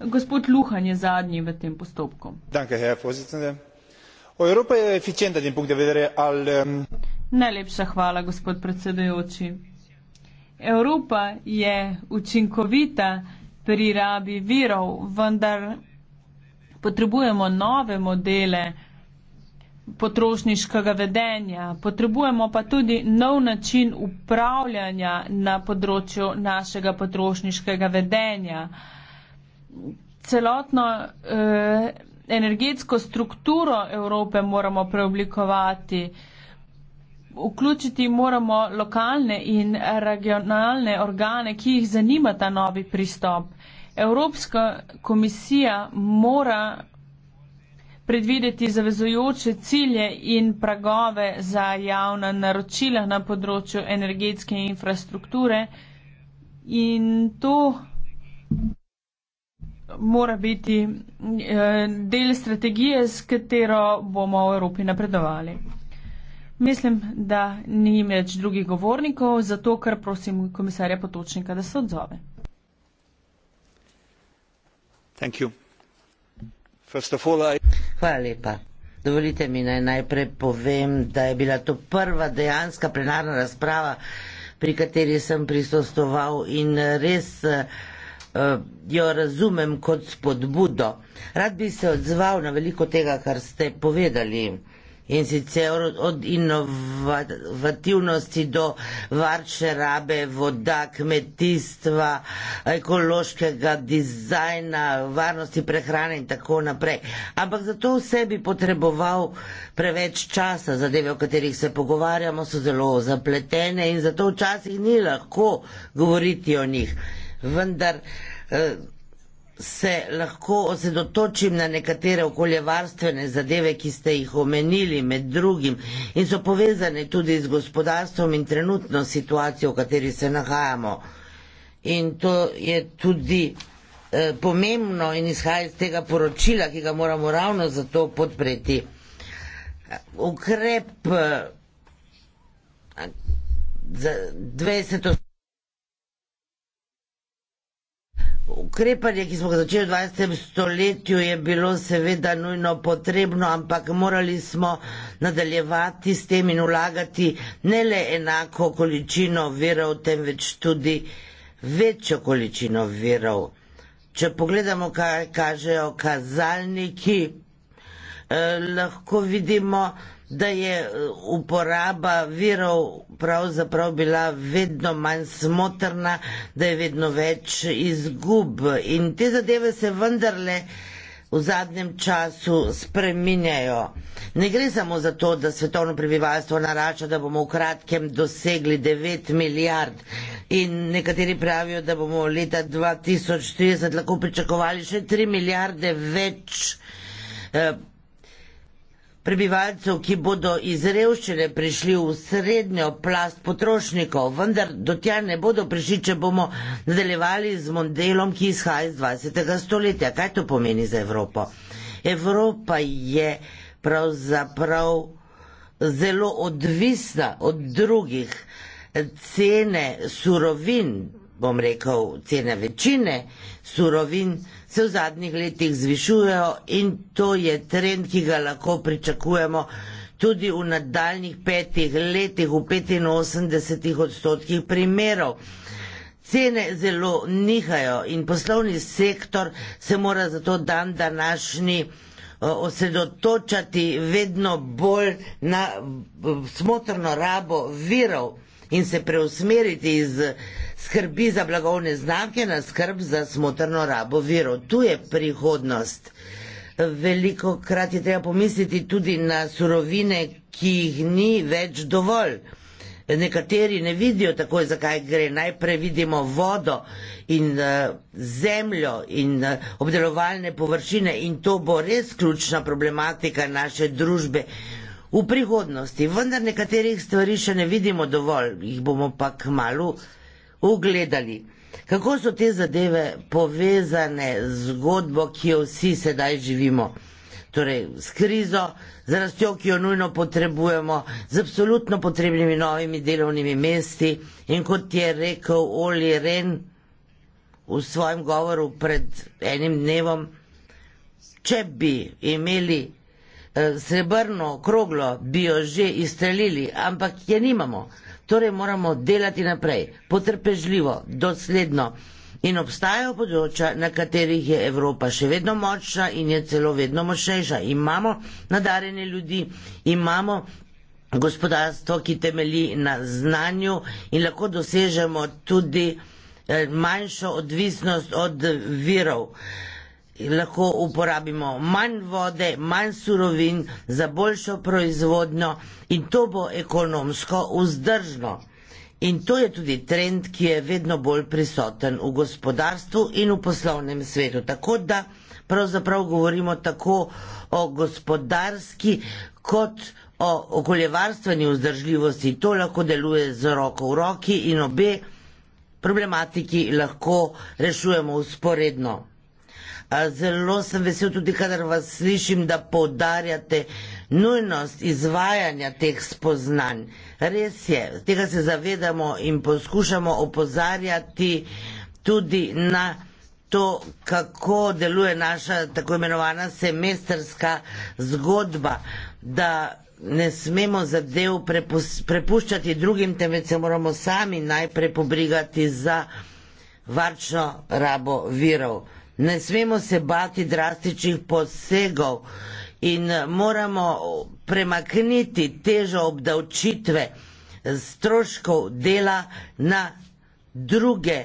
Gospod Luhan je zadnji v tem postopku. Danke, Evropa je eficienta, din punct de vedere al. Um... Najlepša hvala, gospod predsedujoči. Evropa je učinkovita pri rabi virov, vendar potrebujemo nove modele potrošniškega vedenja, potrebujemo pa tudi nov način upravljanja na področju našega potrošniškega vedenja. Celotno eh, energetsko strukturo Evrope moramo preoblikovati, vključiti moramo lokalne in regionalne organe, ki jih zanima ta novi pristop. Evropska komisija mora predvideti zavezujoče cilje in pragove za javna naročila na področju energetske infrastrukture in to mora biti eh, del strategije, s katero bomo v Evropi napredovali. Mislim, da ni več drugih govornikov, zato kar prosim komisarja Potočnika, da se odzove. Hvala. Hvala lepa. Dovolite mi naj najprej povem, da je bila to prva dejanska plenarna razprava, pri kateri sem prisostoval in res eh, jo razumem kot spodbudo. Rad bi se odzval na veliko tega, kar ste povedali in sicer od inovativnosti do varče rabe voda, kmetijstva, ekološkega dizajna, varnosti prehrane in tako naprej. Ampak za to vse bi potreboval preveč časa. Zadeve, o katerih se pogovarjamo, so zelo zapletene in zato včasih ni lahko govoriti o njih. Vendar eh, se lahko osredotočim na nekatere okoljevarstvene zadeve, ki ste jih omenili med drugim in so povezane tudi z gospodarstvom in trenutno situacijo, v kateri se nahajamo. In to je tudi eh, pomembno in izhaja iz tega poročila, ki ga moramo ravno zato podpreti. Ukrep eh, za 20. Ukrepanje, ki smo ga začeli v 20. stoletju, je bilo seveda nujno potrebno, ampak morali smo nadaljevati s tem in ulagati ne le enako količino verov, temveč tudi večjo količino verov. Če pogledamo, kaj kažejo kazalniki, eh, lahko vidimo, da je eh, uporaba virov pravzaprav bila vedno manj smotrna, da je vedno več izgub. In te zadeve se vendarle v zadnjem času spreminjajo. Ne gre samo za to, da svetovno prebivalstvo narača, da bomo v kratkem dosegli 9 milijard in nekateri pravijo, da bomo leta 2030 lahko pričakovali še 3 milijarde več eh, prebivalcev, ki bodo iz revščine prišli v srednjo plast potrošnikov, vendar do tja ne bodo prišli, če bomo nadaljevali z modelom, ki izhaja iz 20. stoletja. Kaj to pomeni za Evropo? Evropa je pravzaprav zelo odvisna od drugih cene surovin, bom rekel, cene večine surovin se v zadnjih letih zvišujejo in to je trend, ki ga lahko pričakujemo tudi v nadaljnih petih letih v 85 odstotkih primerov. Cene zelo nihajo in poslovni sektor se mora zato dan današnji eh, osredotočati vedno bolj na eh, smotrno rabo virov in se preusmeriti iz skrbi za blagovne znake, na skrb za smotrno rabo virov. Tu je prihodnost. Veliko krat je treba pomisliti tudi na surovine, ki jih ni več dovolj. Nekateri ne vidijo takoj, zakaj gre. Najprej vidimo vodo in uh, zemljo in uh, obdelovalne površine in to bo res ključna problematika naše družbe v prihodnosti. Vendar nekaterih stvari še ne vidimo dovolj, jih bomo pa k malu uh, ugledali. Kako so te zadeve povezane z zgodbo, ki jo vsi sedaj živimo? Torej, s krizo, z rastjo, ki jo nujno potrebujemo, z absolutno potrebnimi novimi delovnimi mesti in kot je rekel Oli Ren v svojem govoru pred enim dnevom, če bi imeli eh, srebrno kroglo, bi jo že izstrelili, ampak je nimamo. Torej moramo delati naprej, potrpežljivo, dosledno. In obstajajo področja, na katerih je Evropa še vedno močna in je celo vedno močnejša. Imamo nadarene ljudi, imamo gospodarstvo, ki temelji na znanju in lahko dosežemo tudi eh, manjšo odvisnost od virov lahko uporabimo manj vode, manj surovin za boljšo proizvodnjo in to bo ekonomsko vzdržno. In to je tudi trend, ki je vedno bolj prisoten v gospodarstvu in v poslovnem svetu. Tako da pravzaprav govorimo tako o gospodarski kot o okoljevarstveni vzdržljivosti. To lahko deluje z roko v roki in obe problematiki lahko rešujemo usporedno. Zelo sem vesel tudi, kadar vas slišim, da podarjate nujnost izvajanja teh spoznanj. Res je, tega se zavedamo in poskušamo opozarjati tudi na to, kako deluje naša tako imenovana semestrska zgodba, da ne smemo zadev prepuščati drugim, temveč se moramo sami najprej pobrigati za varčno rabo virov ne smemo se bati drastičnih posegov in eh, moramo premakniti težo obdavčitve stroškov dela na druge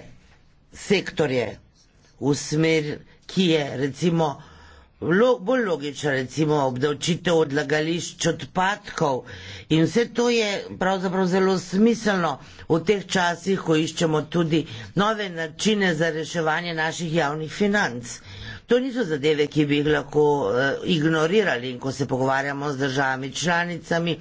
sektorje, v smer, ki je recimo bolj logično, recimo, obdavčitev odlagališč odpadkov in vse to je pravzaprav zelo smiselno v teh časih, ko iščemo tudi nove načine za reševanje naših javnih financ. To niso zadeve, ki bi jih lahko uh, ignorirali in ko se pogovarjamo z državami članicami,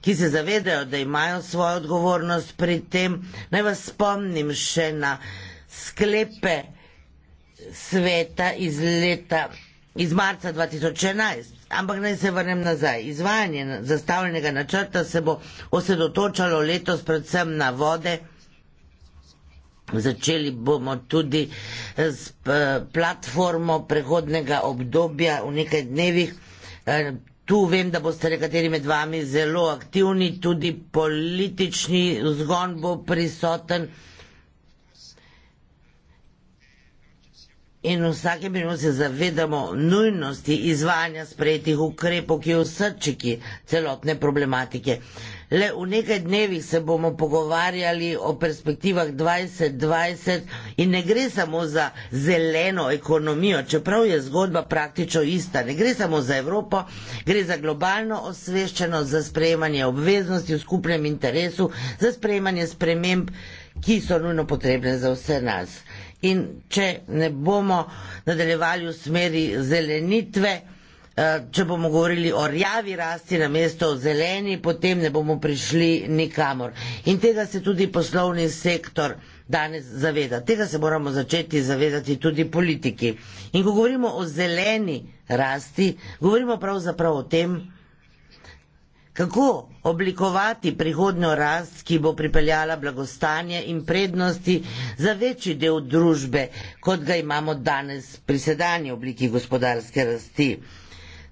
ki se zavedajo, da imajo svojo odgovornost pri tem. Naj vas spomnim še na sklepe sveta iz leta iz marca 2011. Ampak naj se vrnem nazaj. Izvajanje zastavljenega načrta se bo osredotočalo letos predvsem na vode. Začeli bomo tudi s eh, platformo prehodnega obdobja v nekaj dnevih. Eh, tu vem, da boste nekateri med vami zelo aktivni, tudi politični zgon bo prisoten. In v vsakem primeru se zavedamo nujnosti izvajanja sprejetih ukrepov, ki so srčiki celotne problematike. Le v nekaj dnevih se bomo pogovarjali o perspektivah 2020 in ne gre samo za zeleno ekonomijo, čeprav je zgodba praktično ista. Ne gre samo za Evropo, gre za globalno osveščenost, za sprejemanje obveznosti v skupnem interesu, za sprejemanje sprememb, ki so nujno potrebne za vse nas in če ne bomo nadaljevali v smeri zelenitve, eh, če bomo govorili o rjavi rasti na mesto o zeleni, potem ne bomo prišli nikamor. In tega se tudi poslovni sektor danes zaveda. Tega se moramo začeti zavedati tudi politiki. In ko govorimo o zeleni rasti, govorimo pravzaprav o tem, Kako oblikovati prihodnjo rast, ki bo pripeljala blagostanje in prednosti za večji del družbe, kot ga imamo danes pri sedanji obliki gospodarske rasti?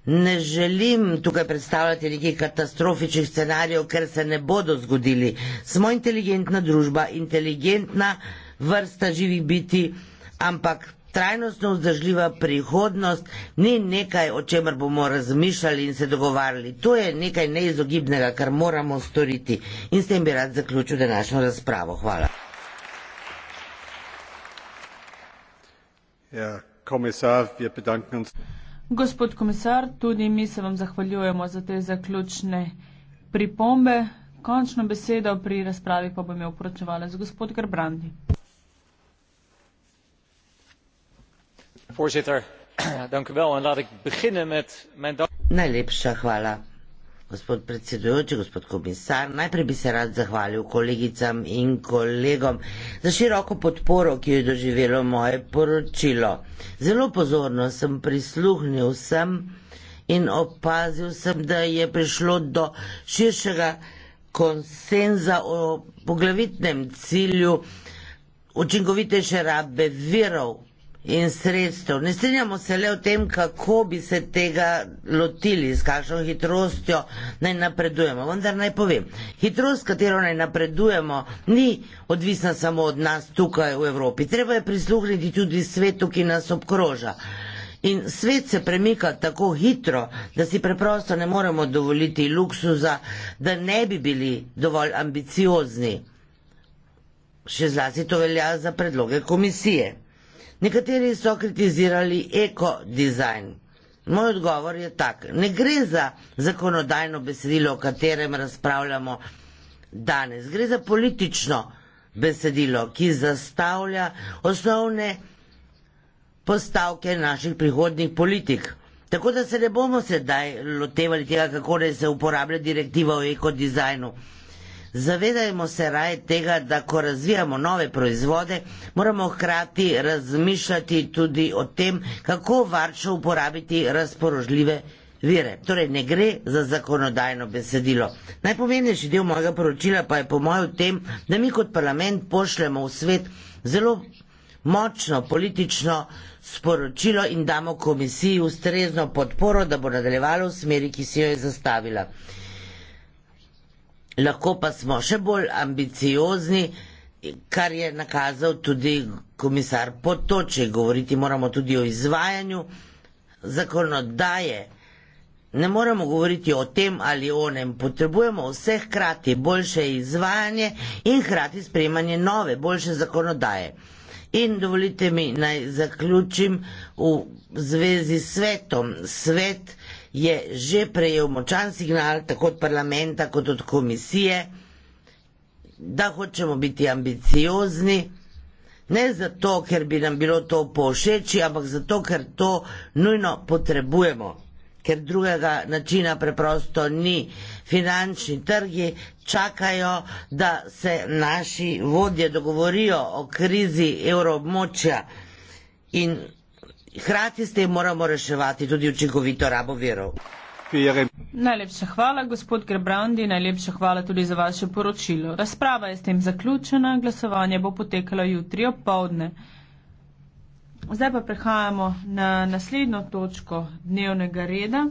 Ne želim tukaj predstavljati nekih katastrofičnih scenarijev, ker se ne bodo zgodili. Smo inteligentna družba, inteligentna vrsta živih biti, ampak trajnostno vzdržljiva prihodnost ni nekaj, o čemer bomo razmišljali in se dogovarjali. To je nekaj neizogibnega, kar moramo storiti. In s tem bi rad zaključil današnjo razpravo. Hvala. Ja, komisar, Gospod komisar, tudi mi se vam zahvaljujemo za te zaključne pripombe. Končno besedo pri razpravi pa bom jo upročevala z gospod Grbrandi. voorzitter laat ik beginnen met mijn dank. najlepša hvala gospod predsedujoči gospod komisar najprej bi se rad zahvalil kolegicam in kolegom za široko podporo ki jo je doživelo moje poročilo zelo pozorno sem prisluhnil sem in opazil sem da je prišlo do širšega konsenza o poglavitnem cilju učinkovitejše rabe virov in sredstev. Ne strinjamo se le o tem, kako bi se tega lotili, s kakšno hitrostjo naj napredujemo. Vendar naj povem, hitrost, katero naj napredujemo, ni odvisna samo od nas tukaj v Evropi. Treba je prisluhniti tudi svetu, ki nas obkroža. In svet se premika tako hitro, da si preprosto ne moremo dovoliti luksuza, da ne bi bili dovolj ambiciozni. Še zlasti to velja za predloge komisije. Nekateri so kritizirali ekodizajn. Moj odgovor je tak. Ne gre za zakonodajno besedilo, o katerem razpravljamo danes. Gre za politično besedilo, ki zastavlja osnovne postavke naših prihodnih politik. Tako da se ne bomo sedaj lotevali tega, kako naj se uporablja direktiva o ekodizajnu. Zavedajmo se raje tega, da ko razvijamo nove proizvode, moramo hkrati razmišljati tudi o tem, kako varčo uporabiti razpoložljive vire. Torej, ne gre za zakonodajno besedilo. Najpomembnejši del mojega poročila pa je po mojem tem, da mi kot parlament pošljemo v svet zelo močno politično sporočilo in damo komisiji ustrezno podporo, da bo nadaljevalo v smeri, ki si jo je zastavila lahko pa smo še bolj ambiciozni, kar je nakazal tudi komisar Potoče. Govoriti moramo tudi o izvajanju zakonodaje. Ne moremo govoriti o tem ali onem. Potrebujemo vse hkrati boljše izvajanje in hkrati sprejemanje nove, boljše zakonodaje. In dovolite mi, naj zaključim v zvezi s svetom. Svet je že prejel močan signal, tako od parlamenta kot od komisije, da hočemo biti ambiciozni. Ne zato, ker bi nam bilo to pošeči, ampak zato, ker to nujno potrebujemo, ker drugega načina preprosto ni. Finančni trgi čakajo, da se naši vodje dogovorijo o krizi evroobmočja in Hrati s tem moramo reševati tudi učinkovito rabo virov. Najlepša hvala, gospod Grebrandi, najlepša hvala tudi za vaše poročilo. Razprava je s tem zaključena, glasovanje bo potekalo jutri ob povdne. Zdaj pa prehajamo na naslednjo točko dnevnega reda.